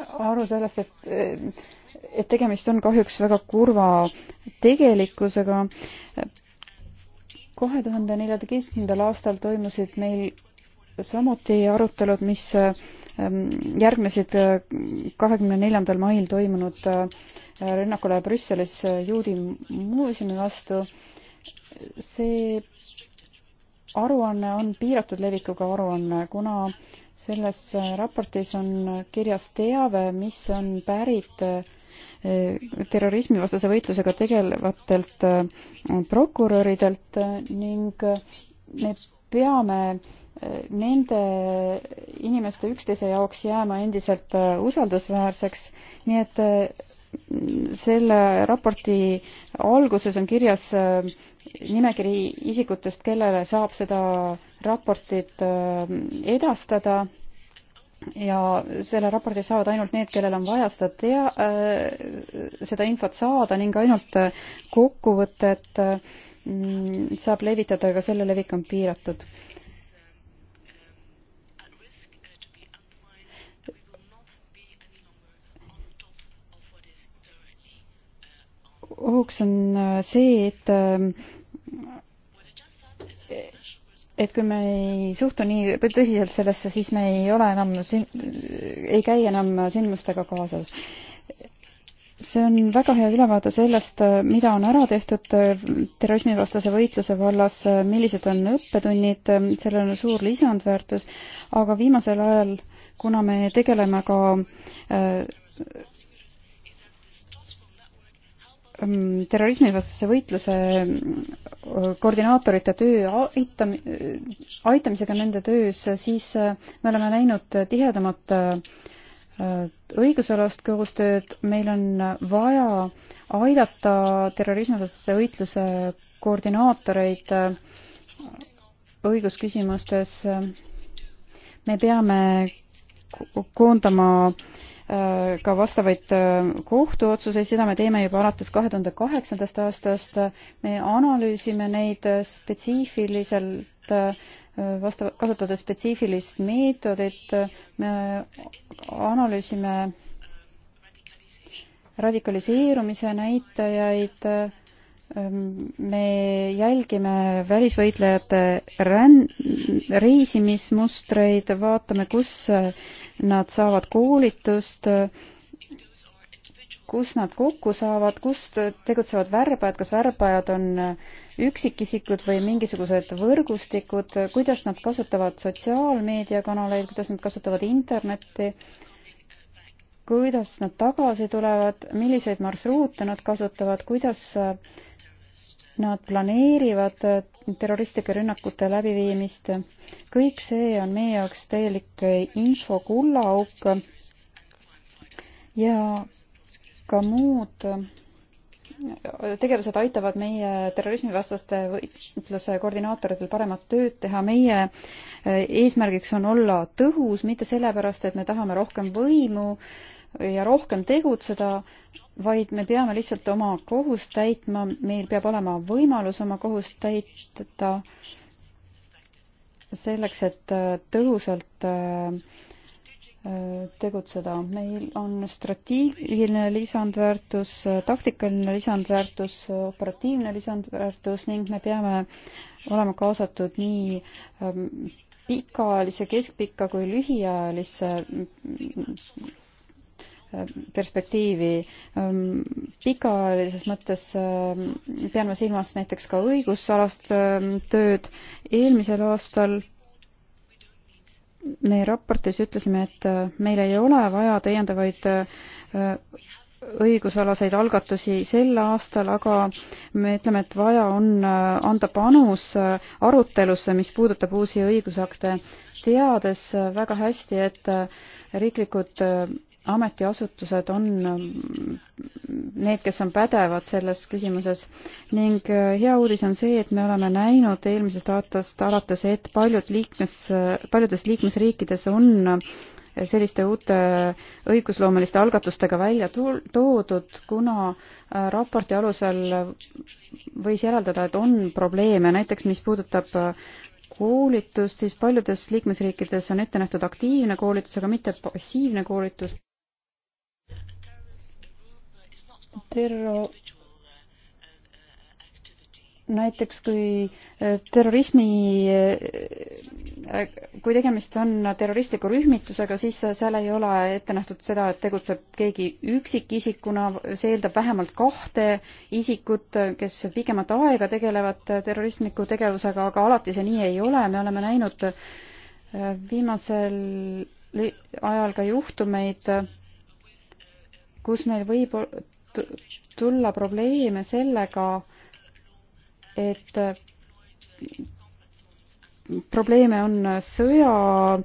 Speaker 4: aru sellest, et, et tegemist on kahjuks väga kurva tegelikkusega. kahe tuhande neljateistkümnendal aastal toimusid meil samuti arutelud, mis ähm, järgnesid äh, kahekümne neljandal mail toimunud äh, rünnakule Brüsselis äh, juudi muuseumi vastu. see aruanne on piiratud levikuga aruanne, kuna selles raportis on kirjas teave, mis on pärit terrorismivastase võitlusega tegelevatelt prokuröridelt ning me peame nende inimeste üksteise jaoks jääma endiselt äh, usaldusväärseks, nii et äh, selle raporti alguses on kirjas äh, nimekiri isikutest, kellele saab seda raportit edastada ja selle raporti saavad ainult need, kellel on vaja seda tea-, seda infot saada ning ainult kokkuvõtet mm, saab levitada, aga selle levik on piiratud ohuks on äh, see, et äh, et kui me ei suhtu nii tõsiselt sellesse, siis me ei ole enam, ei käi enam sündmustega kaasas see on väga hea ülevaade sellest, mida on ära tehtud äh, terrorismivastase võitluse vallas, millised on õppetunnid, sellel on suur lisandväärtus, aga viimasel ajal, kuna me tegeleme ka Mm, terrorismivastase võitluse mm, koordinaatorite töö aitam-, aitamisega nende töös, siis äh, me oleme näinud tihedamat äh, õigusalast koostööd, meil on vaja aidata terrorismivastase võitluse koordinaatoreid äh, õigusküsimustes. me peame koondama äh, Äh, ka vastavaid äh, kohtuotsuseid, seda me teeme juba alates kahe tuhande kaheksandast aastast. me analüüsime neid spetsiifiliselt, äh, vastav, kasutades spetsiifilist meetodit, me analüüsime radikaliseerumise näitajaid Ehm, me jälgime välisvõitlejate ränn-, reisimismustreid, vaatame, kus eh, nad saavad koolitust, kus nad kokku saavad, kus tegutsevad värbajad, kas värbajad on eh, üksikisikud või mingisugused võrgustikud, kuidas nad kasutavad sotsiaalmeediakanaleid, kuidas nad kasutavad internetti, kuidas nad tagasi tulevad, milliseid marsruute nad kasutavad, kuidas eh, nad planeerivad äh, terroristlike rünnakute läbiviimist. kõik see on meie jaoks täielik äh, info kullaauk ja ka muud äh, tegevused aitavad meie terrorismivastaste võitluse koordinaatoritel paremat tööd teha. meie eesmärgiks on olla tõhus, mitte sellepärast, et me tahame rohkem võimu ja rohkem tegutseda, vaid me peame lihtsalt oma kohust täitma, meil peab olema võimalus oma kohust täita selleks, et äh, tõhusalt äh, äh, tegutseda. meil on strateegiline lisandväärtus, taktikaline lisandväärtus, operatiivne lisandväärtus ning me peame olema kaasatud nii ähm, pikaajalisse, keskpikka kui lühiajalisse mm, perspektiivi. Ähm, pikaajalises mõttes ähm, pean ma silmas näiteks ka õigusalast ähm, tööd. eelmisel aastal me raportis ütlesime, et äh, meil ei ole vaja täiendavaid äh, õigusalaseid algatusi sel aastal, aga me ütleme, et vaja on äh, anda panus arutelusse, mis puudutab uusi õigusakte, teades väga hästi, et riiklikud ametiasutused on need, kes on pädevad selles küsimuses ning äh, hea uudis on see, et me oleme näinud eelmisest aastast alates, et paljud liikmes, paljudes liikmesriikides on äh, selliste uute õigusloomeliste algatustega välja toodud, kuna äh, raporti alusel võis järeldada, et on probleeme, näiteks mis puudutab koolitust, siis paljudes liikmesriikides on ette nähtud aktiivne koolitus, aga mitte passiivne koolitus terro-, näiteks kui eh, terrorismi, eh, kui tegemist on terroristliku rühmitusega, siis seal ei ole ette nähtud seda, et tegutseb keegi üksikisikuna, see eeldab vähemalt kahte isikut, kes pikemat aega tegelevad terroristliku tegevusega, aga alati see nii ei ole, me oleme näinud eh, viimasel ajal ka juhtumeid, kus meil võib tulla probleeme sellega, et probleeme on sõja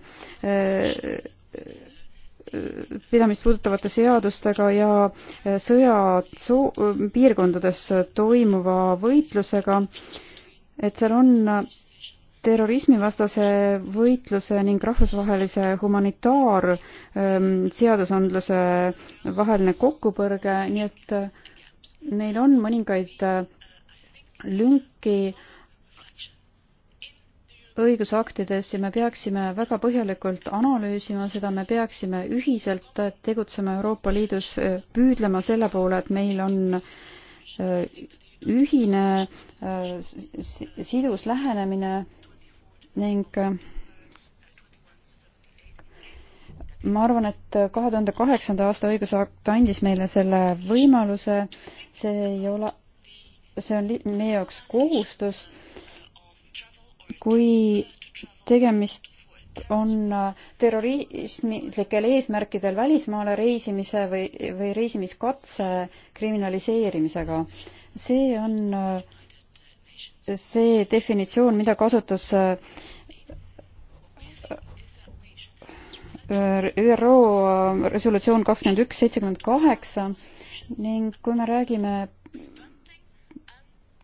Speaker 4: pidamist puudutavate seadustega ja sõja piirkondades toimuva võitlusega, et seal on terrorismivastase võitluse ning rahvusvahelise humanitaarseadusandluse ähm, vaheline kokkupõrge, nii et äh, meil on mõningaid äh, lünki õigusaktides ja me peaksime väga põhjalikult analüüsima seda, me peaksime ühiselt tegutsema Euroopa Liidus, äh, püüdlema selle poole, et meil on ühine sidus lähenemine ning äh, ma arvan, et kahe tuhande kaheksanda aasta õigusakt andis meile selle võimaluse, see ei ole, see on meie jaoks kohustus, kui tegemist on äh, terrorismilikel eesmärkidel välismaale reisimise või, või reisimiskatse kriminaliseerimisega. see on äh, see definitsioon, mida kasutas äh, äh, ÜRO äh, resolutsioon kakskümmend üks seitsekümmend kaheksa ning kui me räägime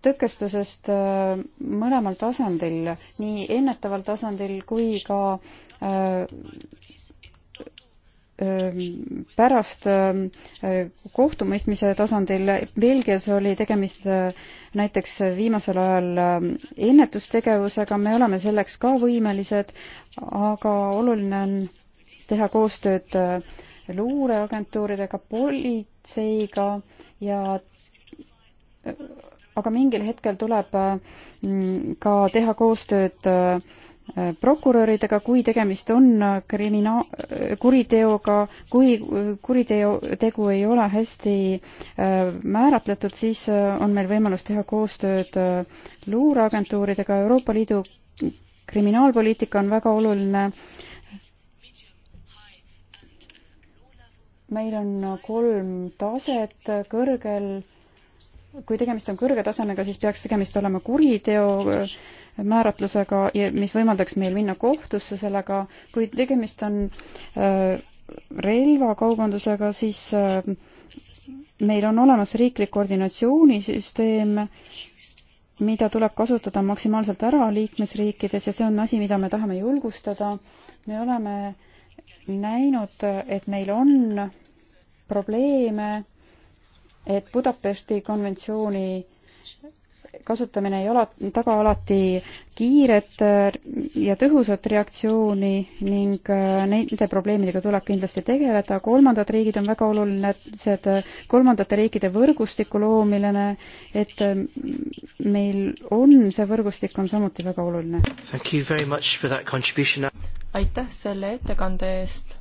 Speaker 4: tõkestusest mõlemal tasandil, nii ennetaval tasandil kui ka Ehm, pärast ehm, eh, kohtumõistmise tasandil Belgias oli tegemist eh, näiteks viimasel ajal ehm, ennetustegevusega, me oleme selleks ka võimelised, aga oluline on teha koostööd eh, luureagentuuridega, politseiga ja aga mingil hetkel tuleb mm, ka teha koostööd prokuröridega, kui tegemist on krimina-, kuriteoga, kui kuriteo, tegu ei ole hästi äh, määratletud, siis äh, on meil võimalus teha koostööd äh, luureagentuuridega, Euroopa Liidu kriminaalpoliitika on väga oluline. meil on kolm taset kõrgel, kui tegemist on kõrge tasemega, siis peaks tegemist olema kuriteo määratlusega, mis võimaldaks meil minna kohtusse sellega, kui tegemist on äh, relvakaubandusega, siis äh, meil on olemas riiklik koordinatsioonisüsteem, mida tuleb kasutada maksimaalselt ära liikmesriikides ja see on asi, mida me tahame julgustada. me oleme näinud, et meil on probleeme, et Budapesti konventsiooni kasutamine ei ala, taga alati kiiret äh, ja tõhusat reaktsiooni ning äh, nende probleemidega tuleb kindlasti tegeleda. kolmandad riigid on väga oluline, see äh, kolmandate riikide võrgustiku loomine, et meil on see võrgustik, on samuti väga oluline. aitäh selle ettekande eest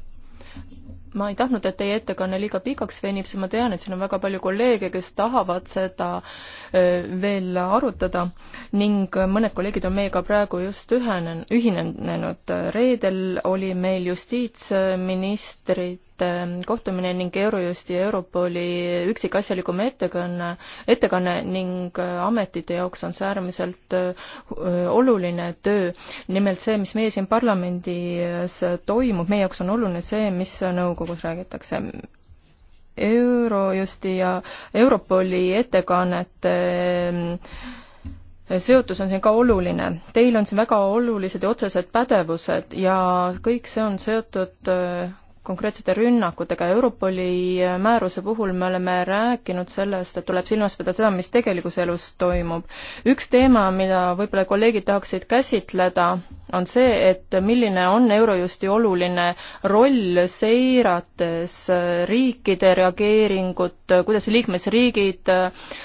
Speaker 4: ma ei tahtnud,
Speaker 2: et teie ettekanne liiga pikaks venib, sest ma tean, et siin on väga palju kolleege, kes tahavad seda veel arutada ning mõned kolleegid on meiega praegu just ühenen-, ühinenud. reedel oli meil justiitsministrid Ähm, kohtumine ning Eurojusti ja Europoli üksikasjalikum ettekanne, ettekanne ning äh, ametite jaoks on see äärmiselt äh, oluline töö. nimelt see, mis meie siin parlamendis toimub, meie jaoks on oluline see, mis nõukogus räägitakse. Eurojusti ja Europoli ettekannete ähm, seotus on siin ka oluline. Teil on siin väga olulised ja otsesed pädevused ja kõik see on seotud äh, konkreetsete rünnakutega. Europoli määruse puhul me oleme rääkinud sellest, et tuleb silmas pidada seda, mis tegelikus elus toimub. üks teema, mida võib-olla kolleegid tahaksid käsitleda, on see, et milline on Eurojusti oluline roll seirates riikide reageeringut, kuidas liikmesriigid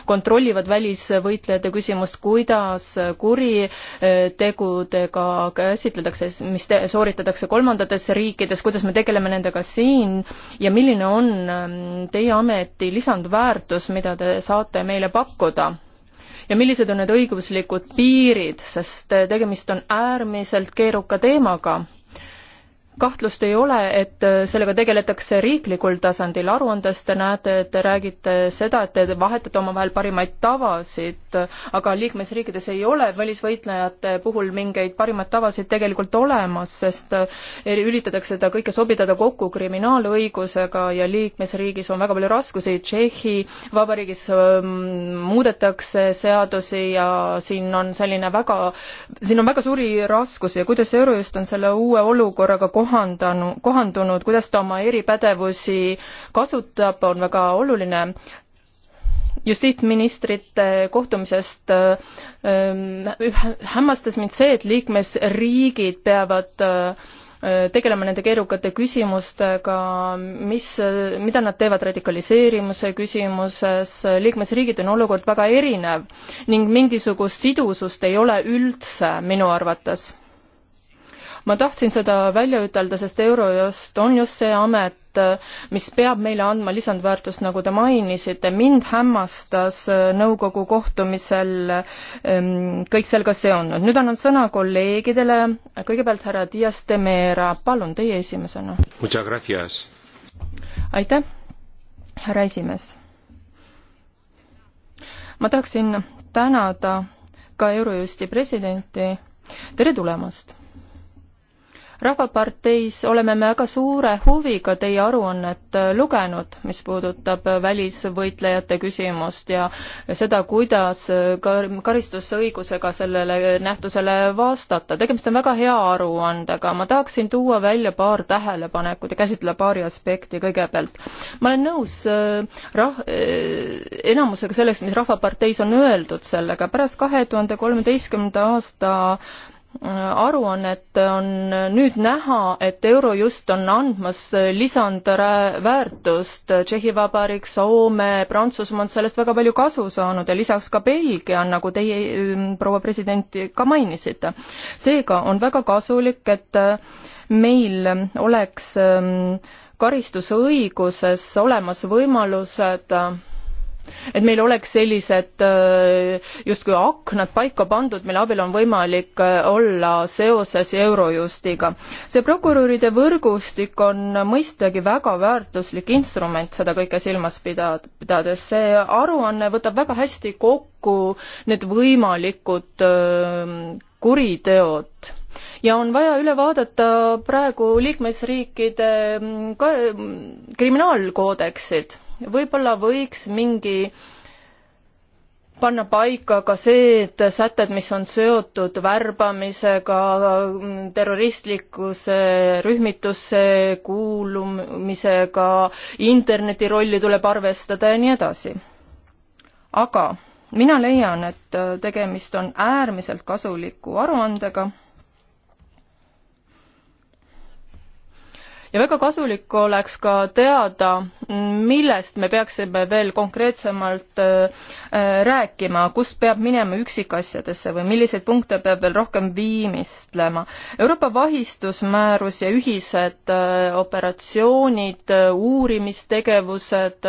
Speaker 2: kontrollivad välisvõitlejate küsimust, kuidas kuritegudega käsitletakse, mis te, sooritatakse kolmandates riikides, kuidas me tegeleme nende nendega siin ja milline on ähm, teie ameti lisandväärtus, mida te saate meile pakkuda? ja millised on need õiguslikud piirid, sest äh, tegemist on äärmiselt keeruka teemaga kahtlust ei ole, et äh, sellega tegeletakse riiklikul tasandil, aruandes te näete, et te räägite seda, et te vahetate omavahel parimaid tavasid, aga liikmesriikides ei ole välisvõitlejate puhul mingeid parimaid tavasid tegelikult olemas, sest äh, üritatakse seda kõike sobitada kokku kriminaalõigusega ja liikmesriigis on väga palju raskusi, Tšehhi Vabariigis ähm, muudetakse seadusi ja siin on selline väga, siin on väga suuri raskusi ja kuidas Eurojust on selle uue olukorraga kohanenud, kohandanu, kohandunud, kuidas ta oma eripädevusi kasutab, on väga oluline. justiitsministrite kohtumisest ähm, hämmastas mind see, et liikmesriigid peavad äh, tegelema nende keerukate küsimustega, mis, mida nad teevad radikaliseerimise küsimuses, liikmesriigid on olukord väga erinev ning mingisugust sidusust ei ole üldse minu arvates ma tahtsin seda välja ütelda, sest Eurojust on just see amet, mis peab meile andma lisandväärtust, nagu te mainisite. mind hämmastas äh, nõukogu kohtumisel ähm, kõik sellega seonduv. nüüd annan sõna kolleegidele. kõigepealt härra Dias de Mera, palun, teie esimesena. aitäh, härra esimees. ma tahaksin tänada ka Eurojusti presidenti. tere tulemast rahvaparteis oleme me väga suure huviga teie aruannet äh, lugenud, mis puudutab äh, välisvõitlejate küsimust ja seda, kuidas äh, karistusõigusega sellele nähtusele vastata. tegemist on väga hea aruandega, ma tahaksin tuua välja paar tähelepanekut ja käsitleda paari aspekti kõigepealt. ma olen nõus rah-, enamusega sellest, mis Rahvaparteis on öeldud sellega, pärast kahe tuhande kolmeteistkümnenda aasta aruannet on nüüd näha, et Eurojust on andmas lisandväärtust. Tšehhi Vabariik, Soome, Prantsusmaa on sellest väga palju kasu saanud ja lisaks ka Belgia, nagu teie, proua president, ka mainisite. seega on väga kasulik, et meil oleks karistusõiguses olemas võimalused et meil oleks sellised äh, justkui aknad paika pandud, mille abil on võimalik äh, olla seoses Eurojustiga. see prokuröride võrgustik on mõistagi väga väärtuslik instrument, seda kõike silmas pida-, pidades. see aruanne võtab väga hästi kokku need võimalikud äh, kuriteod ja on vaja üle vaadata praegu liikmesriikide ka kriminaalkoodeksid võib-olla võiks mingi panna paika ka see, et sätted, mis on seotud värbamisega, terroristlikusse rühmitusse kuulumisega, interneti rolli tuleb arvestada ja nii edasi. aga mina leian, et tegemist on äärmiselt kasuliku aruandega ja väga kasulik oleks ka teada, millest me peaksime veel konkreetsemalt äh, äh, rääkima, kus peab minema üksikasjadesse või milliseid punkte peab veel rohkem viimistlema. Euroopa vahistusmäärus ja ühised äh, operatsioonid, uurimistegevused,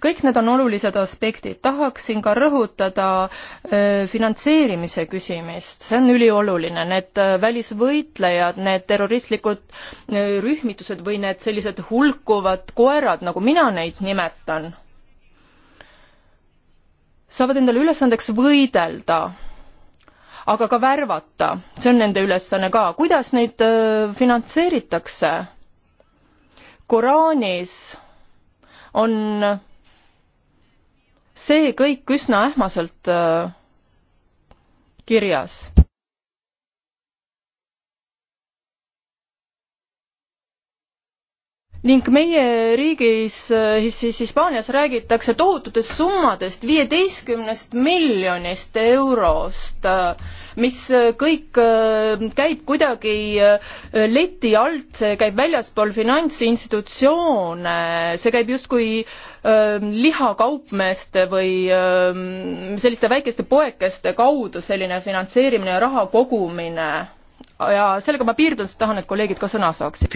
Speaker 2: kõik need on olulised aspektid. tahaksin ka rõhutada finantseerimise küsimist, see on ülioluline, need välisvõitlejad, need terroristlikud rühmitused, omavalitsused või need sellised hulkuvad koerad, nagu mina neid nimetan, saavad endale ülesandeks võidelda, aga ka värvata, see on nende ülesanne ka. kuidas neid äh, finantseeritakse? Koraanis on see kõik üsna ähmaselt äh, kirjas ning meie riigis, siis Hispaanias räägitakse tohututest summadest, viieteistkümnest miljonist eurost, mis kõik äh, käib kuidagi äh, leti alt, see käib väljaspool finantsinstitutsioone, see käib justkui äh, lihakaupmeeste või selliste väikeste poekeste kaudu selline finantseerimine ja raha kogumine. ja sellega ma piirdun, sest tahan, et kolleegid ka sõna saaksid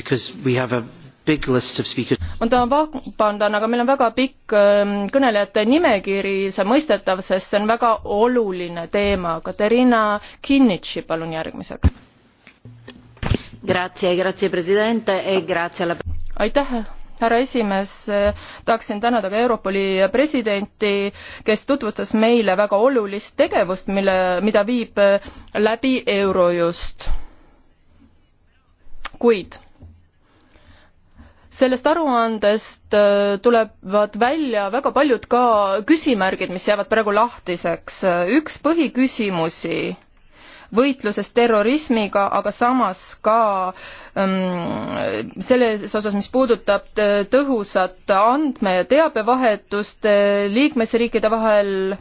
Speaker 2: ma tahan vabandan, aga meil on väga pikk ähm, kõnelejate nimekiri, see on mõistetav, sest see on väga oluline teema. Katerina Kinnitši, palun järgmiseks. E aitäh, härra esimees, tahaksin tänada ka Europoli presidenti, kes tutvustas meile väga olulist tegevust, mille, mida viib läbi Eurojust. kuid sellest aruandest äh, tulevad välja väga paljud ka küsimärgid, mis jäävad praegu lahtiseks. üks põhiküsimusi võitluses terrorismiga, aga samas ka ähm, selles osas, mis puudutab tõhusat andme- ja teabevahetust äh, liikmesriikide vahel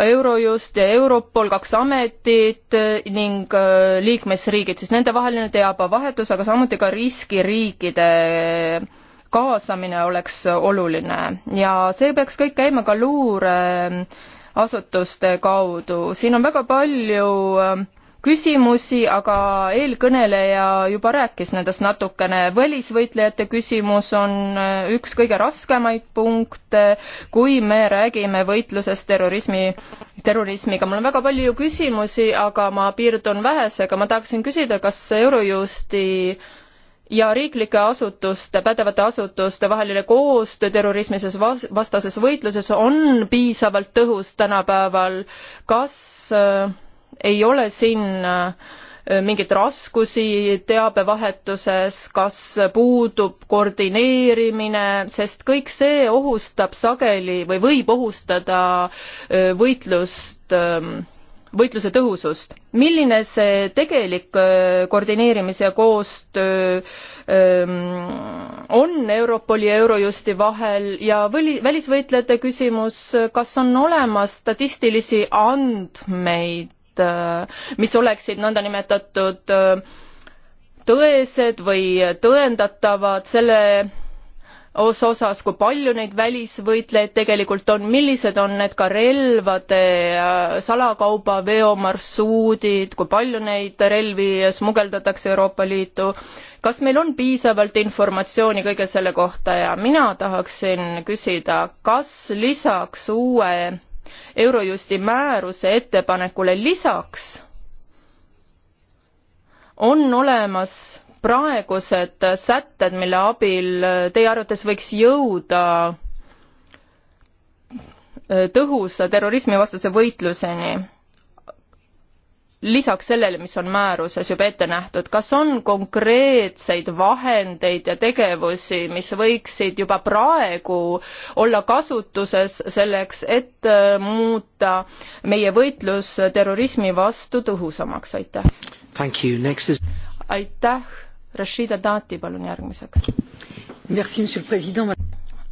Speaker 2: Eurojust ja Europol, kaks ametit eh, ning eh, liikmesriigid, siis nendevaheline teabevahetus, aga samuti ka riskiriikide eh, kaasamine oleks oluline ja see peaks kõik käima ka luureasutuste kaudu. siin on väga palju küsimusi, aga eelkõneleja juba rääkis nendest natukene. välisvõitlejate küsimus on äh, üks kõige raskemaid punkte, kui me räägime võitlusest terrorismi, terrorismiga. mul on väga palju küsimusi, aga ma piirdun vähesega. ma tahaksin küsida, kas Eurojusti ja riiklike asutuste, pädevate asutuste vaheline koostöö terrorismises vastases võitluses on piisavalt tõhus tänapäeval. kas äh, ei ole siin äh, mingeid raskusi teabevahetuses, kas puudub koordineerimine, sest kõik see ohustab sageli või võib ohustada äh, võitlust, ähm, võitluse tõhusust. milline see tegelik äh, koordineerimise ja koostöö ähm, on Europoli ja Eurojusti vahel ja võli, välisvõitlejate küsimus, kas on olemas statistilisi andmeid Äh, mis oleksid nõndanimetatud äh, tõesed või tõendatavad selle osas, kui palju neid välisvõitlejaid tegelikult on, millised on need ka relvade äh, salakaubaveo marsruudid, kui palju neid relvi smugeldatakse Euroopa Liitu, kas meil on piisavalt informatsiooni kõige selle kohta ja mina tahaksin küsida, kas lisaks uue Eurojusti määruse ettepanekule lisaks on olemas praegused sätted, mille abil teie arvates võiks jõuda äh, tõhusa terrorismivastase võitluseni lisaks sellele, mis on määruses juba ette nähtud, kas on konkreetseid vahendeid ja tegevusi, mis võiksid juba praegu olla kasutuses selleks, et äh, muuta meie võitlus terrorismi vastu tõhusamaks, aitäh!
Speaker 1: Is...
Speaker 2: aitäh, Rashida Dati, palun järgmiseks.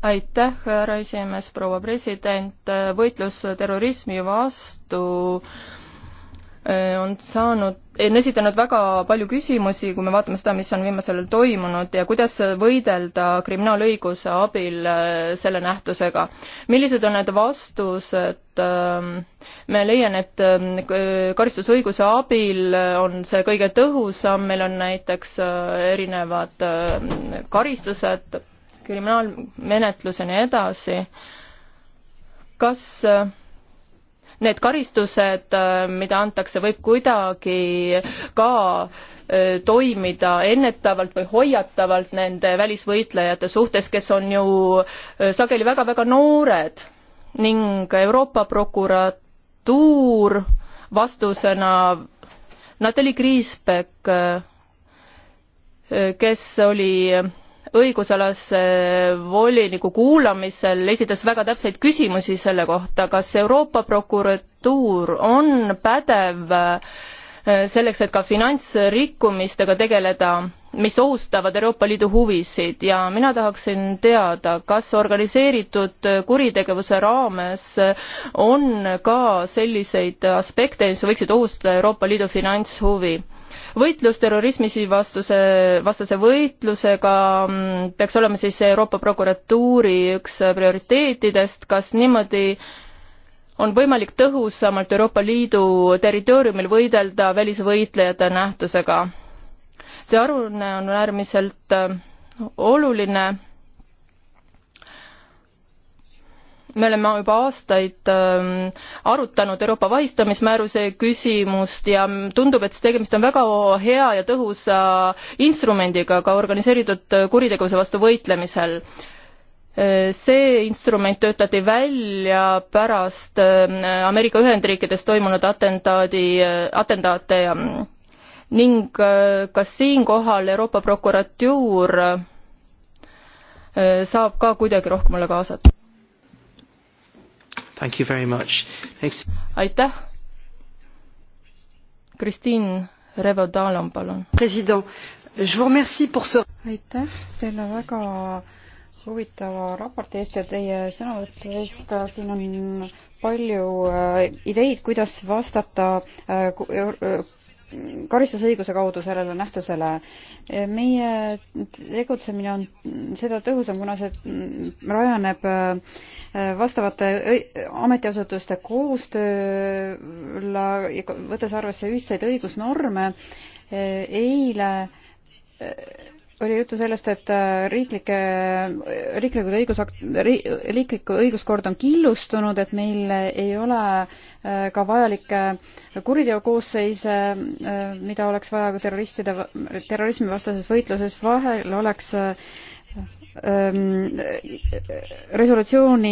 Speaker 2: aitäh, härra esimees, proua president, võitlus terrorismi vastu Eh, on saanud, on esitanud väga palju küsimusi, kui me vaatame seda, mis on viimasel ajal toimunud ja kuidas võidelda kriminaalõiguse abil eh, selle nähtusega. millised on need vastused? Eh, me leian, et karistusõiguse abil on see kõige tõhusam, meil on näiteks erinevad karistused, kriminaalmenetlus ja nii edasi. kas need karistused, äh, mida antakse, võib kuidagi ka äh, toimida ennetavalt või hoiatavalt nende välisvõitlejate suhtes, kes on ju äh, sageli väga-väga noored ning Euroopa prokuratuur vastusena Natalja Kriisbeck, kes oli õigusalase voliniku kuulamisel esitas väga täpseid küsimusi selle kohta, kas Euroopa prokuratuur on pädev äh, selleks, et ka finantsrikkumistega tegeleda, mis ohustavad Euroopa Liidu huvisid ja mina tahaksin teada, kas organiseeritud kuritegevuse raames on ka selliseid aspekte, mis võiksid ohustada Euroopa Liidu finantshuvi võitlus terrorismi vastuse, vastase võitlusega mm, peaks olema siis Euroopa prokuratuuri üks prioriteetidest, kas niimoodi on võimalik tõhusamalt Euroopa Liidu territooriumil võidelda välisvõitlejate nähtusega. see aruanne on äärmiselt äh, oluline me oleme juba aastaid ähm, arutanud Euroopa vahistamismääruse küsimust ja tundub, et tegemist on väga hea ja tõhusa instrumendiga ka organiseeritud äh, kuritegevuse vastu võitlemisel. Äh, see instrument töötati välja pärast ähm, Ameerika Ühendriikides toimunud atentaadi, äh, atentaate ja ning kas siinkohal Euroopa prokuratuur saab ka kuidagi rohkem olla kaasatud?
Speaker 1: Thank you very much. Next.
Speaker 2: aitäh. Kristiin
Speaker 4: Revo-Dallon, palun. president, je vous remercie pour ce. aitäh selle väga huvitava raporti eest ja teie sõnavõtu eest. siin on palju äh, ideid, kuidas vastata äh, karistusõiguse kaudu sellele nähtusele. meie tegutsemine on seda tõhusam, kuna see rajaneb äh, vastavate äh, ametiasutuste koostööle, võttes arvesse ühtseid õigusnorme. Äh, eile oli juttu sellest, et äh, riiklike, riiklikud õigusakt-, riiklik õiguskord on killustunud, et meil ei ole äh, ka vajalikke kuriteokoosseise, äh, mida oleks vaja ka terroristide, terrorismivastases võitluses, vahel oleks äh, Ehm, resolutsiooni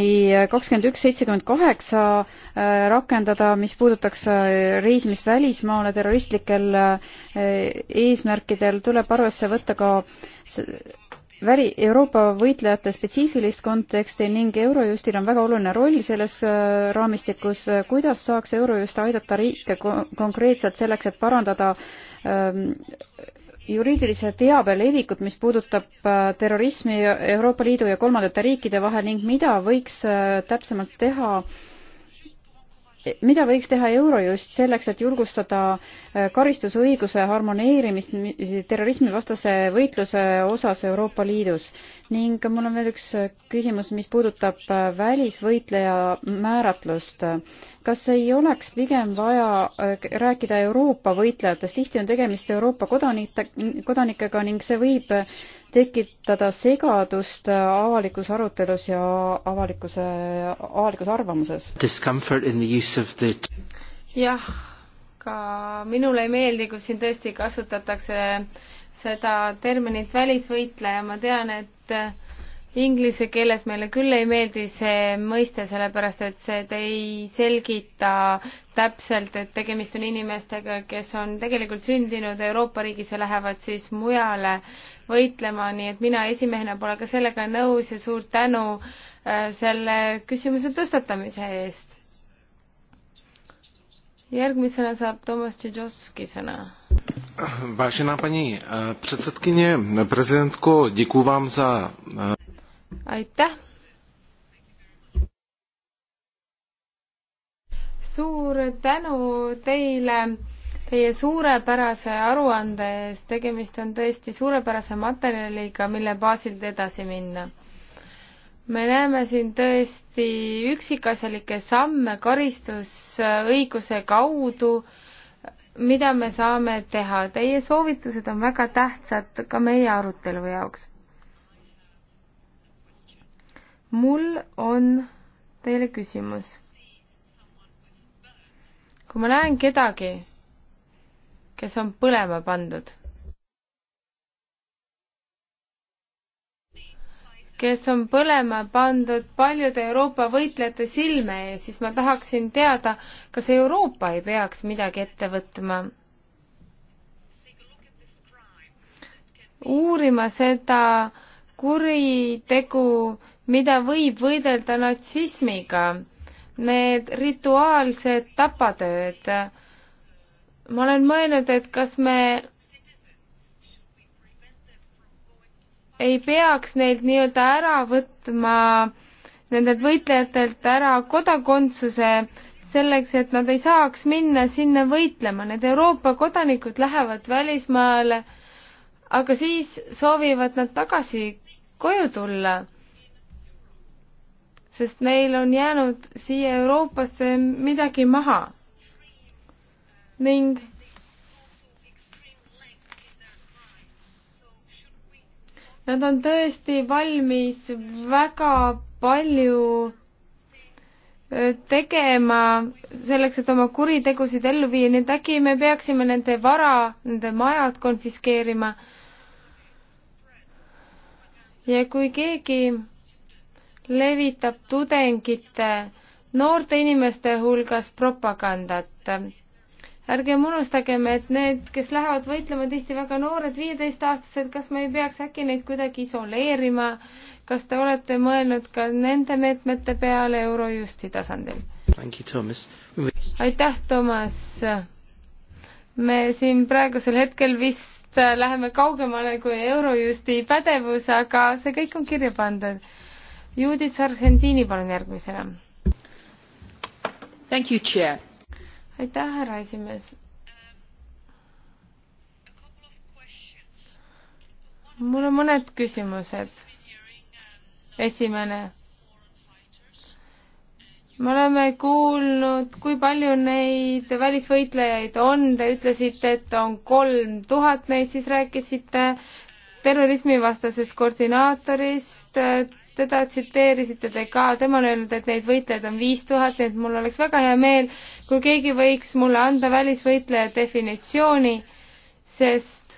Speaker 4: kakskümmend üks seitsekümmend kaheksa äh, rakendada, mis puudutaks äh, reisimist välismaale terroristlikel äh, eesmärkidel, tuleb arvesse võtta ka väli, Euroopa võitlejate spetsiifilist konteksti ning Eurojustil on väga oluline roll selles raamistikus, kuidas saaks Eurojust aidata riike konkreetselt selleks, et parandada ähm, juriidilise teabe levikut, mis puudutab äh, terrorismi Euroopa Liidu ja kolmandate riikide vahel ning mida võiks äh, täpsemalt teha mida võiks teha Eurojust selleks, et julgustada äh, karistusõiguse harmoneerimist terrorismivastase võitluse osas Euroopa Liidus? ning mul on veel üks äh, küsimus, mis puudutab äh, välisvõitleja määratlust. kas ei oleks pigem vaja rääkida Euroopa võitlejatest, tihti on tegemist Euroopa kodanike, kodanikega ning see võib tekitada segadust avalikus arutelus ja avalikkuse, avalikus arvamuses. jah, ka
Speaker 3: minule ei meeldi, kui siin tõesti kasutatakse seda terminit välisvõitleja, ma tean, et inglise keeles meile küll ei meeldi see mõiste, sellepärast et see ei selgita täpselt, et tegemist on inimestega, kes on tegelikult sündinud Euroopa riigis ja lähevad siis mujale võitlema, nii et mina esimehena pole ka sellega nõus ja suur tänu äh, selle küsimuse tõstatamise eest. järgmisena saab Toomas Tšetšovski sõna
Speaker 1: vážená paní äh, předsedkyně prezidentko děkuji vám za äh,
Speaker 3: aitäh suur tänu teile teie suurepärase aruande eest, tegemist on tõesti suurepärase materjaliga, mille baasilt edasi minna. me näeme siin tõesti üksikasjalikke samme karistusõiguse kaudu, mida me saame teha. Teie soovitused on väga tähtsad ka meie arutelu jaoks. mul on teile küsimus. kui ma näen kedagi, kes on põlema pandud. kes on põlema pandud paljude Euroopa võitlejate silme ees, siis ma tahaksin teada, kas Euroopa ei peaks midagi ette võtma uurima seda kuritegu, mida võib võidelda natsismiga, need rituaalsed tapatööd, ma olen mõelnud, et kas me ei peaks neilt nii-öelda ära võtma, nendelt võitlejatelt ära kodakondsuse selleks, et nad ei saaks minna sinna võitlema. Need Euroopa kodanikud lähevad välismaale, aga siis soovivad nad tagasi koju tulla, sest neil on jäänud siia Euroopasse midagi maha ning nad on tõesti valmis väga palju tegema selleks, et oma kuritegusid ellu viia, nii et äkki me peaksime nende vara, nende majad konfiskeerima. ja kui keegi levitab tudengite, noorte inimeste hulgas propagandat, ärgem unustagem, et need, kes lähevad võitlema, tihti väga noored, viieteistaastased, kas me ei peaks äkki neid kuidagi isoleerima? kas te olete mõelnud ka nende meetmete peale Eurojusti tasandil? aitäh, Toomas! me siin praegusel hetkel vist läheme kaugemale kui Eurojusti pädevus, aga see kõik on kirja pandud. Judith Argentiini, palun järgmisena. Thank you, chair aitäh, härra esimees. mul on mõned küsimused. esimene. me oleme kuulnud, kui palju neid välisvõitlejaid on, te ütlesite, et on kolm tuhat neid, siis rääkisite terrorismivastasest koordinaatorist, teda tsiteerisite te ka, tema on öelnud, et neid võitlejaid on viis tuhat, nii et mul oleks väga hea meel, kui keegi võiks mulle anda välisvõitleja definitsiooni, sest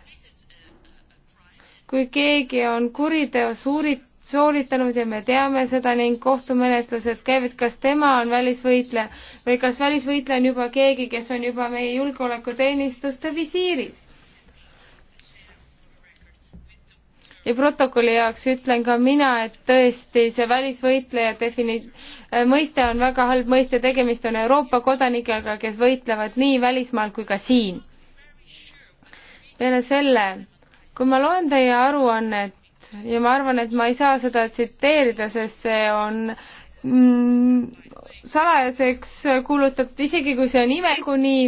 Speaker 3: kui keegi on kuriteos uurit-, sooritanud ja me teame seda ning kohtumenetlused käivad, kas tema on välisvõitleja või kas välisvõitleja on juba keegi, kes on juba meie julgeolekuteenistuste visiiris ja protokolli jaoks ütlen ka mina, et tõesti see välisvõitleja defini-, äh, mõiste on väga halb mõiste, tegemist on Euroopa kodanikega, kes võitlevad nii välismaal kui ka siin. peale selle, kui ma loen teie aruannet ja ma arvan, et ma ei saa seda tsiteerida, sest see on mm, salajaseks kuulutatud, isegi kui see on imekunii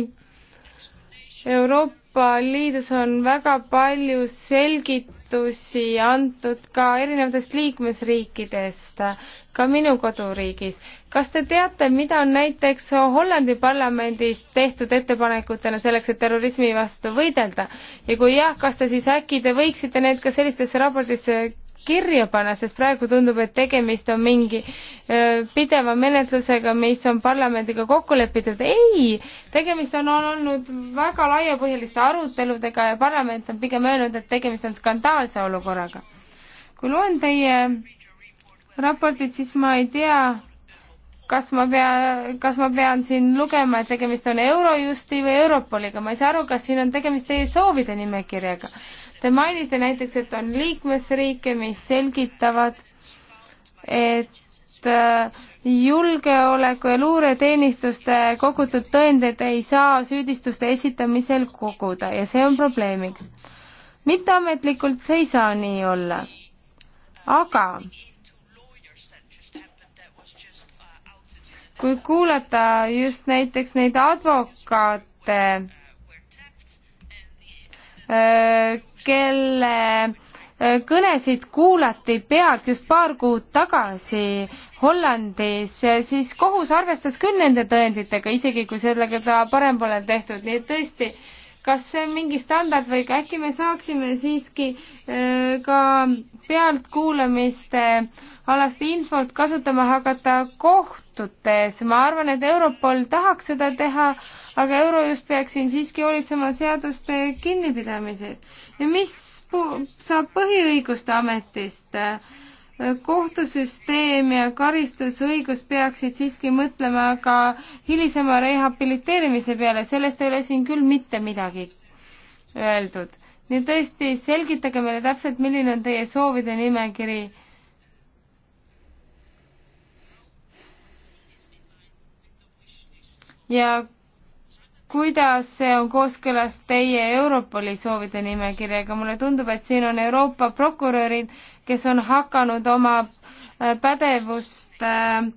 Speaker 3: Euroopa Liidus on väga palju selgit-, toetusi antud ka erinevatest liikmesriikidest, ka minu koduriigis. kas te teate, mida on näiteks Hollandi parlamendis tehtud ettepanekutena selleks, et terrorismi vastu võidelda ja kui jah, kas te siis äkki te võiksite need ka sellistesse raportisse kirja panna, sest praegu tundub, et tegemist on mingi pideva menetlusega, mis on parlamendiga kokku lepitud. ei, tegemist on olnud väga laiapõhjaliste aruteludega ja parlament on pigem öelnud, et tegemist on skandaalse olukorraga. kui loen teie raportit, siis ma ei tea, kas ma pean, kas ma pean siin lugema, et tegemist on Eurojusti või Europoliga, ma ei saa aru, kas siin on tegemist teie soovide nimekirjaga. Te mainite näiteks, et on liikmesriike, mis selgitavad, et äh, julgeoleku ja luureteenistuste kogutud tõendeid ei saa süüdistuste esitamisel koguda ja see on probleemiks. mitteametlikult see ei saa nii olla. aga kui kuulata just näiteks neid advokaate, äh, kelle äh, kõnesid kuulati pealt just paar kuud tagasi Hollandis, siis kohus arvestas küll nende tõenditega, isegi kui sellega ta parem pole tehtud, nii et tõesti äh, kas see on mingi standard või äkki me saaksime siiski äh, ka pealtkuulamiste alast infot kasutama hakata kohtutes, ma arvan, et Europol tahaks seda teha, aga Euro just peaks siin siiski hoolitsema seaduste kinnipidamise eest. ja mis saab põhiõiguste ametist? kohtusüsteem ja karistusõigus peaksid siiski mõtlema ka hilisema rehabiliteerimise peale, sellest ei ole siin küll mitte midagi öeldud. nii tõesti, selgitage meile täpselt, milline on teie soovide nimekiri ja kuidas see on kooskõlas teie Europoli soovide nimekirjaga, mulle tundub, et siin on Euroopa prokurörid, kes on hakanud oma äh, pädevust äh,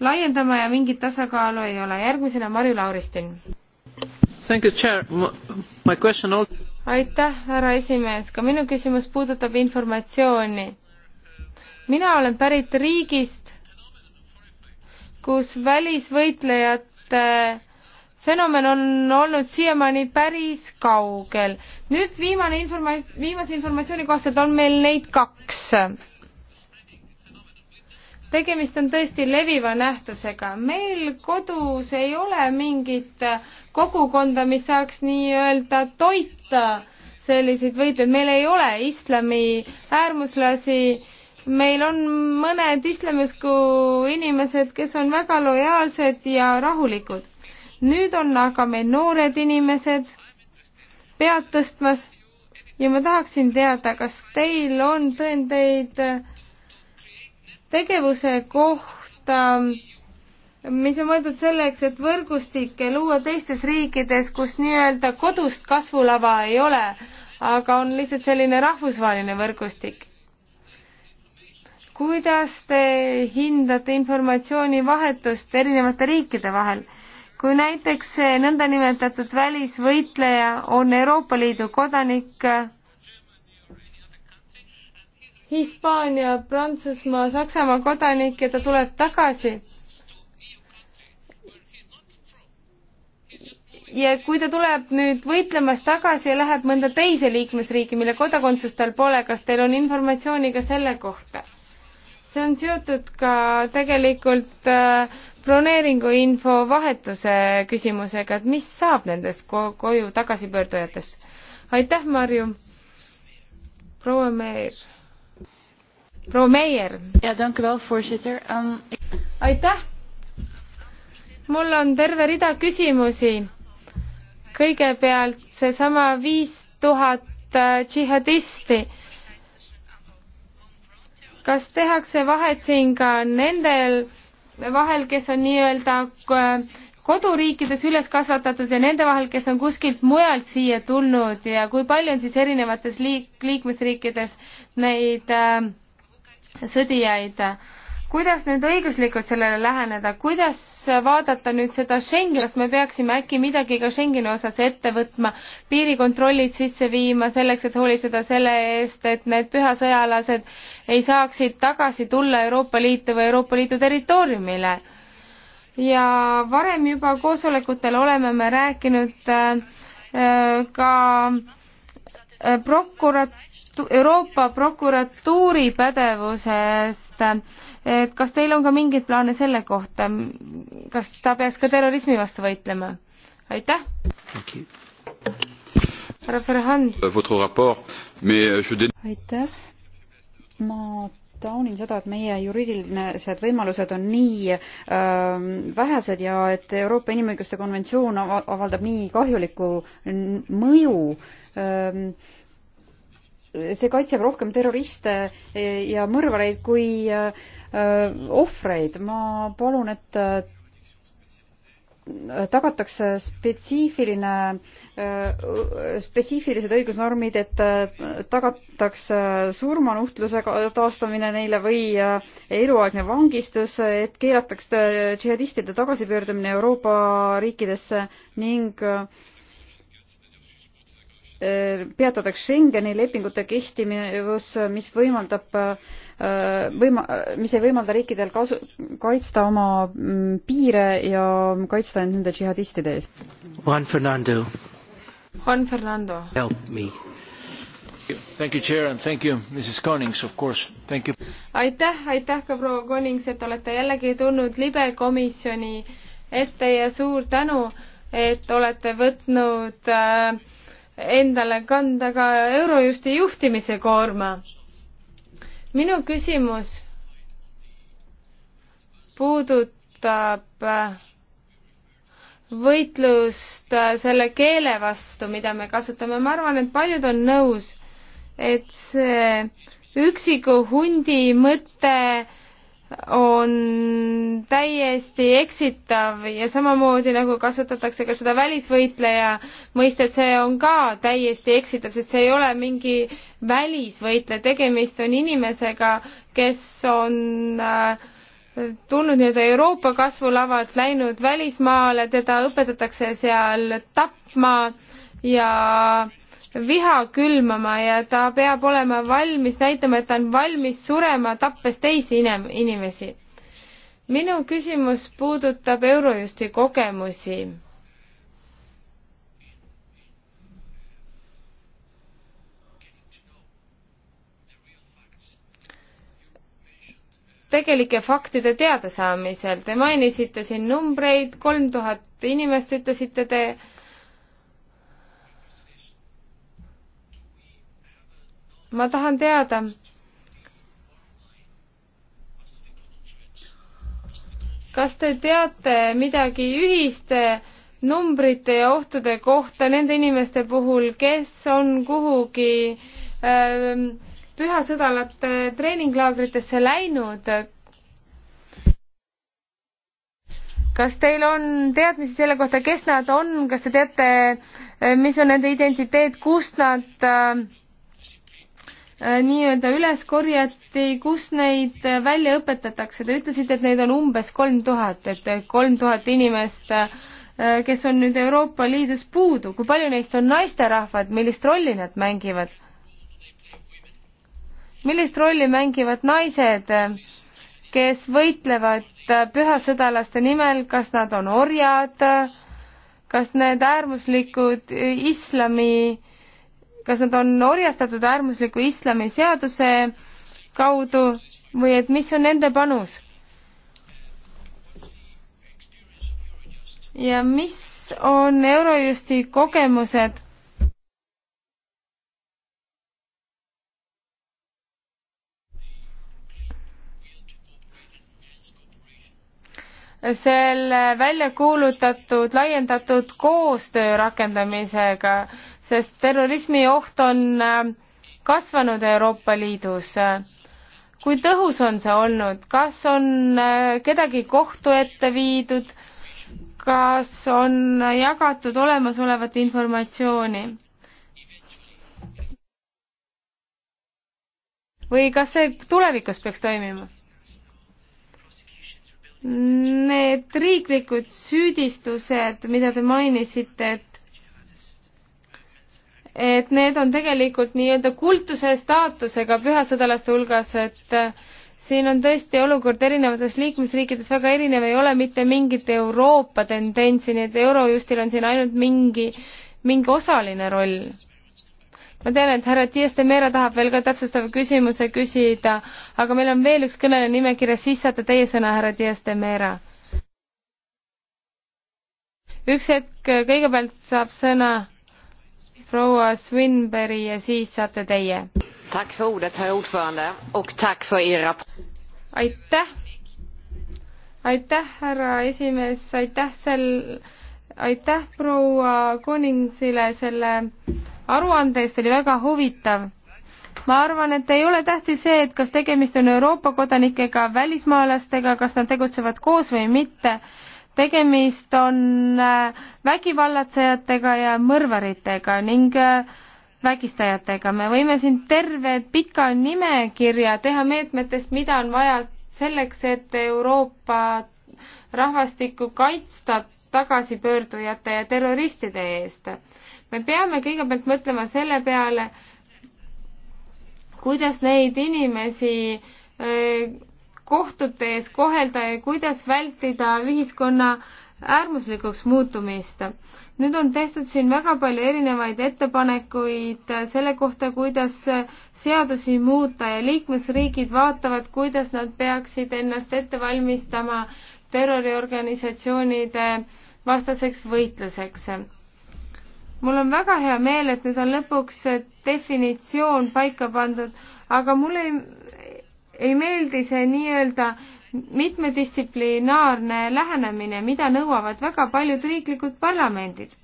Speaker 3: laiendama ja mingit tasakaalu ei ole. järgmisena Marju Lauristin. aitäh, härra esimees, ka minu küsimus puudutab informatsiooni. mina olen pärit riigist, kus välisvõitlejate äh, fenomen on olnud siiamaani päris kaugel. nüüd viimane informa-, viimase informatsiooni kohaselt on meil neid kaks. tegemist on tõesti leviva nähtusega. meil kodus ei ole mingit kogukonda, mis saaks nii-öelda toita selliseid võitleid, meil ei ole islami äärmuslasi, meil on mõned islamiusku inimesed, kes on väga lojaalsed ja rahulikud nüüd on aga meil noored inimesed pead tõstmas ja ma tahaksin teada, kas teil on tõendeid tegevuse kohta, mis on mõeldud selleks, et võrgustikke luua teistes riikides, kus nii-öelda kodust kasvulava ei ole, aga on lihtsalt selline rahvusvaheline võrgustik. kuidas te hindate informatsioonivahetust erinevate riikide vahel? kui näiteks see nõndanimetatud välisvõitleja on Euroopa Liidu kodanik, Hispaania, Prantsusmaa, Saksamaa kodanik ja ta tuleb tagasi. ja kui ta tuleb nüüd võitlemas tagasi ja läheb mõnda teise liikmesriigi, mille kodakondsust tal pole, kas teil on informatsiooni ka selle kohta? see on seotud ka tegelikult äh, broneeringuinfo vahetuse küsimusega, et mis saab nendest ko koju tagasipöördujatest? aitäh, Marju. proua Meer. proua Meier. ja tänk veel, voorzitter um.... aitäh. mul on terve rida küsimusi. kõigepealt seesama viis tuhat äh, džihadisti kas tehakse vahet siin ka nendel vahel, kes on nii-öelda äh, koduriikides üles kasvatatud ja nende vahel, kes on kuskilt mujalt siia tulnud ja kui palju on siis erinevates liik-, liikmesriikides neid äh, sõdijaid. kuidas nüüd õiguslikult sellele läheneda, kuidas vaadata nüüd seda Schengeni, kas me peaksime äkki midagi ka Schengeni osas ette võtma, piirikontrollid sisse viima selleks, et hoolitseda selle eest, et need pühasõjalased ei saaksid tagasi tulla Euroopa Liitu või Euroopa Liidu territooriumile. ja varem juba koosolekutel oleme me rääkinud äh, äh, ka äh, prokuratu-, Euroopa prokuratuuri pädevusest, et kas teil on ka mingeid plaane selle kohta, kas ta peaks ka terrorismi vastu võitlema? aitäh! härra
Speaker 4: Ferhan. aitäh! ma taunin seda, et meie juriidilised võimalused on nii äh, vähesed ja et Euroopa Inimõiguste Konventsioon avaldab nii kahjulikku mõju äh, see kaitseb rohkem terroriste äh, ja mõrvareid kui äh, äh, ohvreid. ma palun, et tagatakse spetsiifiline, spetsiifilised õigusnormid, et tagatakse surmanuhtluse taastamine neile või eluaegne vangistus, et keelatakse džihadistide tagasipöördumine Euroopa riikidesse ning Äh, peatatakse Schengeni lepingute kehtivus, mis võimaldab äh, võima-, mis ei võimalda riikidel kasu-, kaitsta oma mm, piire ja kaitsta end nende džihadistide eest.
Speaker 1: Juan Fernando.
Speaker 4: Juan Fernando.
Speaker 1: Help me. Thank you, Chair, and thank you, Mrs Konings, of course, thank you.
Speaker 3: aitäh, aitäh ka proua Konings, et olete jällegi tulnud libe komisjoni ette ja suur tänu, et olete võtnud äh, endale kanda ka Eurojusti juhtimise koorma. minu küsimus puudutab võitlust selle keele vastu, mida me kasutame, ma arvan, et paljud on nõus, et see üksiku hundi mõte on täiesti eksitav ja samamoodi nagu kasutatakse ka seda välisvõitleja mõistet, see on ka täiesti eksitav, sest see ei ole mingi välisvõitleja, tegemist on inimesega, kes on äh, tulnud nii-öelda Euroopa kasvulavalt, läinud välismaale, teda õpetatakse seal tapma ja viha külmama ja ta peab olema valmis näitama, et ta on valmis surema, tappes teisi inem-, inimesi. minu küsimus puudutab Eurojusti kogemusi. tegelike faktide teadasaamisel, te mainisite siin numbreid, kolm tuhat inimest ütlesite te, ma tahan teada, kas te teate midagi ühiste numbrite ja ohtude kohta nende inimeste puhul, kes on kuhugi ähm, pühasõdalate treeninglaagritesse läinud? kas teil on teadmisi selle kohta, kes nad on, kas te teate, äh, mis on nende identiteet, kust nad äh, Äh, nii-öelda üles korjati, kus neid äh, välja õpetatakse, te ütlesite, et neid on umbes kolm tuhat, et äh, kolm tuhat inimest, kes on nüüd Euroopa Liidus puudu, kui palju neist on naisterahvad, millist rolli nad mängivad? millist rolli mängivad naised, kes võitlevad pühasõdalaste nimel, kas nad on orjad, kas need äärmuslikud islami kas nad on orjastatud äärmusliku islami seaduse kaudu või et mis on nende panus? ja mis on Eurojusti kogemused selle välja kuulutatud laiendatud koostöö rakendamisega sest terrorismi oht on äh, kasvanud Euroopa Liidus. kui tõhus on see olnud, kas on äh, kedagi kohtu ette viidud, kas on jagatud olemasolevat informatsiooni? või kas see tulevikus peaks toimima? Need riiklikud süüdistused, mida te mainisite, et et need on tegelikult nii-öelda kultuse staatusega pühasõdalaste hulgas, et äh, siin on tõesti olukord erinevates liikmesriikides väga erinev, ei ole mitte mingit Euroopa tendentsi, nii et Eurojustil on siin ainult mingi, mingi osaline roll. ma tean, et härra Dias de Mera tahab veel ka täpsustava küsimuse küsida, aga meil on veel üks kõneleja nimekirjas, siis saate teie sõna, härra Dias de Mera. üks hetk, kõigepealt saab sõna proua Swinberg ja siis saate teie. Er aitäh, aitäh, härra esimees, aitäh sel, aitäh proua Koningsile selle aruande eest, see oli väga huvitav ma arvan, et ei ole tähtis see, et kas tegemist on Euroopa kodanikega, välismaalastega, kas nad tegutsevad koos või mitte tegemist on äh, vägivallatsejatega ja mõrvaritega ning äh, vägistajatega. me võime siin terve pika nimekirja teha meetmetest, mida on vaja selleks, et Euroopa rahvastikku kaitsta tagasipöördujate ja terroristide eest. me peame kõigepealt mõtlema selle peale, kuidas neid inimesi äh, kohtute ees kohelda ja kuidas vältida ühiskonna äärmuslikuks muutumist. nüüd on tehtud siin väga palju erinevaid ettepanekuid selle kohta, kuidas seadusi muuta ja liikmesriigid vaatavad, kuidas nad peaksid ennast ette valmistama terroriorganisatsioonide vastaseks võitluseks. mul on väga hea meel, et nüüd on lõpuks definitsioon paika pandud, aga mul ei, ei meeldi see nii-öelda mitmedistsiplinaarne lähenemine, mida nõuavad väga paljud riiklikud parlamendid.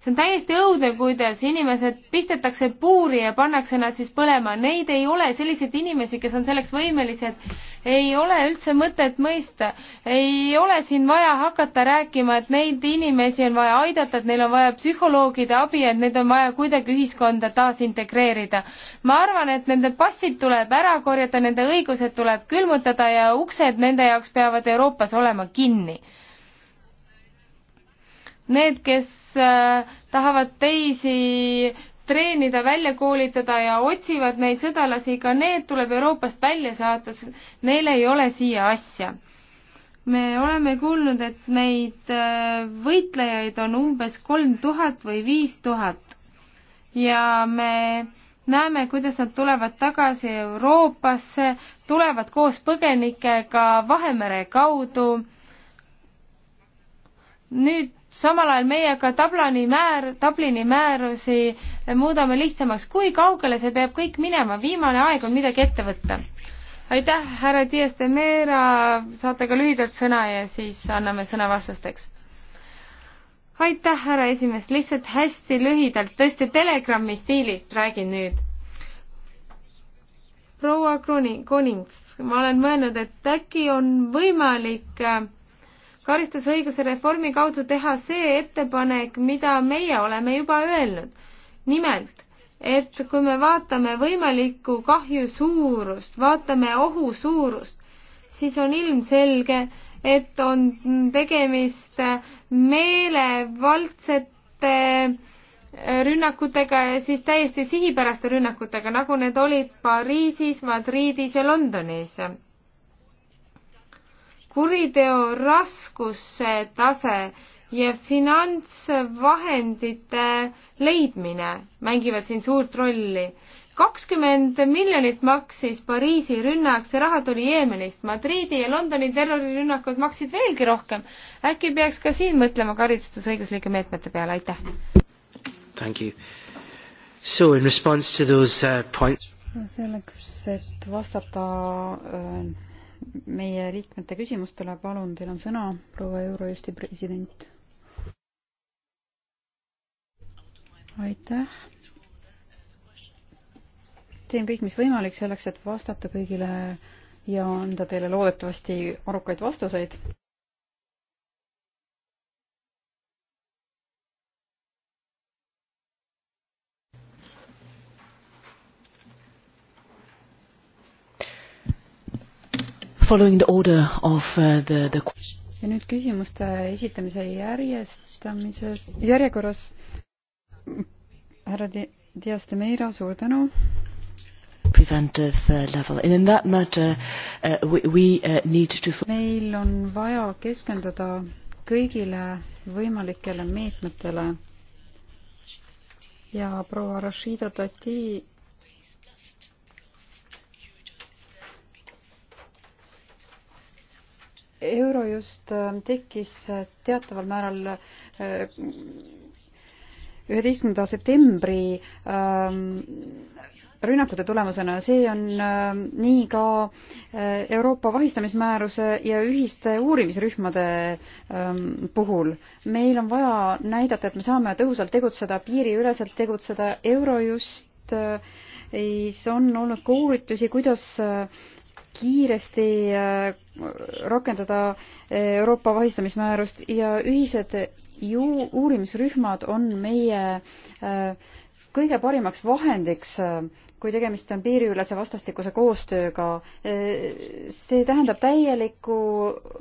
Speaker 3: see on täiesti õudne, kuidas inimesed pistetakse puuri ja pannakse nad siis põlema, neid ei ole, selliseid inimesi, kes on selleks võimelised, ei ole üldse mõtet mõista. ei ole siin vaja hakata rääkima, et neid inimesi on vaja aidata, et neil on vaja psühholoogide abi, et neid on vaja kuidagi ühiskonda taasintegreerida. ma arvan, et nende passid tuleb ära korjata, nende õigused tuleb külmutada ja uksed nende jaoks peavad Euroopas olema kinni Need, kes äh, tahavad teisi treenida, välja koolitada ja otsivad neid sõdalasi, ka need tuleb Euroopast välja saata, sest neil ei ole siia asja. me oleme kuulnud, et neid äh, võitlejaid on umbes kolm tuhat või viis tuhat ja me näeme, kuidas nad tulevad tagasi Euroopasse, tulevad koos põgenikega Vahemere kaudu. nüüd samal ajal meie ka Dublini määr, Dublini määrusi muudame lihtsamaks. kui kaugele see peab kõik minema, viimane aeg on midagi ette võtta. aitäh, härra Dias de Meera, saate ka lühidalt sõna ja siis anname sõna vastusteks. aitäh, härra esimees, lihtsalt hästi lühidalt, tõesti Telegrami stiilist räägin nüüd. proua Krooni-, Konings, ma olen mõelnud, et äkki on võimalik äh, karistusõiguse reformi kaudu teha see ettepanek, mida meie oleme juba öelnud. nimelt, et kui me vaatame võimalikku kahju suurust, vaatame ohu suurust, siis on ilmselge, et on tegemist meelevaldsete äh, rünnakutega ja siis täiesti sihipäraste rünnakutega, nagu need olid Pariisis, Madridis ja Londonis kuriteo raskuse tase ja finantsvahendite leidmine mängivad siin suurt rolli. kakskümmend miljonit maksis Pariisi rünnak, see raha tuli Jeemenist, Madriidi ja Londoni terrorirünnakud maksid veelgi rohkem. äkki peaks ka siin mõtlema karistusõiguslike meetmete peale,
Speaker 4: aitäh!
Speaker 1: So in response to those uh, points
Speaker 4: selleks, et vastata uh, meie liikmete küsimustele, palun, teil on sõna, proua Euro-Eesti president. aitäh. teen kõik, mis võimalik selleks, et vastata kõigile ja anda teile loodetavasti arukaid vastuseid.
Speaker 1: following the order of uh, the, the
Speaker 4: ja nüüd küsimuste esitamise järjestamises, järjekorras härra Dias de Meira, suur tänu
Speaker 1: preventive uh, level. And in that matter, uh, we, we uh, need to meil on vaja
Speaker 4: keskenduda kõigile võimalikele meetmetele ja proua Rashida Tati euro just ähm, tekkis äh, teataval määral äh, üheteistkümnenda septembri ähm, rünnakute tulemusena, see on ähm, nii ka äh, Euroopa vahistamismääruse ja ühiste uurimisrühmade puhul. meil on vaja näidata, et me saame tõhusalt tegutseda, piiriüleselt tegutseda, Eurojust siis on olnud koolitusi, kuidas kiiresti äh, rakendada äh, Euroopa vahistamismäärust ja ühised ju-, uurimisrühmad on meie äh, kõige parimaks vahendiks, kui tegemist on piiriülese vastastikuse koostööga. see tähendab täielikku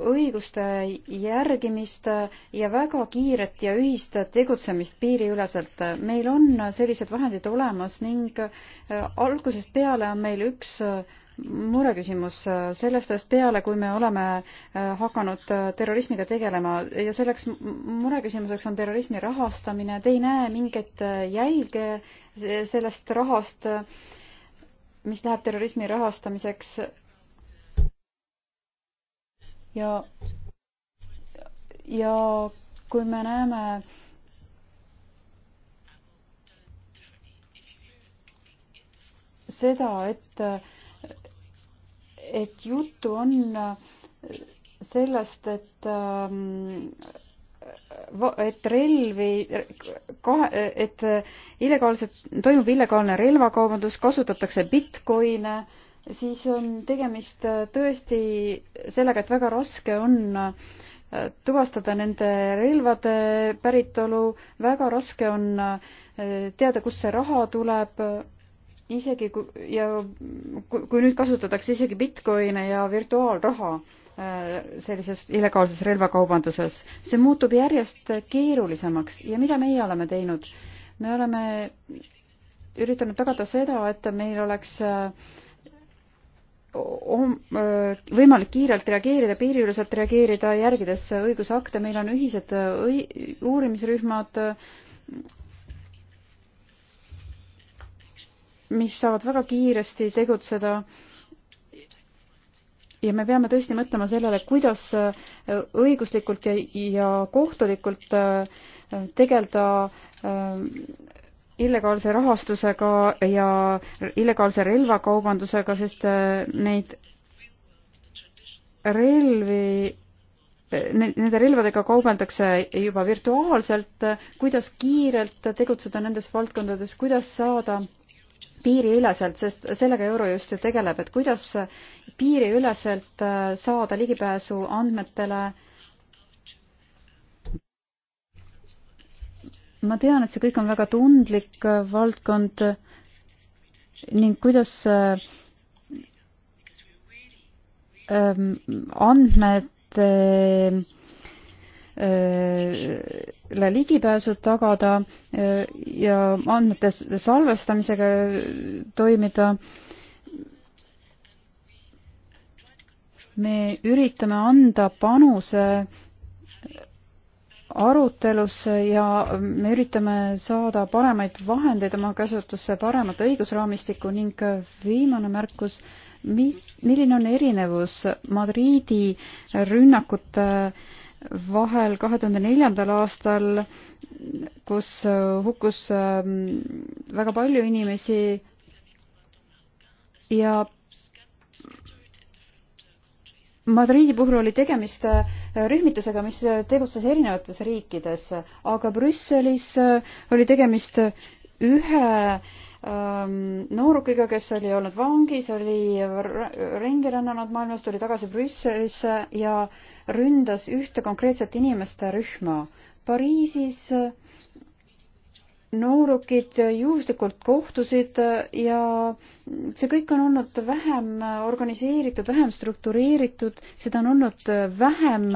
Speaker 4: õiguste järgimist ja väga kiiret ja ühist tegutsemist piiriüleselt. meil on sellised vahendid olemas ning algusest peale on meil üks mureküsimus sellest ajast peale, kui me oleme äh, hakanud äh, terrorismiga tegelema ja selleks mureküsimuseks on terrorismi rahastamine. Te ei näe mingeid äh, jälge sellest rahast, mis läheb terrorismi rahastamiseks. ja, ja kui me näeme seda, et et juttu on äh, sellest, et ähm, et relvi, et äh, illegaalselt, toimub illegaalne relvakaubandus, kasutatakse Bitcoine, siis on tegemist äh, tõesti sellega, et väga raske on tuvastada nende relvade päritolu, väga raske on teada, kust see raha tuleb, isegi kui ja kui, kui nüüd kasutatakse isegi Bitcoini ja virtuaalraha äh, sellises illegaalses relvakaubanduses, see muutub järjest keerulisemaks ja mida meie oleme teinud? me oleme üritanud tagada seda, et meil oleks äh, äh, võimalik kiirelt reageerida, piiriüleselt reageerida, järgides õigusakte, meil on ühised õi-, uurimisrühmad, mis saavad väga kiiresti tegutseda ja me peame tõesti mõtlema sellele, kuidas äh, õiguslikult ja, ja kohtulikult äh, tegeleda äh, illegaalse rahastusega ja illegaalse relvakaubandusega, sest neid relvi nende relvadega kaubeldakse juba virtuaalselt, kuidas kiirelt tegutseda nendes valdkondades, kuidas saada piiriüleselt, sest sellega Eurojust ju tegeleb, et kuidas piiriüleselt äh, saada ligipääsu andmetele. ma tean, et see kõik on väga tundlik äh, valdkond ning kuidas äh, ähm, andmete andmetele ligipääsu tagada äh, ja andmete salvestamisega toimida. me üritame anda panuse arutelusse ja me üritame saada paremaid vahendeid oma käsutusse, paremat õigusraamistikku ning viimane märkus, mis, milline on erinevus Madriidi rünnakute äh, vahel kahe tuhande neljandal aastal, kus äh, hukkus ähm, väga palju inimesi ja Madriidi puhul oli tegemist äh, rühmitusega, mis äh, tegutses erinevates riikides, aga Brüsselis oli tegemist ühe Ehm, noorukiga, kes oli olnud vangis, oli ringi rännanud maailmas, tuli tagasi Brüsselisse ja ründas ühte konkreetset inimeste rühma. Pariisis eh, noorukid juhuslikult kohtusid eh, ja see kõik on olnud vähem eh, organiseeritud, vähem struktureeritud, seda on olnud vähem,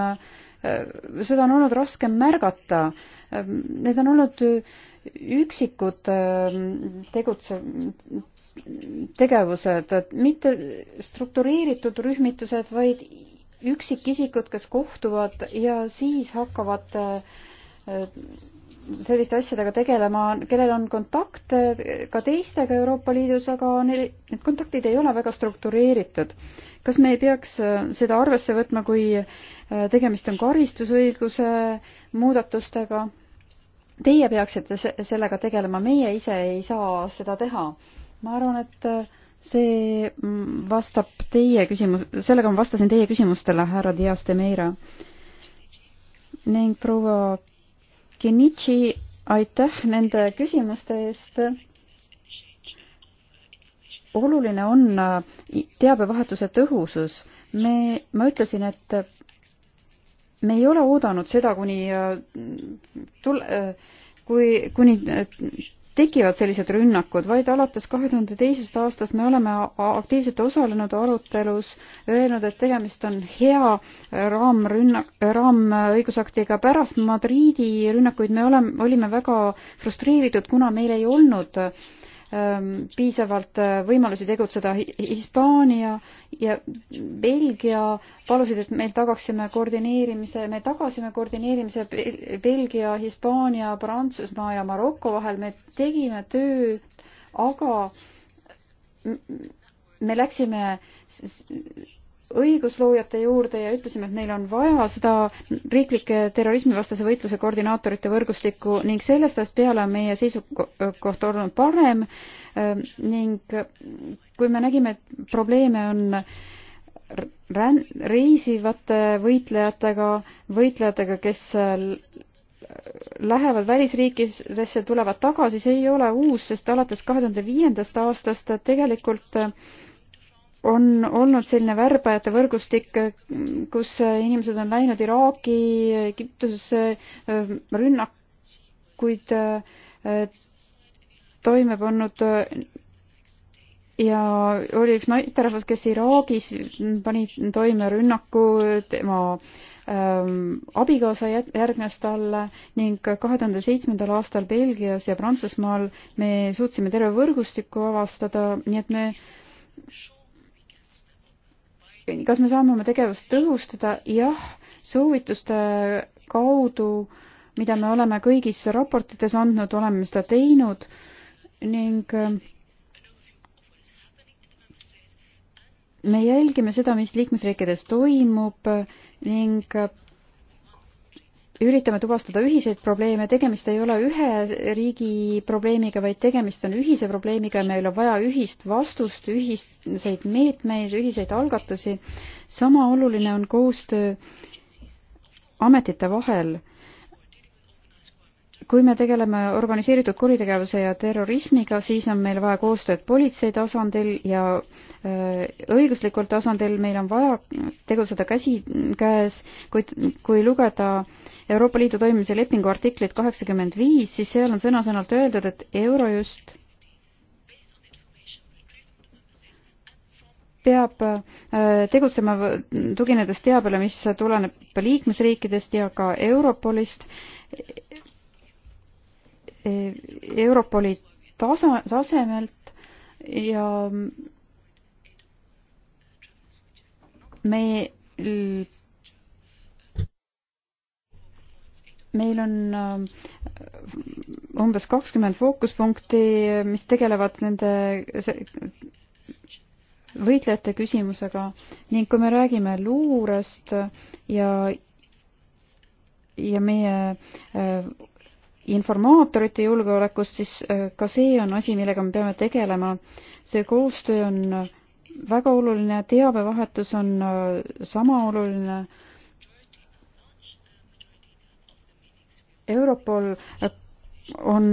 Speaker 4: seda on olnud raskem märgata. Ehm, need on olnud üksikud ähm, tegutse-, tegevused, et mitte struktureeritud rühmitused, vaid üksikisikud, kes kohtuvad ja siis hakkavad äh, selliste asjadega tegelema, kellel on kontakte ka teistega Euroopa Liidus, aga neil, need kontaktid ei ole väga struktureeritud. kas me ei peaks äh, seda arvesse võtma, kui äh, tegemist on karistusõiguse muudatustega, Teie peaksite sellega tegelema, meie ise ei saa seda teha. ma arvan, et äh, see mm, vastab teie küsimus, sellega ma vastasin teie küsimustele, härra Dias de Meira. ning proua Kenichi, aitäh nende küsimuste eest oluline on äh, teabevahetuse tõhusus. me, ma ütlesin, et me ei ole oodanud seda, kuni äh, tul-, äh, kui, kuni äh, tekivad sellised rünnakud, vaid alates kahe tuhande teisest aastast me oleme aktiivselt osalenud arutelus, öelnud, et tegemist on hea raamrünnak, raamõigusaktiga. pärast Madriidi rünnakuid me oleme, olime väga frustreeritud, kuna meil ei olnud äh, Ähm, piisavalt äh, võimalusi tegutseda. Hispaania ja Belgia palusid, et meil tagaksime koordineerimise, me tagasime koordineerimise Belgia, Hispaania, Prantsusmaa ja Maroko vahel, me tegime tööd, aga me läksime õigusloojate juurde ja ütlesime, et neil on vaja seda riiklike terrorismivastase võitluse koordinaatorite võrgustikku ning sellest ajast peale on meie seisukoht olnud parem ehm, ning kui me nägime, et probleeme on rän-, reisivate võitlejatega, võitlejatega, kes äh, lähevad välisriikidesse, tulevad tagasi, see ei ole uus, sest alates kahe tuhande viiendast aastast tegelikult äh, on olnud selline värbajate võrgustik, kus inimesed on läinud Iraaki, Egiptusesse, äh, rünnakuid äh, toime pannud ja oli üks naisterahvas, kes Iraagis pani toime rünnaku, tema ähm, abikaasa järgnes talle ning kahe tuhande seitsmendal aastal Belgias ja Prantsusmaal me suutsime terve võrgustiku avastada, nii et me kas me saame oma tegevust tõhustada? jah, soovituste kaudu, mida me oleme kõigis raportites andnud, oleme seda teinud ning äh, me jälgime seda, mis liikmesriikides toimub ning äh, üritame tuvastada ühiseid probleeme, tegemist ei ole ühe riigi probleemiga, vaid tegemist on ühise probleemiga ja meil on vaja ühist vastust, ühiseid meetmeid, ühiseid algatusi. sama oluline on koostöö ametite vahel kui me tegeleme organiseeritud kuritegevuse ja terrorismiga, siis on meil vaja koostööd politsei tasandil ja äh, õiguslikul tasandil, meil on vaja tegutseda käsikäes, kuid kui lugeda Euroopa Liidu toimimise lepingu artiklit kaheksakümmend viis, siis seal on sõna-sõnalt öeldud, et Eurojust peab äh, tegutsema tuginedes teabele, mis tuleneb liikmesriikidest ja ka Europolist Europoli tasa, tasemelt ja meil meil on äh, umbes kakskümmend fookuspunkti, mis tegelevad nende võitlejate küsimusega ning kui me räägime luurest ja, ja meie äh, informaatorite julgeolekust, siis äh, ka see on asi, millega me peame tegelema. see koostöö on äh, väga oluline, teabevahetus on äh, sama oluline. Europol on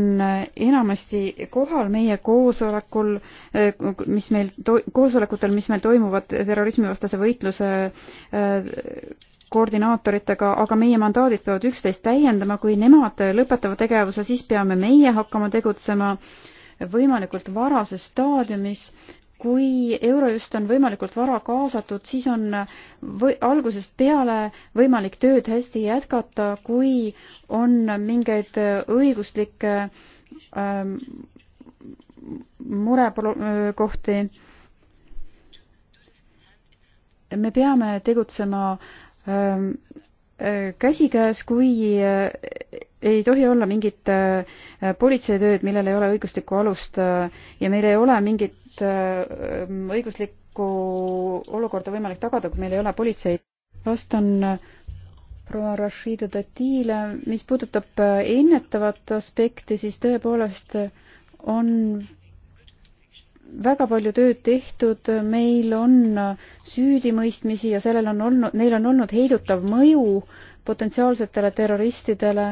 Speaker 4: enamasti kohal meie koosolekul, mis meil, koosolekutel, mis meil toimuvad terrorismivastase võitluse koordinaatoritega, aga meie mandaadid peavad üksteist täiendama, kui nemad lõpetavad tegevuse, siis peame meie hakkama tegutsema võimalikult varases staadiumis. kui Eurojust on võimalikult vara kaasatud, siis on või, algusest peale võimalik tööd hästi jätkata, kui on mingeid õiguslikke ähm, murekohti äh, me peame tegutsema Ehm, eh, käsikäes, kui eh, ei tohi olla mingit eh, politseitööd, millel ei ole õiguslikku alust ja meil ei ole mingit õiguslikku olukorda võimalik tagada, kui meil ei ole politseid. vastan proua Rashida Tatile, mis puudutab ennetavat aspekti, siis tõepoolest on väga palju tööd tehtud, meil on süüdimõistmisi ja sellel on olnud, neil on olnud heidutav mõju potentsiaalsetele terroristidele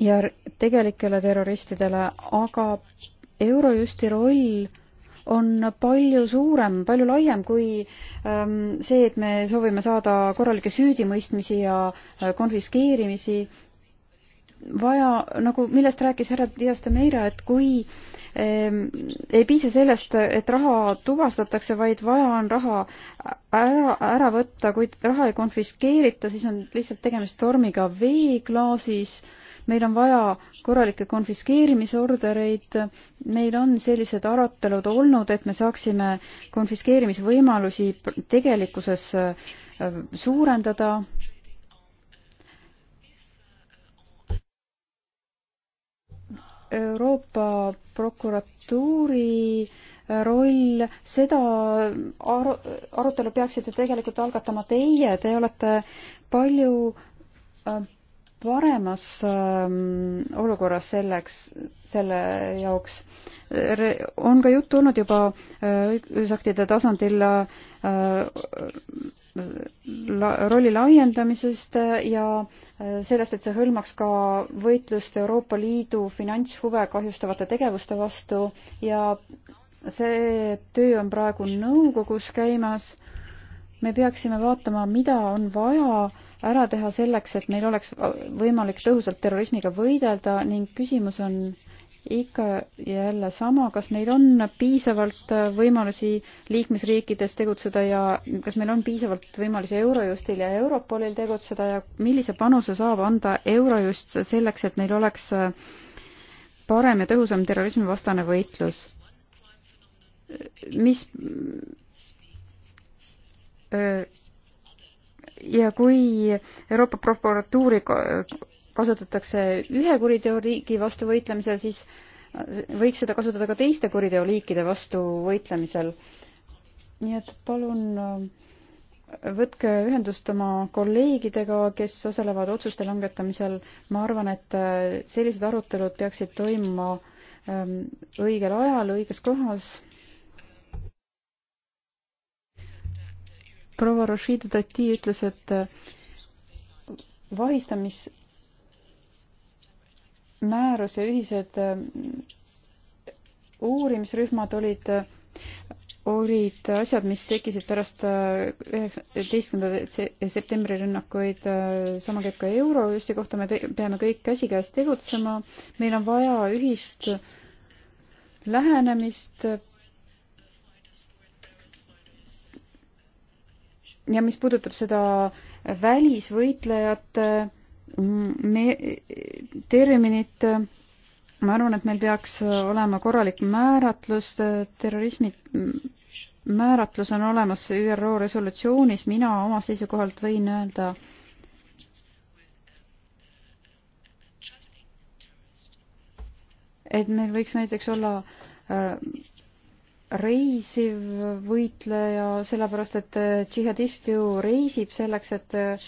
Speaker 4: ja tegelikele terroristidele, aga Eurojusti roll on palju suurem, palju laiem kui ähm, see, et me soovime saada korralikke süüdimõistmisi ja äh, konfiskeerimisi. vaja, nagu, millest rääkis härra Dias de Meira, et kui äh, Ehm, ei piisa sellest, et raha tuvastatakse, vaid vaja on raha ära, ära võtta, kui raha ei konfiskeerita, siis on lihtsalt tegemist tormiga veeklaasis meil on vaja korralikke konfiskeerimisordereid, meil on sellised arutelud olnud, et me saaksime konfiskeerimisvõimalusi tegelikkuses äh, suurendada, Euroopa prokuratuuri äh, roll, seda aru, arutelu peaksite tegelikult algatama teie, te olete palju äh, paremas ähm, olukorras selleks, selle jaoks. on ka juttu olnud juba äh, õigusaktide tasandil äh, rolli laiendamisest äh, ja sellest, et see hõlmaks ka võitlust Euroopa Liidu finantshuve kahjustavate tegevuste vastu ja see töö on praegu nõukogus käimas. me peaksime vaatama, mida on vaja äh, ära teha selleks, et meil oleks võimalik tõhusalt terrorismiga võidelda ning küsimus on ikka jälle sama, kas meil on piisavalt võimalusi liikmesriikides tegutseda ja kas meil on piisavalt võimalusi Eurojustil ja Europolil tegutseda ja millise panuse saab anda Eurojust selleks, et neil oleks parem ja tõhusam terrorismivastane võitlus? mis öö, ja kui Euroopa prokuratuuri kasutatakse ühe kuriteoriigi vastu võitlemisel, siis võiks seda kasutada ka teiste kuriteoliikide vastu võitlemisel. nii et palun äh, võtke ühendust oma kolleegidega, kes osalevad otsuste langetamisel. ma arvan, et äh, sellised arutelud peaksid toimuma ähm, õigel ajal, õiges kohas proua Rashid Dati ütles, et äh, vahistamismäärus ja ühised äh, uurimisrühmad olid äh, olid asjad, mis tekkisid pärast üheksateistkümnenda septembri rünnakuid, sama käib ka Eurojusti kohta, me peame kõik käsikäes tegutsema, meil on vaja ühist lähenemist, ja mis puudutab seda välisvõitlejate mm, me-, terminit, ma arvan, et meil peaks olema korralik määratlus, terrorismi määratlus on olemas ÜRO resolutsioonis, mina oma seisukohalt võin öelda, et meil võiks näiteks olla äh, reisiv võitleja, sellepärast et äh, džihadist ju reisib selleks, et äh,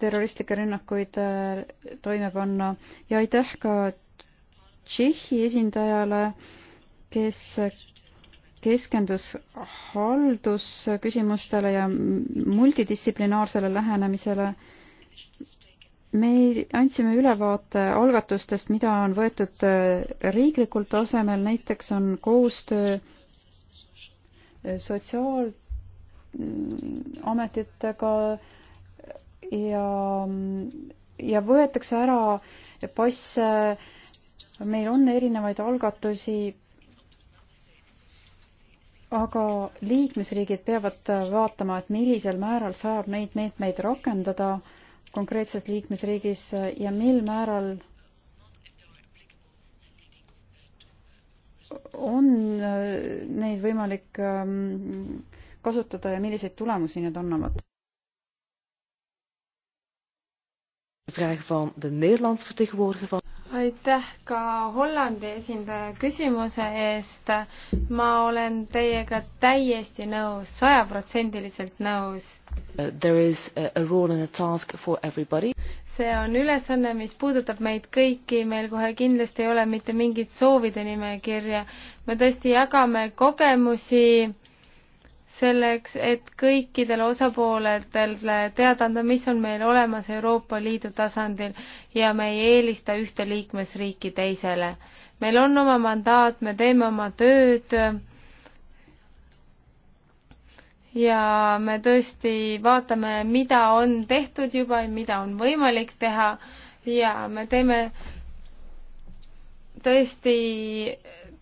Speaker 4: terroristlikke rünnakuid äh, toime panna ja aitäh ka Tšehhi esindajale, kes keskendus haldusküsimustele ja multidistsiplinaarsele lähenemisele. me andsime ülevaate algatustest, mida on võetud riiklikul tasemel, näiteks on koostöö sotsiaalametitega ja, ja võetakse ära passe. meil on erinevaid algatusi, aga liikmesriigid peavad vaatama, et millisel määral saab neid meetmeid rakendada konkreetses liikmesriigis ja mil määral on äh, neid võimalik ähm, kasutada ja milliseid tulemusi need annavad?
Speaker 3: aitäh ka Hollandi esindaja küsimuse eest. ma olen teiega täiesti nõus, sajaprotsendiliselt nõus.
Speaker 1: There is a role and a task for everybody
Speaker 3: see on ülesanne, mis puudutab meid kõiki, meil kohe kindlasti ei ole mitte mingit soovide nimekirja. me tõesti jagame kogemusi selleks, et kõikidele osapooledele teada anda, mis on meil olemas Euroopa Liidu tasandil ja me ei eelista ühte liikmesriiki teisele. meil on oma mandaat, me teeme oma tööd ja me tõesti vaatame, mida on tehtud juba ja mida on võimalik teha ja me teeme tõesti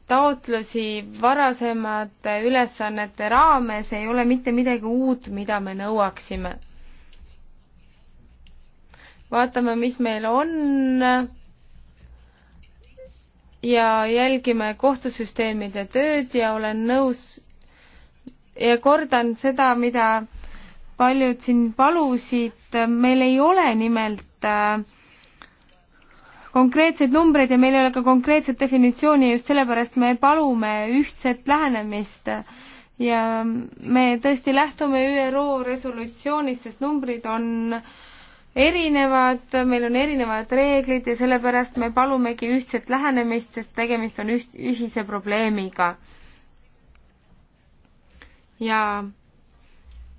Speaker 3: taotlusi varasemate ülesannete raames, ei ole mitte midagi uut, mida me nõuaksime. vaatame, mis meil on ja jälgime kohtusüsteemide tööd ja olen nõus ja kordan seda, mida paljud siin palusid, meil ei ole nimelt äh, konkreetseid numbreid ja meil ei ole ka konkreetset definitsiooni, just sellepärast me palume ühtset lähenemist ja me tõesti lähtume ÜRO resolutsioonist, sest numbrid on erinevad, meil on erinevad reeglid ja sellepärast me palumegi ühtset lähenemist, sest tegemist on üht, ühise probleemiga ja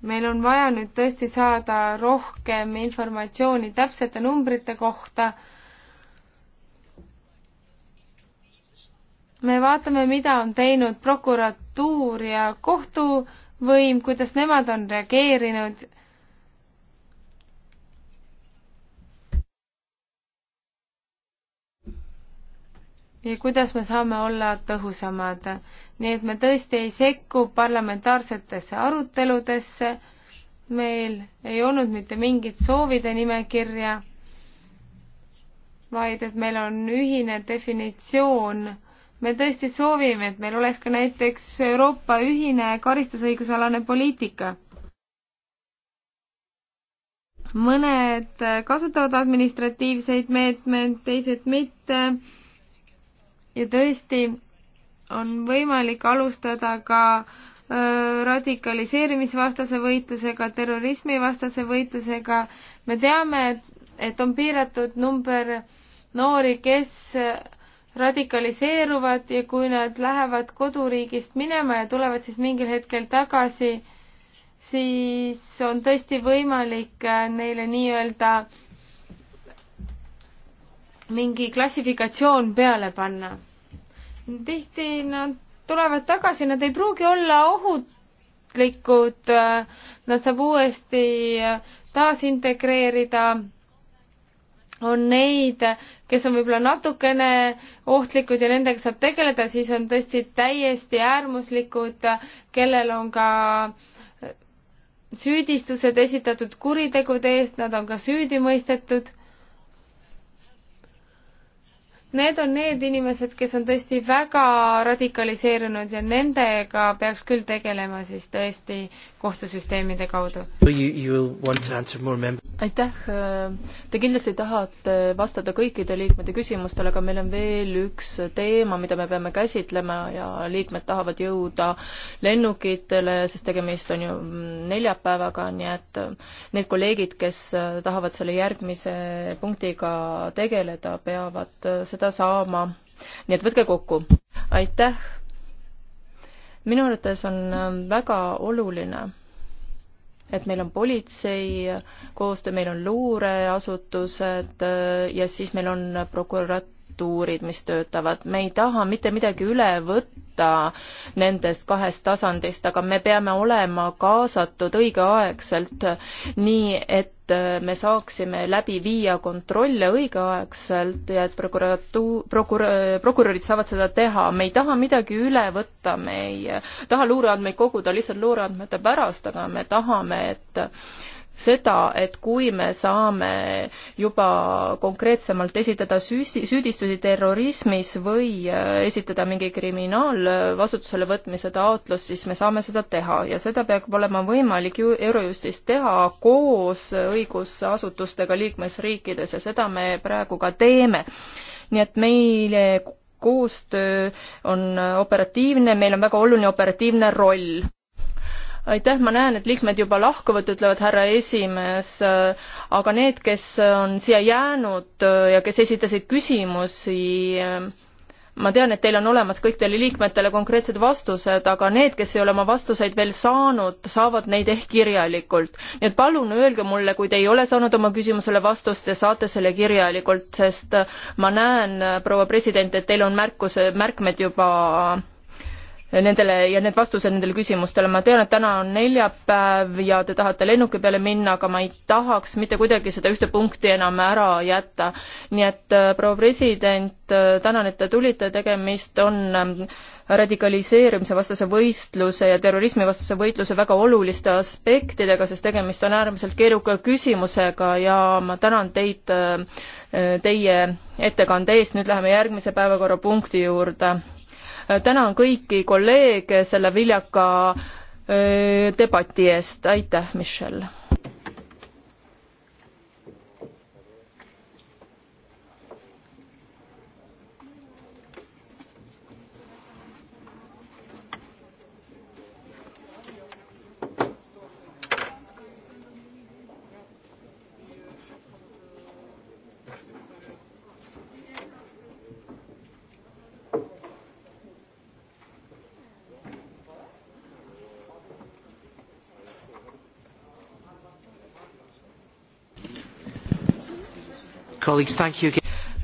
Speaker 3: meil on vaja nüüd tõesti saada rohkem informatsiooni täpsete numbrite kohta. me vaatame, mida on teinud prokuratuur ja kohtuvõim, kuidas nemad on reageerinud ja kuidas me saame olla tõhusamad nii et me tõesti ei sekku parlamentaarsetesse aruteludesse, meil ei olnud mitte mingit soovide nimekirja, vaid et meil on ühine definitsioon. me tõesti soovime, et meil oleks ka näiteks Euroopa ühine karistusõigusalane poliitika. mõned kasutavad administratiivseid meetmeid, teised mitte ja tõesti, on võimalik alustada ka radikaliseerimisvastase võitlusega, terrorismivastase võitlusega. me teame, et on piiratud number noori, kes radikaliseeruvad ja kui nad lähevad koduriigist minema ja tulevad siis mingil hetkel tagasi, siis on tõesti võimalik äh, neile nii-öelda mingi klassifikatsioon peale panna tihti nad tulevad tagasi, nad ei pruugi olla ohutlikud, nad saab uuesti taasintegreerida. on neid, kes on võib-olla natukene ohtlikud ja nendega saab tegeleda, siis on tõesti täiesti äärmuslikud, kellel on ka süüdistused esitatud kuritegude eest, nad on ka süüdi mõistetud Need on need inimesed, kes on tõesti väga radikaliseerunud ja nendega peaks küll tegelema siis tõesti kohtusüsteemide kaudu.
Speaker 2: aitäh, te kindlasti tahate vastata kõikide liikmete küsimustele, aga meil on veel üks teema, mida me peame käsitlema ja liikmed tahavad jõuda lennukitele, sest tegemist on ju neljapäevaga, nii et need kolleegid, kes tahavad selle järgmise punktiga tegeleda, peavad seda seda saama. nii et võtke kokku. aitäh! minu arvates on ähm, väga oluline et meil on politsei koostöö, meil on luureasutused äh, ja siis meil on prokurat-, kultuurid, mis töötavad, me ei taha mitte midagi üle võtta nendest kahest tasandist, aga me peame olema kaasatud õigeaegselt, nii et me saaksime läbi viia kontrolle õigeaegselt ja et prokuratuur, prokurör, prokurörid saavad seda teha. me ei taha midagi üle võtta, me ei taha luureandmeid koguda lihtsalt luureandmete pärast, aga me tahame, et seda, et kui me saame juba konkreetsemalt esitada süüsi, süüdistusi terrorismis või äh, esitada mingi kriminaalvastutusele võtmise taotlus, siis me saame seda teha ja seda peab olema võimalik ju Eurojustis teha koos õigusasutustega liikmesriikides ja seda me praegu ka teeme. nii et meile koostöö on operatiivne, meil on väga oluline operatiivne roll aitäh, ma näen, et liikmed juba lahkuvad, ütlevad härra esimees, äh, aga need, kes on siia jäänud äh, ja kes esitasid küsimusi, äh, ma tean, et teil on olemas kõikidele liikmetele konkreetsed vastused, aga need, kes ei ole oma vastuseid veel saanud, saavad neid ehk kirjalikult. nii et palun öelge mulle, kui te ei ole saanud oma küsimusele vastust, te saate selle kirjalikult, sest ma näen, proua president, et teil on märkus, märkmed juba nendele ja need vastused nendele küsimustele. ma tean, et täna on neljapäev ja te tahate lennuki peale minna, aga ma ei tahaks mitte kuidagi seda ühte punkti enam ära jätta. nii et äh, proua president, äh, tänan, et te tulite, tegemist on ähm, radikaliseerumise vastase võistluse ja terrorismi vastase võitluse väga oluliste aspektidega, sest tegemist on äärmiselt keeruka küsimusega ja ma tänan teid, äh, teie ettekande eest, nüüd läheme järgmise päevakorrapunkti juurde tänan kõiki kolleege selle viljaka debati eest, aitäh, Michelle!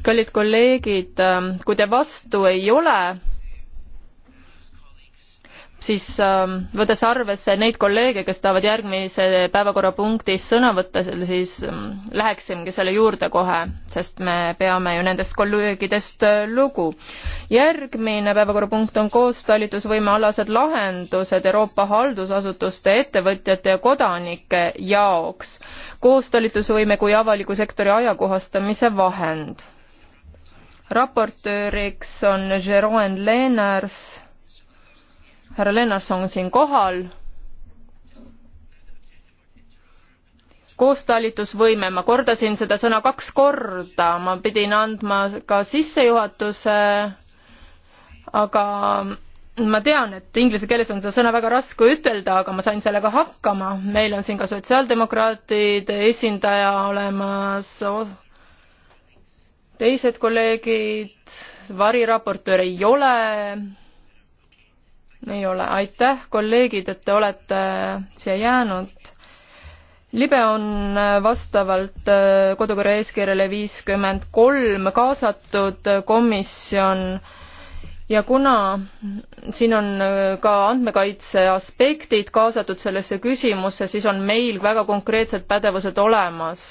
Speaker 2: kallid kolleegid, ähm, kui te vastu ei ole, siis ähm, võttes arvesse neid kolleege, kes tahavad järgmise päevakorrapunktis sõna võtta, siis ähm, läheksimegi selle juurde kohe, sest me peame ju nendest kolleegidest äh, lugu. järgmine päevakorrapunkt on koostalitusvõimealased lahendused Euroopa haldusasutuste, ettevõtjate ja kodanike jaoks. koostalitusvõime kui avaliku sektori ajakohastamise vahend raportööriks on Jeroen Leenars härra Lennartson on siin kohal. koostalitusvõime, ma kordasin seda sõna kaks korda, ma pidin andma ka sissejuhatuse, aga ma tean, et inglise keeles on seda sõna väga raske ütelda, aga ma sain sellega hakkama. meil on siin ka sotsiaaldemokraatide esindaja olemas, teised kolleegid, variraportöör ei ole ei ole. aitäh, kolleegid, et te olete siia jäänud. libe on vastavalt äh, kodukorra eeskirjale viiskümmend kolm kaasatud komisjon ja kuna siin on äh, ka andmekaitse aspektid kaasatud sellesse küsimusse, siis on meil väga konkreetsed pädevused olemas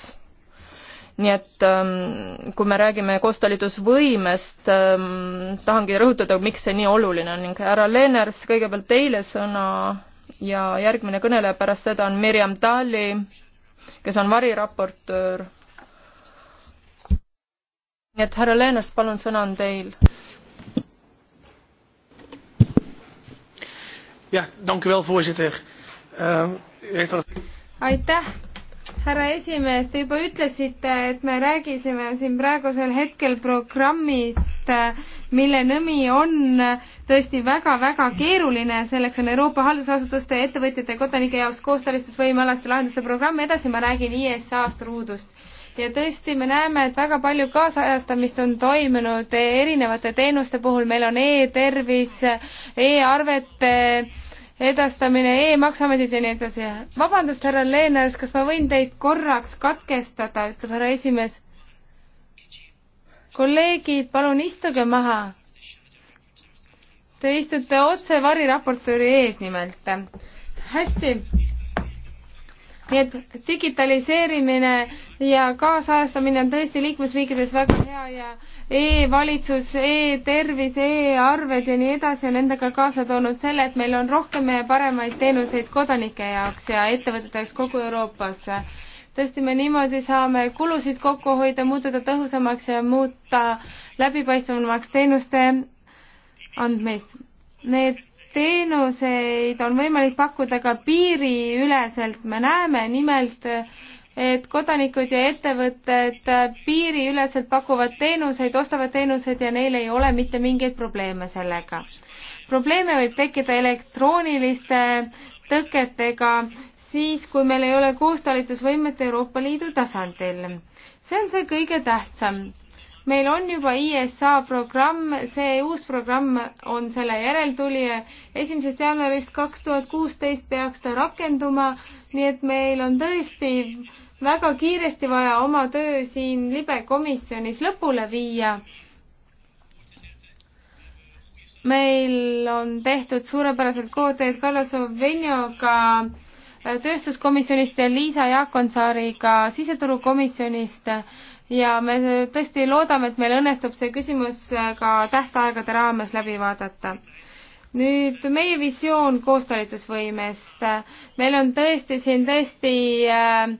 Speaker 2: nii et ähm, kui me räägime koostalitusvõimest, ähm, tahangi rõhutada, miks see nii oluline on ning härra Lenners, kõigepealt teile sõna ja järgmine kõneleja pärast seda on Mirjam Tali, kes on variraportöör. nii et härra Lenners, palun, sõna
Speaker 3: on teil.
Speaker 1: jah, tänku veel, voorzitter. Ehm,
Speaker 3: aitäh härra esimees, te juba ütlesite, et me räägisime siin praegusel hetkel programmist, mille nimi on tõesti väga-väga keeruline, selleks on Euroopa haldusasutuste, ettevõtjate ja kodanike jaoks koostalistusvõimealaste lahenduste programm, edasi ma räägin ISA-st ruudust ja tõesti, me näeme, et väga palju kaasajastamist on toimunud erinevate teenuste puhul, meil on e-tervis e, e-arvete edastamine e, e-maksuametid ja nii edasi. vabandust, härra Leenars, kas ma võin teid korraks katkestada, ütleb härra esimees. kolleegid, palun istuge maha. Te istute otse variraportööri ees nimelt. hästi. nii et digitaliseerimine ja kaasajastamine on tõesti liikmesriikides väga hea ja e-valitsus e, e-tervis e, e-arved ja nii edasi on endaga kaasa toonud selle, et meil on rohkem ja paremaid teenuseid kodanike jaoks ja ettevõtete jaoks kogu Euroopas. tõesti, me niimoodi saame kulusid kokku hoida, muuta ta tõhusamaks ja muuta läbipaistvamaks teenuste andmist. Need teenuseid on võimalik pakkuda ka piiriüleselt, me näeme nimelt, et kodanikud ja ettevõtted piiriüleselt pakuvad teenuseid, ostavad teenuseid ja neil ei ole mitte mingeid probleeme sellega. probleeme võib tekkida elektrooniliste tõketega siis, kui meil ei ole koostalitusvõimet Euroopa Liidu tasandil. see on see kõige tähtsam. meil on juba ISA programm, see uus programm on selle järeltulija. esimesest jaanuarist kaks tuhat kuusteist peaks ta rakenduma, nii et meil on tõesti väga kiiresti vaja oma töö siin libe komisjonis lõpule viia. meil on tehtud suurepäraselt koostööd Carlos Ovenioga äh, tööstuskomisjonist ja Liisa Jaakonsaariga siseturukomisjonist ja me tõesti loodame, et meil õnnestub see küsimus äh, ka tähtaegade raames läbi vaadata. nüüd meie visioon koostalitusvõimest. Äh, meil on tõesti siin tõesti äh,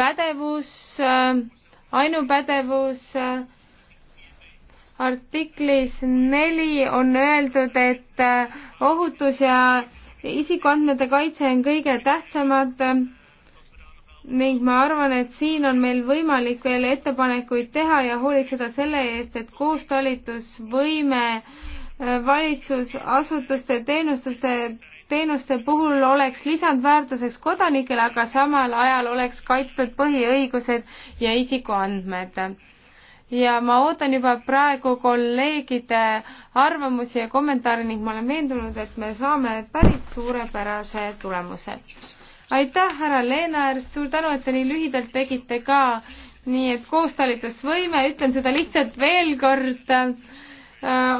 Speaker 3: pädevus, äh, ainupädevus, äh, artiklis neli on öeldud, et äh, ohutus ja isikuandmete kaitse on kõige tähtsamad ning ma arvan, et siin on meil võimalik veel ettepanekuid teha ja hoolitseda selle eest, et koostalitusvõime valitsusasutuste teenustuste teenuste puhul oleks lisandväärtuseks kodanikele, aga samal ajal oleks kaitstud põhiõigused ja isikuandmed. ja ma ootan juba praegu kolleegide arvamusi ja kommentaare ning ma olen veendunud, et me saame päris suurepärase tulemuse. aitäh, härra Leenaärs, suur tänu, et te nii lühidalt tegite ka, nii et koostalitusvõime, ütlen seda lihtsalt veel kord äh,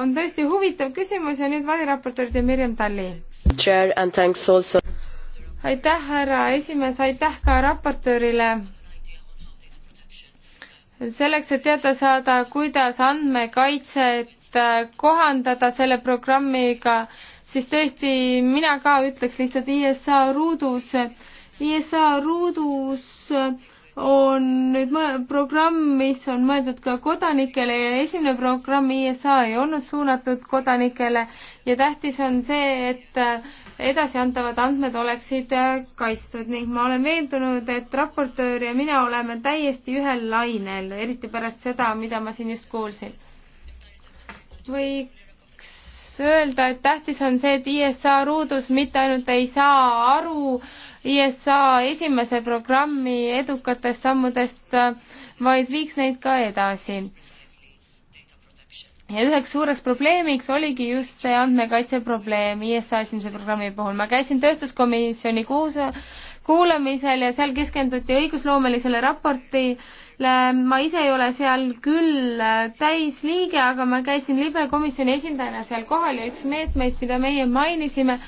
Speaker 3: on tõesti huvitav küsimus ja nüüd valiraportöör Demirjam Talli aitäh, härra esimees, aitäh ka raportöörile selleks, et teada saada, kuidas andmekaitset äh, kohandada selle programmiga, siis tõesti mina ka ütleks lihtsalt ISA ruudus. ISA ruudus on nüüd programm, mis on mõeldud ka kodanikele ja esimene programm ISA ei olnud suunatud kodanikele ja tähtis on see, et äh, edasiantavad andmed oleksid äh, kaitstud ning ma olen veendunud, et raportöör ja mina oleme täiesti ühel lainel, eriti pärast seda, mida ma siin just kuulsin. võiks öelda, et tähtis on see, et ISA ruudus mitte ainult ei saa aru ISA esimese programmi edukatest sammudest, äh, vaid viiks neid ka edasi ja üheks suureks probleemiks oligi just see andmekaitse probleem ISA esimese programmi puhul. ma käisin tööstuskomisjoni kuus-, kuulamisel ja seal keskenduti õigusloomelisele raportile. ma ise ei ole seal küll äh, täisliige, aga ma käisin libe komisjoni esindajana seal kohal ja üks meetmeid, mida meie mainisime,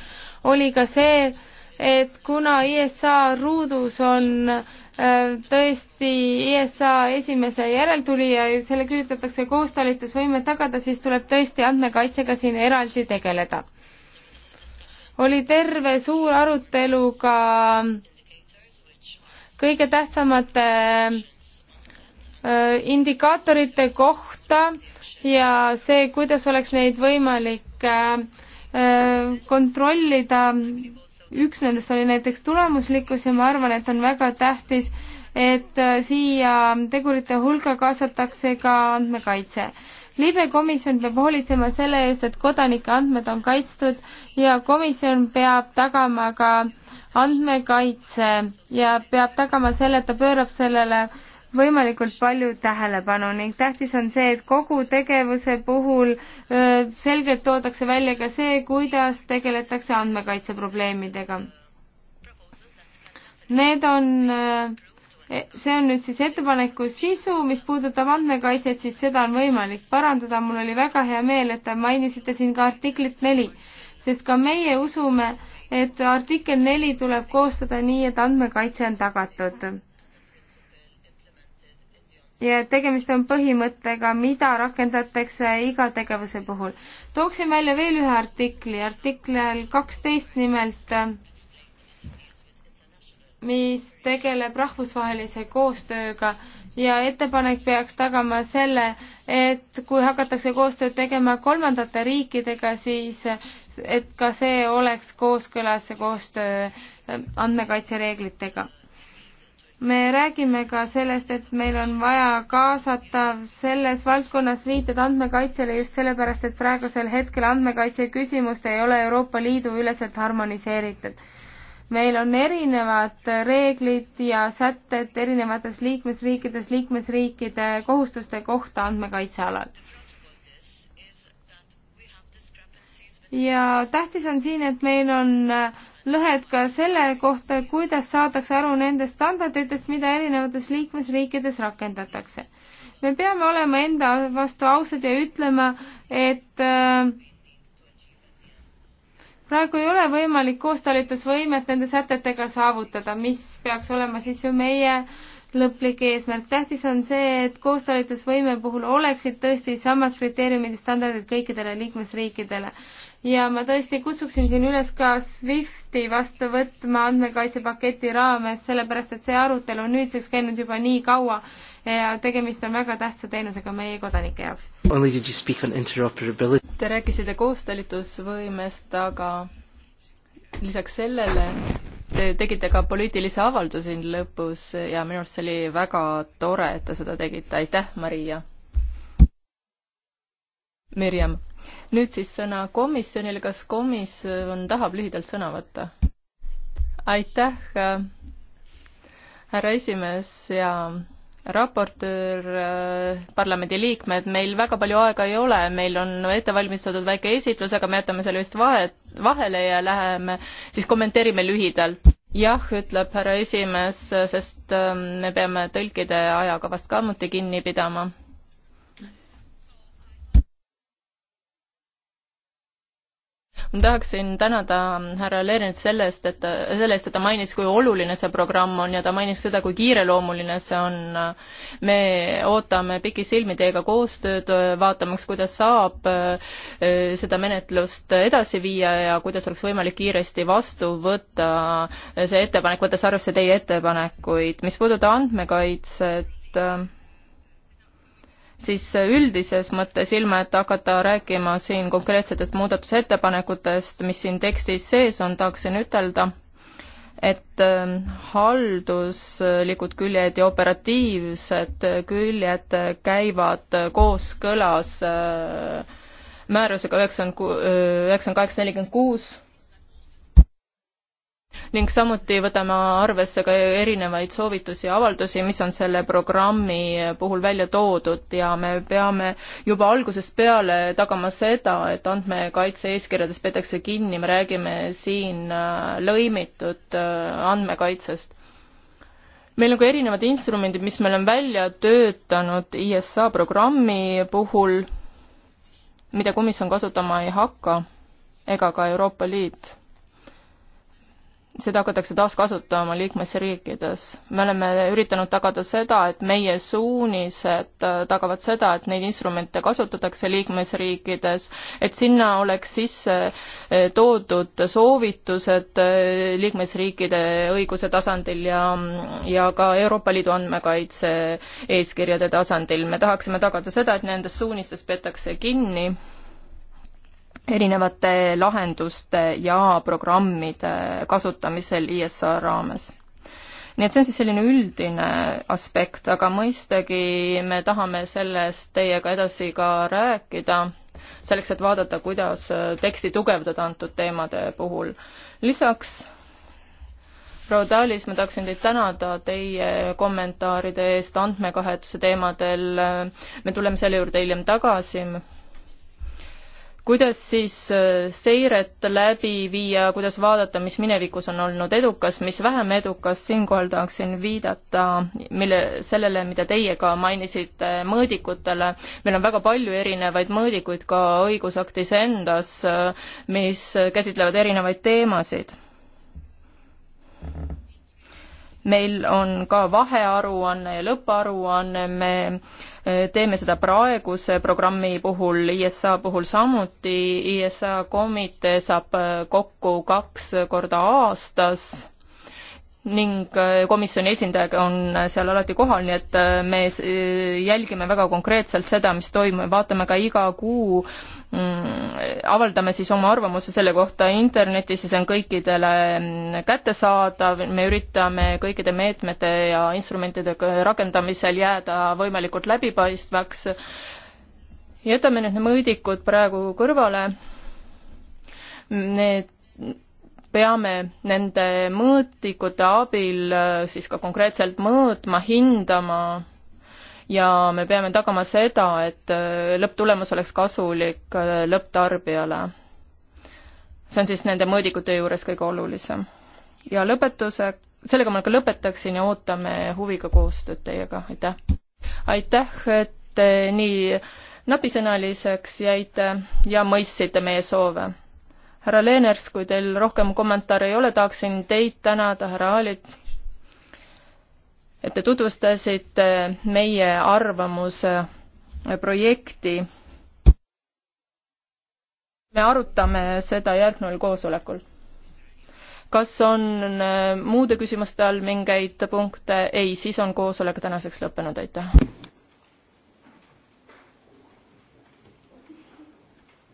Speaker 3: oli ka see, et kuna ISA ruudus on äh, Äh, tõesti ESA esimese järeltulija ja selle küüditatakse koostalitusvõime tagada, siis tuleb tõesti andmekaitsega siin eraldi tegeleda. oli terve suur arutelu ka kõige tähtsamate äh, indikaatorite kohta ja see, kuidas oleks neid võimalik äh, kontrollida üks nendest oli näiteks tulemuslikkus ja ma arvan, et on väga tähtis, et äh, siia tegurite hulka kaasatakse ka andmekaitse. libe komisjon peab hoolitsema selle eest, et kodanike andmed on kaitstud ja komisjon peab tagama ka andmekaitse ja peab tagama selle, et ta pöörab sellele äh, võimalikult palju tähelepanu ning tähtis on see, et kogu tegevuse puhul öö, selgelt toodakse välja ka see, kuidas tegeletakse andmekaitse probleemidega. Need on öö, e-, see on nüüd siis ettepaneku sisu, mis puudutab andmekaitset, siis seda on võimalik parandada. mul oli väga hea meel, et te mainisite siin ka artiklit neli, sest ka meie usume, et artikkel neli tuleb koostada nii, et andmekaitse on tagatud ja tegemist on põhimõttega, mida rakendatakse iga tegevuse puhul. tooksin välja veel ühe artikli, artikkel kaksteist nimelt, mis tegeleb rahvusvahelise koostööga ja ettepanek peaks tagama selle, et kui hakatakse koostööd tegema kolmandate riikidega, siis et ka see oleks kooskõlas koostöö andmekaitsereeglitega me räägime ka sellest, et meil on vaja kaasata selles valdkonnas viited andmekaitsele just sellepärast, et praegusel hetkel andmekaitse küsimust ei ole Euroopa Liidu üleselt harmoniseeritud. meil on erinevad reeglid ja sätted erinevates liikmesriikides liikmesriikide kohustuste kohta andmekaitsealal. ja tähtis on siin, et meil on äh, lõhed ka selle kohta, kuidas saadakse aru nendest standarditest, mida erinevates liikmesriikides rakendatakse. me peame olema enda vastu ausad ja ütlema, et äh, praegu ei ole võimalik koostalitusvõimet nende sätetega saavutada, mis peaks olema siis ju meie lõplik eesmärk. tähtis on see, et koostalitusvõime puhul oleksid tõesti samad kriteeriumid ja standardid kõikidele liikmesriikidele ja ma tõesti kutsuksin siin üles ka SWIFTi vastu võtma andmekaitsepaketi raames, sellepärast et see arutelu on nüüdseks käinud juba nii kaua ja tegemist on väga tähtsa teenusega meie kodanike jaoks. Te rääkisite koostalitusvõimest, aga
Speaker 2: lisaks sellele te tegite ka poliitilise avalduse siin lõpus ja minu arust see oli väga tore, et te seda tegite, aitäh, Maria! Mirjam nüüd siis sõna komisjonile, kas komisjon tahab lühidalt sõna võtta? aitäh, härra esimees ja raportöör, parlamendiliikmed, meil väga palju aega ei ole, meil on ette valmistatud väike esitlus, aga me jätame selle vist vahet, vahele ja läheme, siis kommenteerime lühidalt. jah, ütleb härra esimees, sest ähm, me peame tõlkide ajakavast ka samuti kinni pidama ma tahaksin tänada härra Lernit sellest, et ta, selle eest, et ta mainis, kui oluline see programm on ja ta mainis seda, kui kiireloomuline see on. me ootame pikisilmi teiega koostööd, vaatamaks, kuidas saab eh, seda menetlust edasi viia ja kuidas oleks võimalik kiiresti vastu võtta see ettepanek, võttes arvesse teie ettepanekuid. mis puudutab andmekaitset, eh, siis üldises mõttes, ilma et hakata rääkima siin konkreetsetest muudatusettepanekutest, mis siin tekstis sees on, tahaksin ütelda, et ähm, halduslikud küljed ja operatiivsed küljed käivad kooskõlas äh, määrusega üheksakümmend, äh, üheksakümmend kaheksa, nelikümmend kuus ning samuti võtame arvesse ka erinevaid soovitusi ja avaldusi, mis on selle programmi puhul välja toodud ja me peame juba algusest peale tagama seda, et andmekaitse eeskirjadest peetakse kinni, me räägime siin äh, lõimitud äh, andmekaitsest meil on ka erinevad instrumendid, mis me oleme välja töötanud ISA programmi puhul, mida komisjon kasutama ei hakka ega ka Euroopa Liit seda hakatakse taaskasutama liikmesriikides. me oleme üritanud tagada seda, et meie suunised äh, tagavad seda, et neid instrumente kasutatakse liikmesriikides, et sinna oleks sisse äh, toodud soovitused äh, liikmesriikide õiguse tasandil ja, ja ka Euroopa Liidu andmekaitse eeskirjade tasandil. me tahaksime tagada seda, et nendest suunistest peetakse kinni erinevate lahenduste ja programmide kasutamisel ISA raames. nii et see on siis selline üldine aspekt, aga mõistagi me tahame sellest teiega edasi ka rääkida, selleks et vaadata, kuidas teksti tugevdada antud teemade puhul. lisaks proua Talis, ma tahaksin teid tänada teie kommentaaride eest andmekahetuse teemadel, me tuleme selle juurde hiljem tagasi, kuidas siis äh, seiret läbi viia, kuidas vaadata, mis minevikus on olnud edukas, mis vähem edukas, siinkohal tahaksin viidata mille, sellele, mida teie ka mainisite, mõõdikutele. meil on väga palju erinevaid mõõdikuid ka õigusaktis endas, äh, mis käsitlevad erinevaid teemasid. meil on ka vahearuanne ja lõpparuanne, me teeme seda praeguse programmi puhul, ISA puhul samuti, ISA komitee saab kokku kaks korda aastas ning äh, komisjoni esindajaga on äh, seal alati kohal, nii et äh, me jälgime väga konkreetselt seda, mis toimub, vaatame ka iga kuu, mm, avaldame siis oma arvamuse selle kohta internetis ja see on kõikidele mm, kättesaadav, me üritame kõikide meetmete ja instrumentide rakendamisel jääda võimalikult läbipaistvaks. jätame nüüd need mõõdikud praegu kõrvale. Need peame nende mõõtikute abil äh, siis ka konkreetselt mõõtma, hindama ja me peame tagama seda, et äh, lõpptulemus oleks kasulik äh, lõpptarbijale. see on siis nende mõõdikute juures kõige olulisem. ja lõpetuse, sellega ma ka lõpetaksin ja ootame huviga koostööd teiega, aitäh! aitäh, et nii napisõnaliseks jäite ja mõistsite meie soove härra Leeners, kui teil rohkem kommentaare ei ole, tahaksin teid tänada, härra Aalit, et te tutvustasite meie arvamuse projekti. me arutame seda järgneval koosolekul. kas on äh, muude küsimuste all mingeid punkte? ei, siis on koosolek
Speaker 1: tänaseks lõppenud, aitäh!